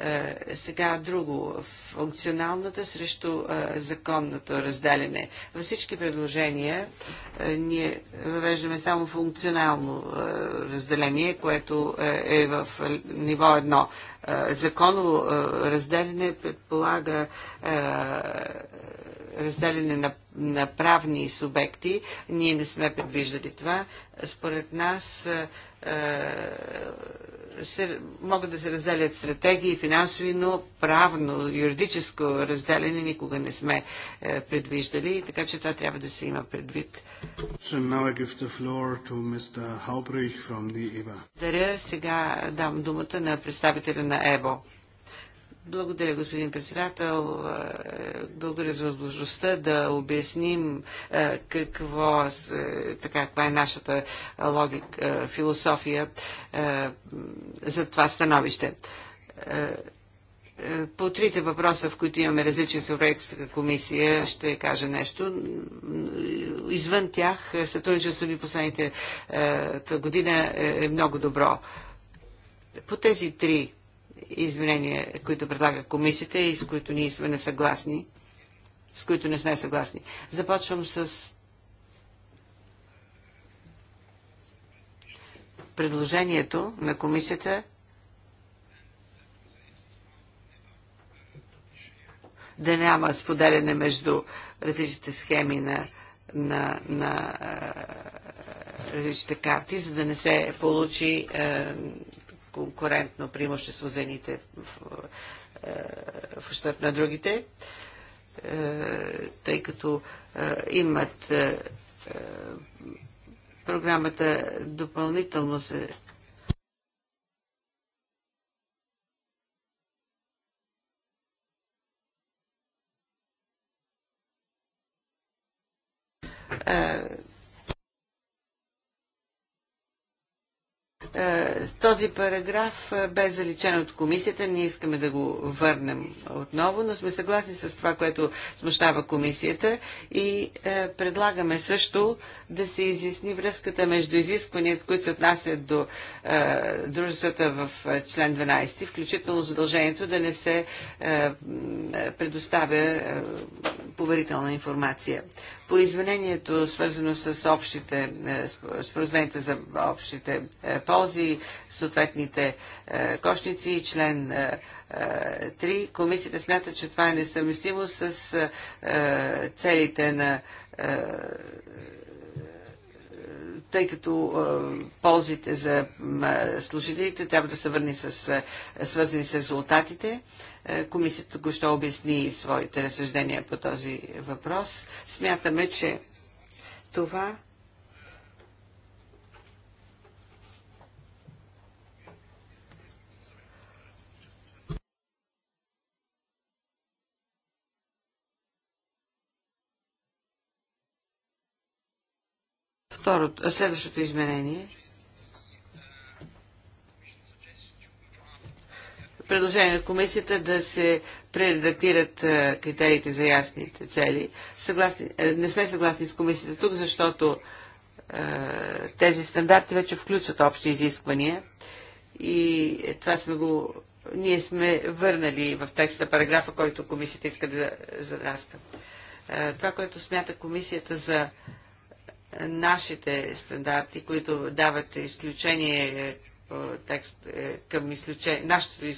Е, сега друго, функционалната срещу е, законното разделяне. Във всички предложения ние въвеждаме само функционално разделение, което е в ниво едно. Законово разделяне предполага разделяне на, на правни субекти. Ние не сме предвиждали това. Според нас е, се, могат да се разделят стратегии, финансови, но правно, юридическо разделение никога не сме е, предвиждали, така че това трябва да се има предвид. Благодаря. Сега дам думата на представителя на ЕБО. Благодаря, господин председател. Е, благодаря за възможността да обясним е, какво, е, така, каква е нашата логика, философия за това становище. По трите въпроса, в които имаме различни с комисия, ще кажа нещо. Извън тях, сътрудничеството ни последните година е много добро. По тези три изменения, които предлага комисията и с които ние сме несъгласни, с които не сме съгласни. Започвам с предложението на комисията да няма споделяне между различните схеми на, на, на е, различните карти, за да не се получи е, конкурентно преимущество за едните в, ущърп е, на другите, е, тъй като е, имат програмата допълнително се Uh Е, този параграф е, бе заличен от комисията. Ние искаме да го върнем отново, но сме съгласни с това, което смущава комисията и е, предлагаме също да се изясни връзката между изискванията, които се отнасят до е, дружествата в е, член 12, включително задължението да не се е, предоставя е, поверителна информация. По изменението, свързано с общите, е, споразуменията за общите е, ползи, съответните е, кошници и член е, 3. Е, комисията смята, че това е несъвместимо с е, целите на тъй като а, ползите за а, служителите трябва да са върни с, а, свързани с резултатите. А, комисията го ще обясни своите разсъждения по този въпрос. Смятаме, че това Второто, следващото изменение. Предложение на комисията да се прередактират критериите за ясните цели. Съгласни, не сме съгласни с комисията тук, защото тези стандарти вече включват общи изисквания и е, това сме го ние сме върнали в текста параграфа, който комисията иска да задраска. Това, което смята комисията за нашите стандарти, които дават изключение е, текст, е, към изключение, нашето е,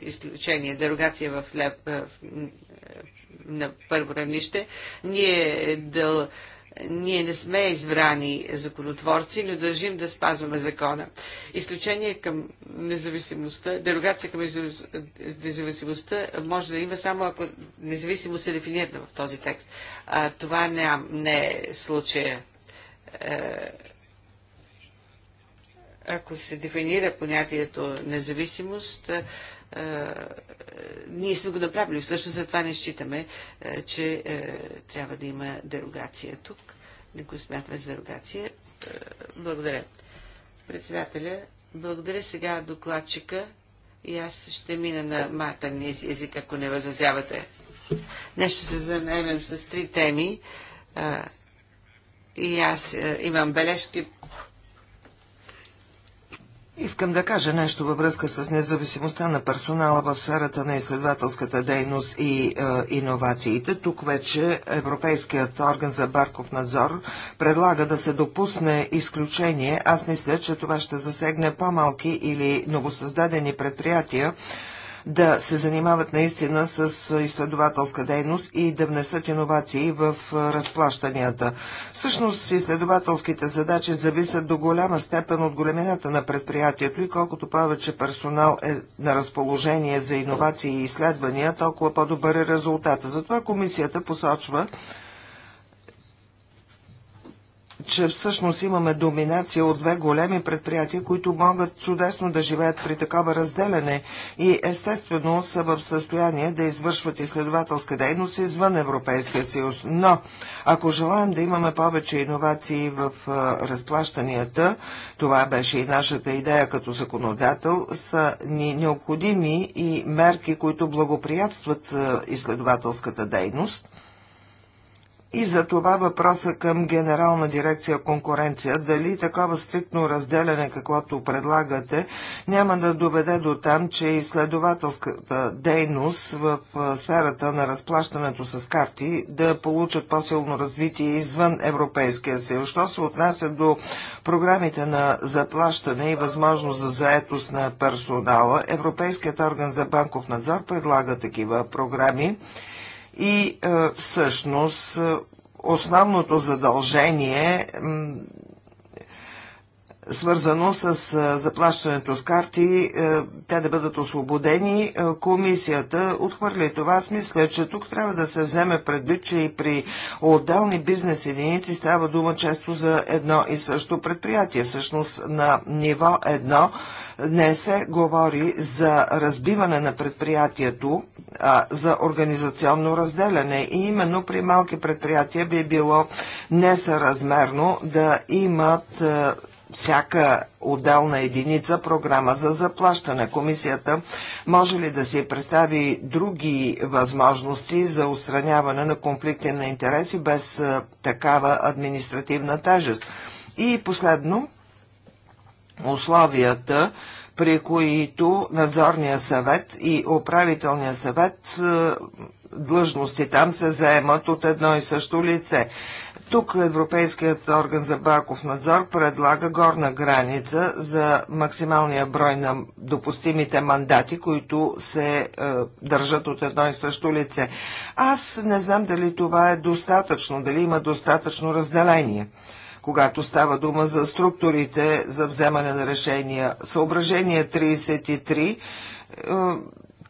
изключение, дерогация в леп на първо равнище, ние дъл, ние не сме избрани законотворци, но държим да спазваме закона. Изключение към независимостта, дерогация към независимостта може да има само ако независимост е дефинирана в този текст. А, това не, не е случая е, ако се дефинира понятието независимост, е, ние сме го направили. Всъщност за това не считаме, е, че е, трябва да има дерогация тук. Не го смятаме за дерогация. Благодаря. Председателя, благодаря сега докладчика и аз ще мина на матърния език, ако не възразявате. Днес ще се занаемем с три теми. И аз имам бележки Искам да кажа нещо във връзка с независимостта на персонала в сферата на изследователската дейност и е, иновациите. Тук вече Европейският орган за барков надзор предлага да се допусне изключение. Аз мисля, че това ще засегне по-малки или новосъздадени предприятия, да се занимават наистина с изследователска дейност и да внесат иновации в разплащанията. Всъщност изследователските задачи зависят до голяма степен от големината на предприятието и колкото повече персонал е на разположение за иновации и изследвания, толкова по-добър е резултата. Затова комисията посочва, че всъщност имаме доминация от две големи предприятия, които могат чудесно да живеят при такова разделяне и естествено са в състояние да извършват изследователска дейност извън Европейския съюз. Но, ако желаем да имаме повече иновации в разплащанията, това беше и нашата идея като законодател, са ни необходими и мерки, които благоприятстват изследователската дейност и за това въпроса към Генерална дирекция конкуренция, дали такова стриктно разделяне, каквото предлагате, няма да доведе до там, че изследователската дейност в сферата на разплащането с карти да получат по-силно развитие извън Европейския съюз. Що се отнася до програмите на заплащане и възможност за заетост на персонала, Европейският орган за банков надзор предлага такива програми и е, всъщност е, основното задължение свързано с е, заплащането с карти, те да бъдат освободени. Комисията отхвърли това. Аз мисля, че тук трябва да се вземе предвид, че и при отделни бизнес единици става дума често за едно и също предприятие. Всъщност на ниво едно не се говори за разбиване на предприятието, а за организационно разделяне. И именно при малки предприятия би било несъразмерно да имат е, всяка отделна единица програма за заплащане. Комисията може ли да си представи други възможности за устраняване на конфликти на интереси без е, такава административна тежест? И последно, условията при които надзорния съвет и управителния съвет е, длъжности там се заемат от едно и също лице. Тук Европейският орган за баков надзор предлага горна граница за максималния брой на допустимите мандати, които се е, държат от едно и също лице. Аз не знам дали това е достатъчно, дали има достатъчно разделение когато става дума за структурите за вземане на решения. Съображение 33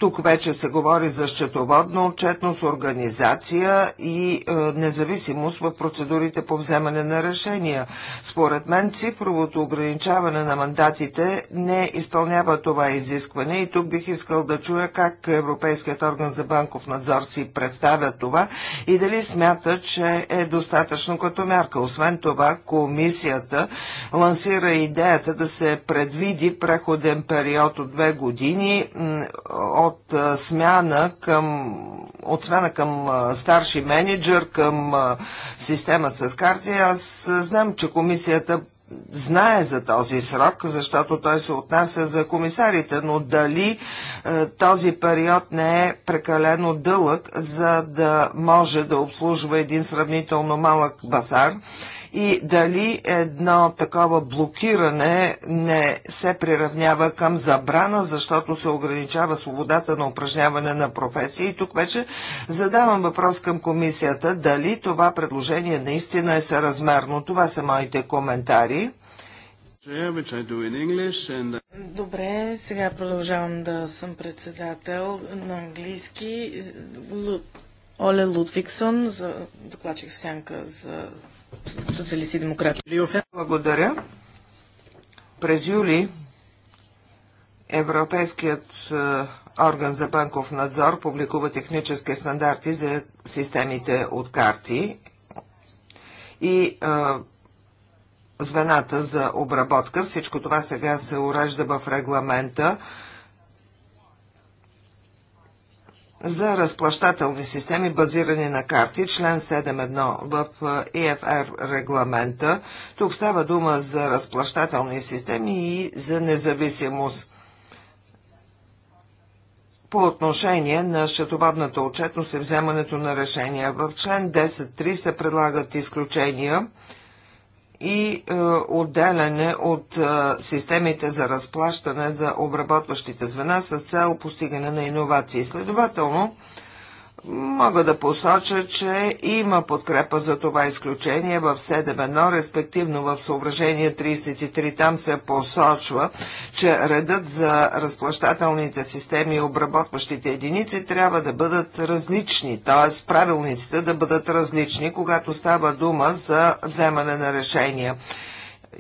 тук вече се говори за счетоводна отчетност, организация и е, независимост в процедурите по вземане на решения. Според мен цифровото ограничаване на мандатите не изпълнява това изискване и тук бих искал да чуя как Европейският орган за банков надзор си представя това и дали смята, че е достатъчно като мярка. Освен това, комисията лансира идеята да се предвиди преходен период от две години от от смяна към от смяна към старши менеджер, към система с карти. Аз знам, че комисията знае за този срок, защото той се отнася за комисарите, но дали е, този период не е прекалено дълъг, за да може да обслужва един сравнително малък базар и дали едно такова блокиране не се приравнява към забрана, защото се ограничава свободата на упражняване на професия. И тук вече задавам въпрос към комисията, дали това предложение наистина е съразмерно. Това са моите коментари. Добре, сега продължавам да съм председател на английски. Оле Лудвиксон, за докладчик в сянка за социалисти и демократи. Благодаря. През юли Европейският е, орган за банков надзор публикува технически стандарти за системите от карти и е, звената за обработка. Всичко това сега се урежда в регламента за разплащателни системи, базирани на карти, член 7.1 в ЕФР регламента. Тук става дума за разплащателни системи и за независимост. По отношение на счетоводната отчетност и вземането на решения, в член 10.3 се предлагат изключения – и е, отделяне от е, системите за разплащане за обработващите звена с цел постигане на иновации. Следователно, Мога да посоча, че има подкрепа за това изключение в 7.1, респективно в съображение 33. Там се посочва, че редът за разплащателните системи и обработващите единици трябва да бъдат различни, т.е. правилниците да бъдат различни, когато става дума за вземане на решения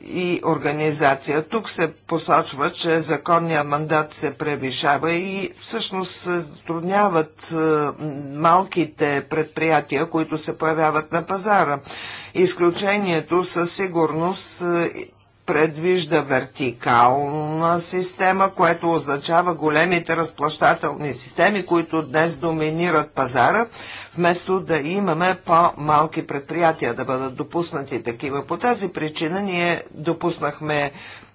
и организация. Тук се посочва, че законният мандат се превишава и всъщност се затрудняват е, малките предприятия, които се появяват на пазара. Изключението със сигурност е, предвижда вертикална система, което означава големите разплащателни системи, които днес доминират пазара, вместо да имаме по-малки предприятия да бъдат допуснати такива. По тази причина ние допуснахме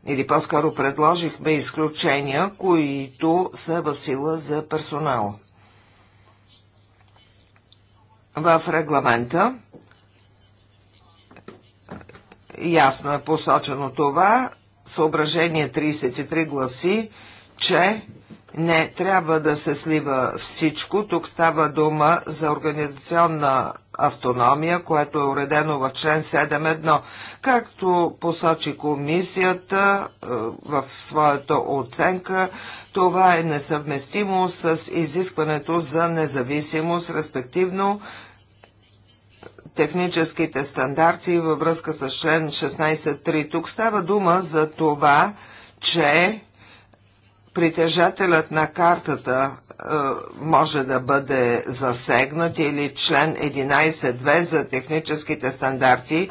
или по-скоро предложихме изключения, които са в сила за персонал. В регламента ясно е посочено това. Съображение 33 гласи, че не трябва да се слива всичко. Тук става дума за организационна автономия, което е уредено в член 7.1. Както посочи комисията е, в своята оценка, това е несъвместимо с изискването за независимост, респективно техническите стандарти във връзка с член 16.3. Тук става дума за това, че притежателят на картата е, може да бъде засегнат или член 11.2 за техническите стандарти е,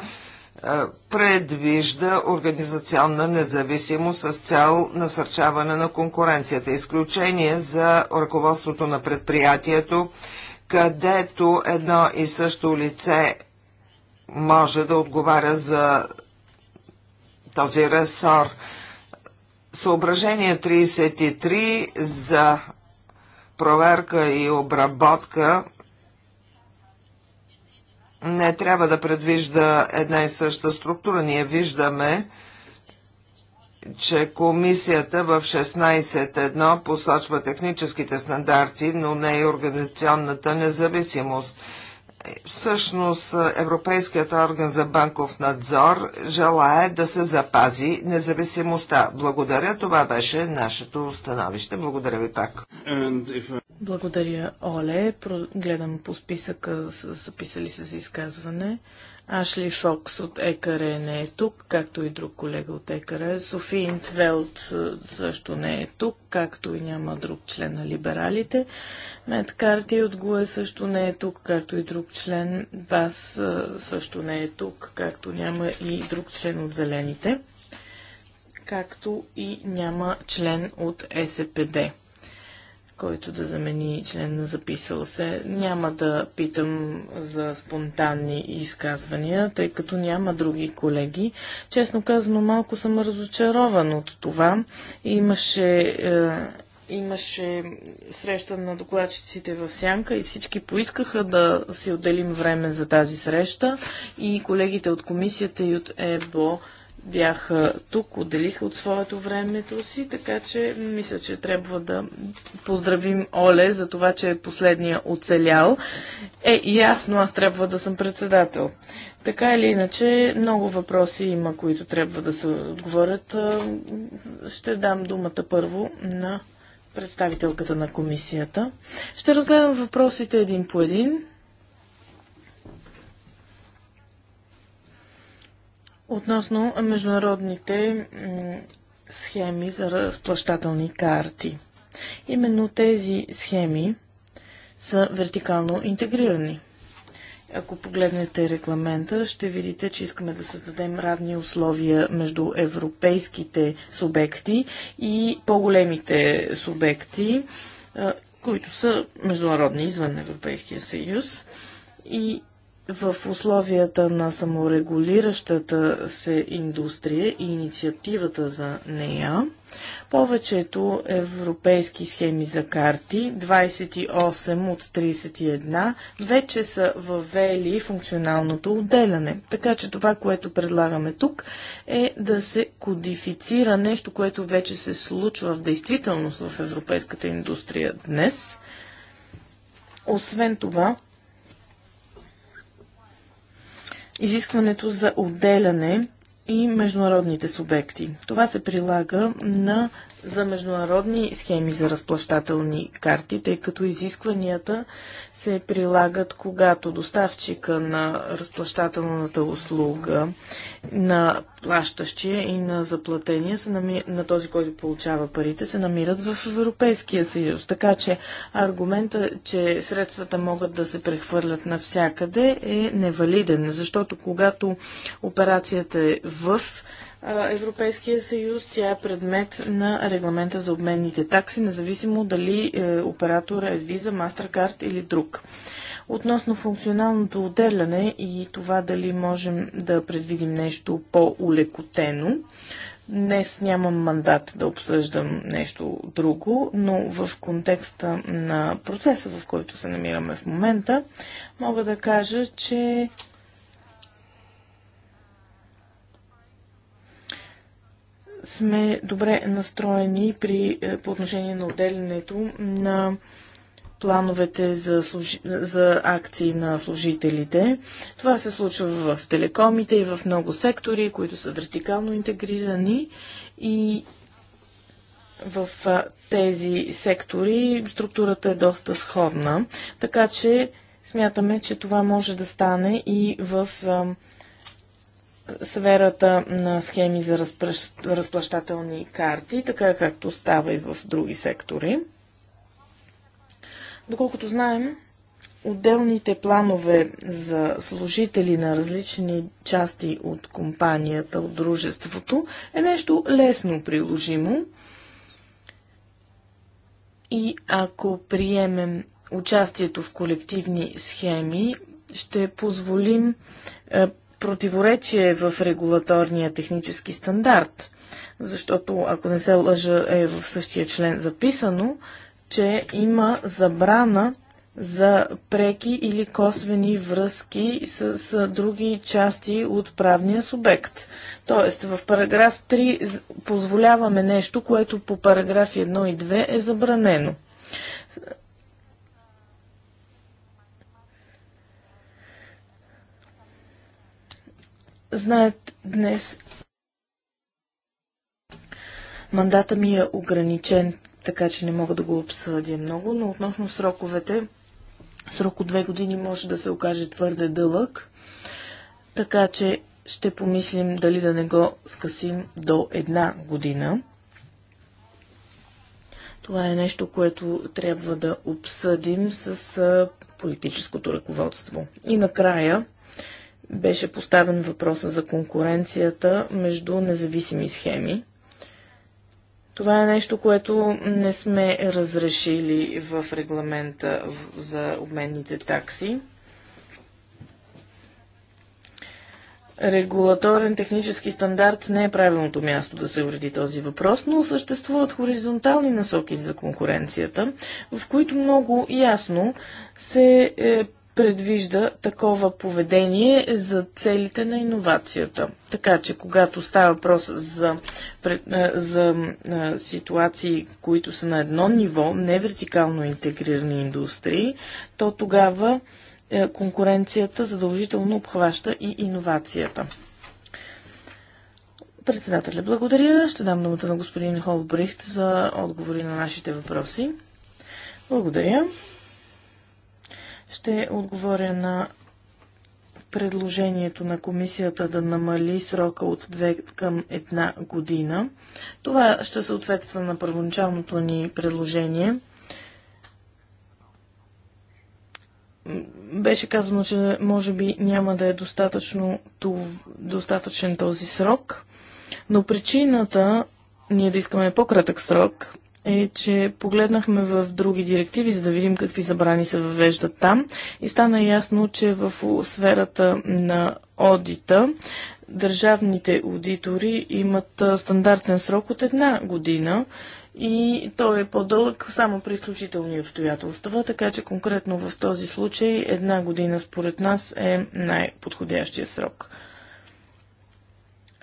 предвижда организационна независимост с цел насърчаване на конкуренцията. Изключение за ръководството на предприятието – където едно и също лице може да отговаря за този ресор. Съображение 33 за проверка и обработка не трябва да предвижда една и съща структура. Ние виждаме, че комисията в 16.1 посочва техническите стандарти, но не и организационната независимост. Всъщност Европейският орган за банков надзор желая да се запази независимостта. Благодаря, това беше нашето становище. Благодаря ви пак. If... Благодаря, Оле. Гледам по списъка, записали се за изказване. Ашли Фокс от ЕКР не е тук, както и друг колега от ЕКР. Софи Интвелт е, също не е тук, както и няма друг член на либералите. Мет Карти от ГУЕ също не е тук, както и друг член. Бас е, също не е тук, както няма и друг член от Зелените, както и няма член от СПД който да замени член на записал се. Няма да питам за спонтанни изказвания, тъй като няма други колеги. Честно казано, малко съм разочарован от това. Имаше е, имаше среща на докладчиците в Сянка и всички поискаха да си отделим време за тази среща и колегите от комисията и от ЕБО бяха тук, отделиха от своето времето си, така че мисля, че трябва да поздравим Оле за това, че е последния оцелял. Е, ясно, аз трябва да съм председател. Така или иначе, много въпроси има, които трябва да се отговорят. Ще дам думата първо на представителката на комисията. Ще разгледам въпросите един по един. Относно международните схеми за разплащателни карти. Именно тези схеми са вертикално интегрирани. Ако погледнете регламента, ще видите, че искаме да създадем равни условия между европейските субекти и по-големите субекти, които са международни извън Европейския съюз. И в условията на саморегулиращата се индустрия и инициативата за нея, повечето европейски схеми за карти, 28 от 31, вече са въвели функционалното отделяне. Така че това, което предлагаме тук, е да се кодифицира нещо, което вече се случва в действителност в европейската индустрия днес. Освен това, изискването за отделяне и международните субекти. Това се прилага на за международни схеми за разплащателни карти, тъй като изискванията се прилагат, когато доставчика на разплащателната услуга на плащащия и на заплатения се нами... на този, който получава парите, се намират в Европейския съюз. Така че аргумента, че средствата могат да се прехвърлят навсякъде е невалиден, защото когато операцията е в Европейския съюз. Тя е предмет на регламента за обменните такси, независимо дали е, оператора е Visa, MasterCard или друг. Относно функционалното отделяне и това дали можем да предвидим нещо по-улекотено, Днес нямам мандат да обсъждам нещо друго, но в контекста на процеса, в който се намираме в момента, мога да кажа, че сме добре настроени при, е, по отношение на отделянето на плановете за, служи... за акции на служителите. Това се случва в телекомите и в много сектори, които са вертикално интегрирани и в тези сектори структурата е доста сходна, така че смятаме, че това може да стане и в сферата на схеми за разплащ... разплащателни карти, така както става и в други сектори. Доколкото знаем, отделните планове за служители на различни части от компанията, от дружеството, е нещо лесно приложимо. И ако приемем участието в колективни схеми, ще позволим е, противоречие в регулаторния технически стандарт, защото, ако не се лъжа, е в същия член записано, че има забрана за преки или косвени връзки с, с други части от правния субект. Тоест, в параграф 3 позволяваме нещо, което по параграфи 1 и 2 е забранено. знаят днес, мандата ми е ограничен, така че не мога да го обсъдя много, но относно сроковете, срок от две години може да се окаже твърде дълъг, така че ще помислим дали да не го скъсим до една година. Това е нещо, което трябва да обсъдим с политическото ръководство. И накрая, беше поставен въпроса за конкуренцията между независими схеми. Това е нещо, което не сме разрешили в регламента за обменните такси. Регулаторен технически стандарт не е правилното място да се уреди този въпрос, но съществуват хоризонтални насоки за конкуренцията, в които много ясно се е, предвижда такова поведение за целите на иновацията. Така че, когато става въпрос за, е, за е, ситуации, които са на едно ниво, не вертикално интегрирани индустрии, то тогава е, конкуренцията задължително обхваща и иновацията. Председателя, благодаря. Ще дам думата на господин Холбрихт за отговори на нашите въпроси. Благодаря. Ще отговоря на предложението на комисията да намали срока от 2 към 1 година. Това ще съответства на първоначалното ни предложение. Беше казано, че може би няма да е достатъчно, достатъчен този срок, но причината ние да искаме по-кратък срок е, че погледнахме в други директиви, за да видим какви забрани се въвеждат там и стана ясно, че в сферата на одита държавните аудитори имат стандартен срок от една година и той е по-дълъг само при изключителни обстоятелства, така че конкретно в този случай една година според нас е най-подходящия срок.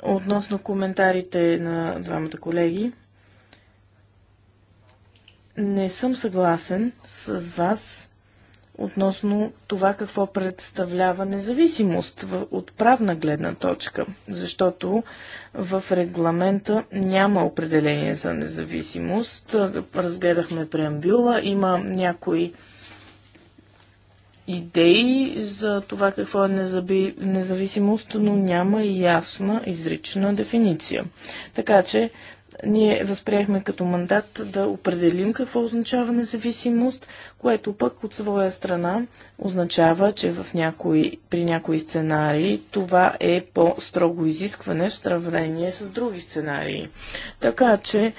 Относно коментарите на двамата колеги, не съм съгласен с вас относно това какво представлява независимост от правна гледна точка, защото в регламента няма определение за независимост. Разгледахме преамбюла, има някои идеи за това какво е независимост, но няма ясна изрична дефиниция. Така че ние възприехме като мандат да определим какво означава независимост, което пък от своя страна означава, че в някои, при някои сценарии това е по-строго изискване в сравнение с други сценарии. Така че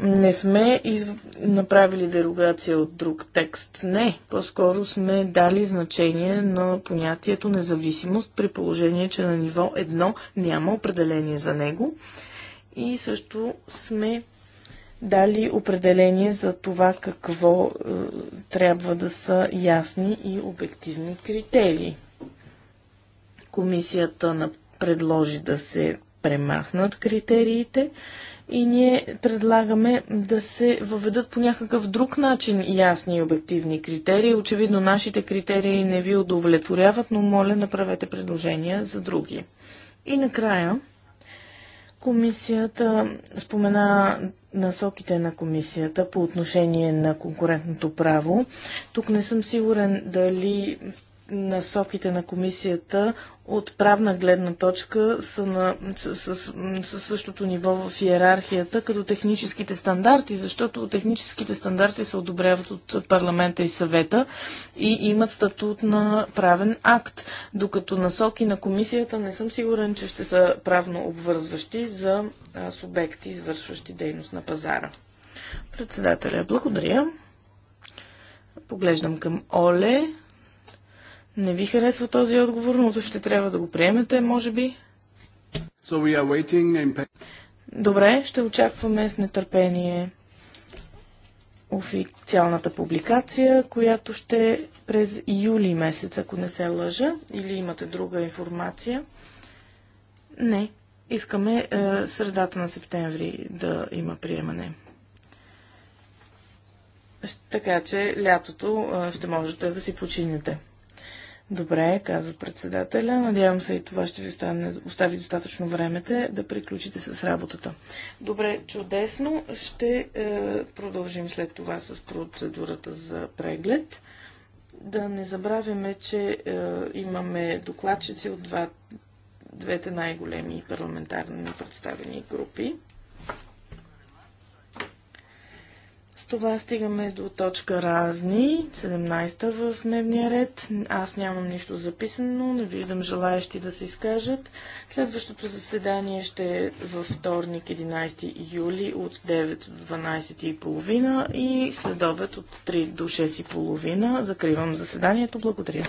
не сме из... направили дерогация от друг текст. Не, по-скоро сме дали значение на понятието независимост при положение, че на ниво едно няма определение за него и също сме дали определение за това какво е, трябва да са ясни и обективни критерии. Комисията на предложи да се премахнат критериите и ние предлагаме да се въведат по някакъв друг начин ясни и обективни критерии. Очевидно нашите критерии не ви удовлетворяват, но моля направете предложения за други. И накрая Комисията спомена насоките на комисията по отношение на конкурентното право. Тук не съм сигурен дали насоките на комисията от правна гледна точка са, на, с, с, с същото ниво в иерархията като техническите стандарти, защото техническите стандарти се одобряват от парламента и съвета и имат статут на правен акт, докато насоки на комисията не съм сигурен, че ще са правно обвързващи за субекти, извършващи дейност на пазара. Председателя, благодаря. Поглеждам към Оле. Не ви харесва този отговор, но ще трябва да го приемете, може би. So we are waiting in... Добре, ще очакваме с нетърпение официалната публикация, която ще през юли месец, ако не се лъжа, или имате друга информация. Не, искаме е, средата на септември да има приемане. Така че лятото е, ще можете да си починете. Добре, казва председателя. Надявам се и това ще ви остане, остави достатъчно времете да приключите с работата. Добре, чудесно. Ще е, продължим след това с процедурата за преглед. Да не забравяме, че е, имаме докладчици от два, двете най-големи парламентарни представени групи. това стигаме до точка разни, 17-та в дневния ред. Аз нямам нищо записано, не виждам желаящи да се изкажат. Следващото заседание ще е във вторник, 11 юли от 9 до 12.30 и, и след обед от 3 до 6.30. Закривам заседанието. Благодаря.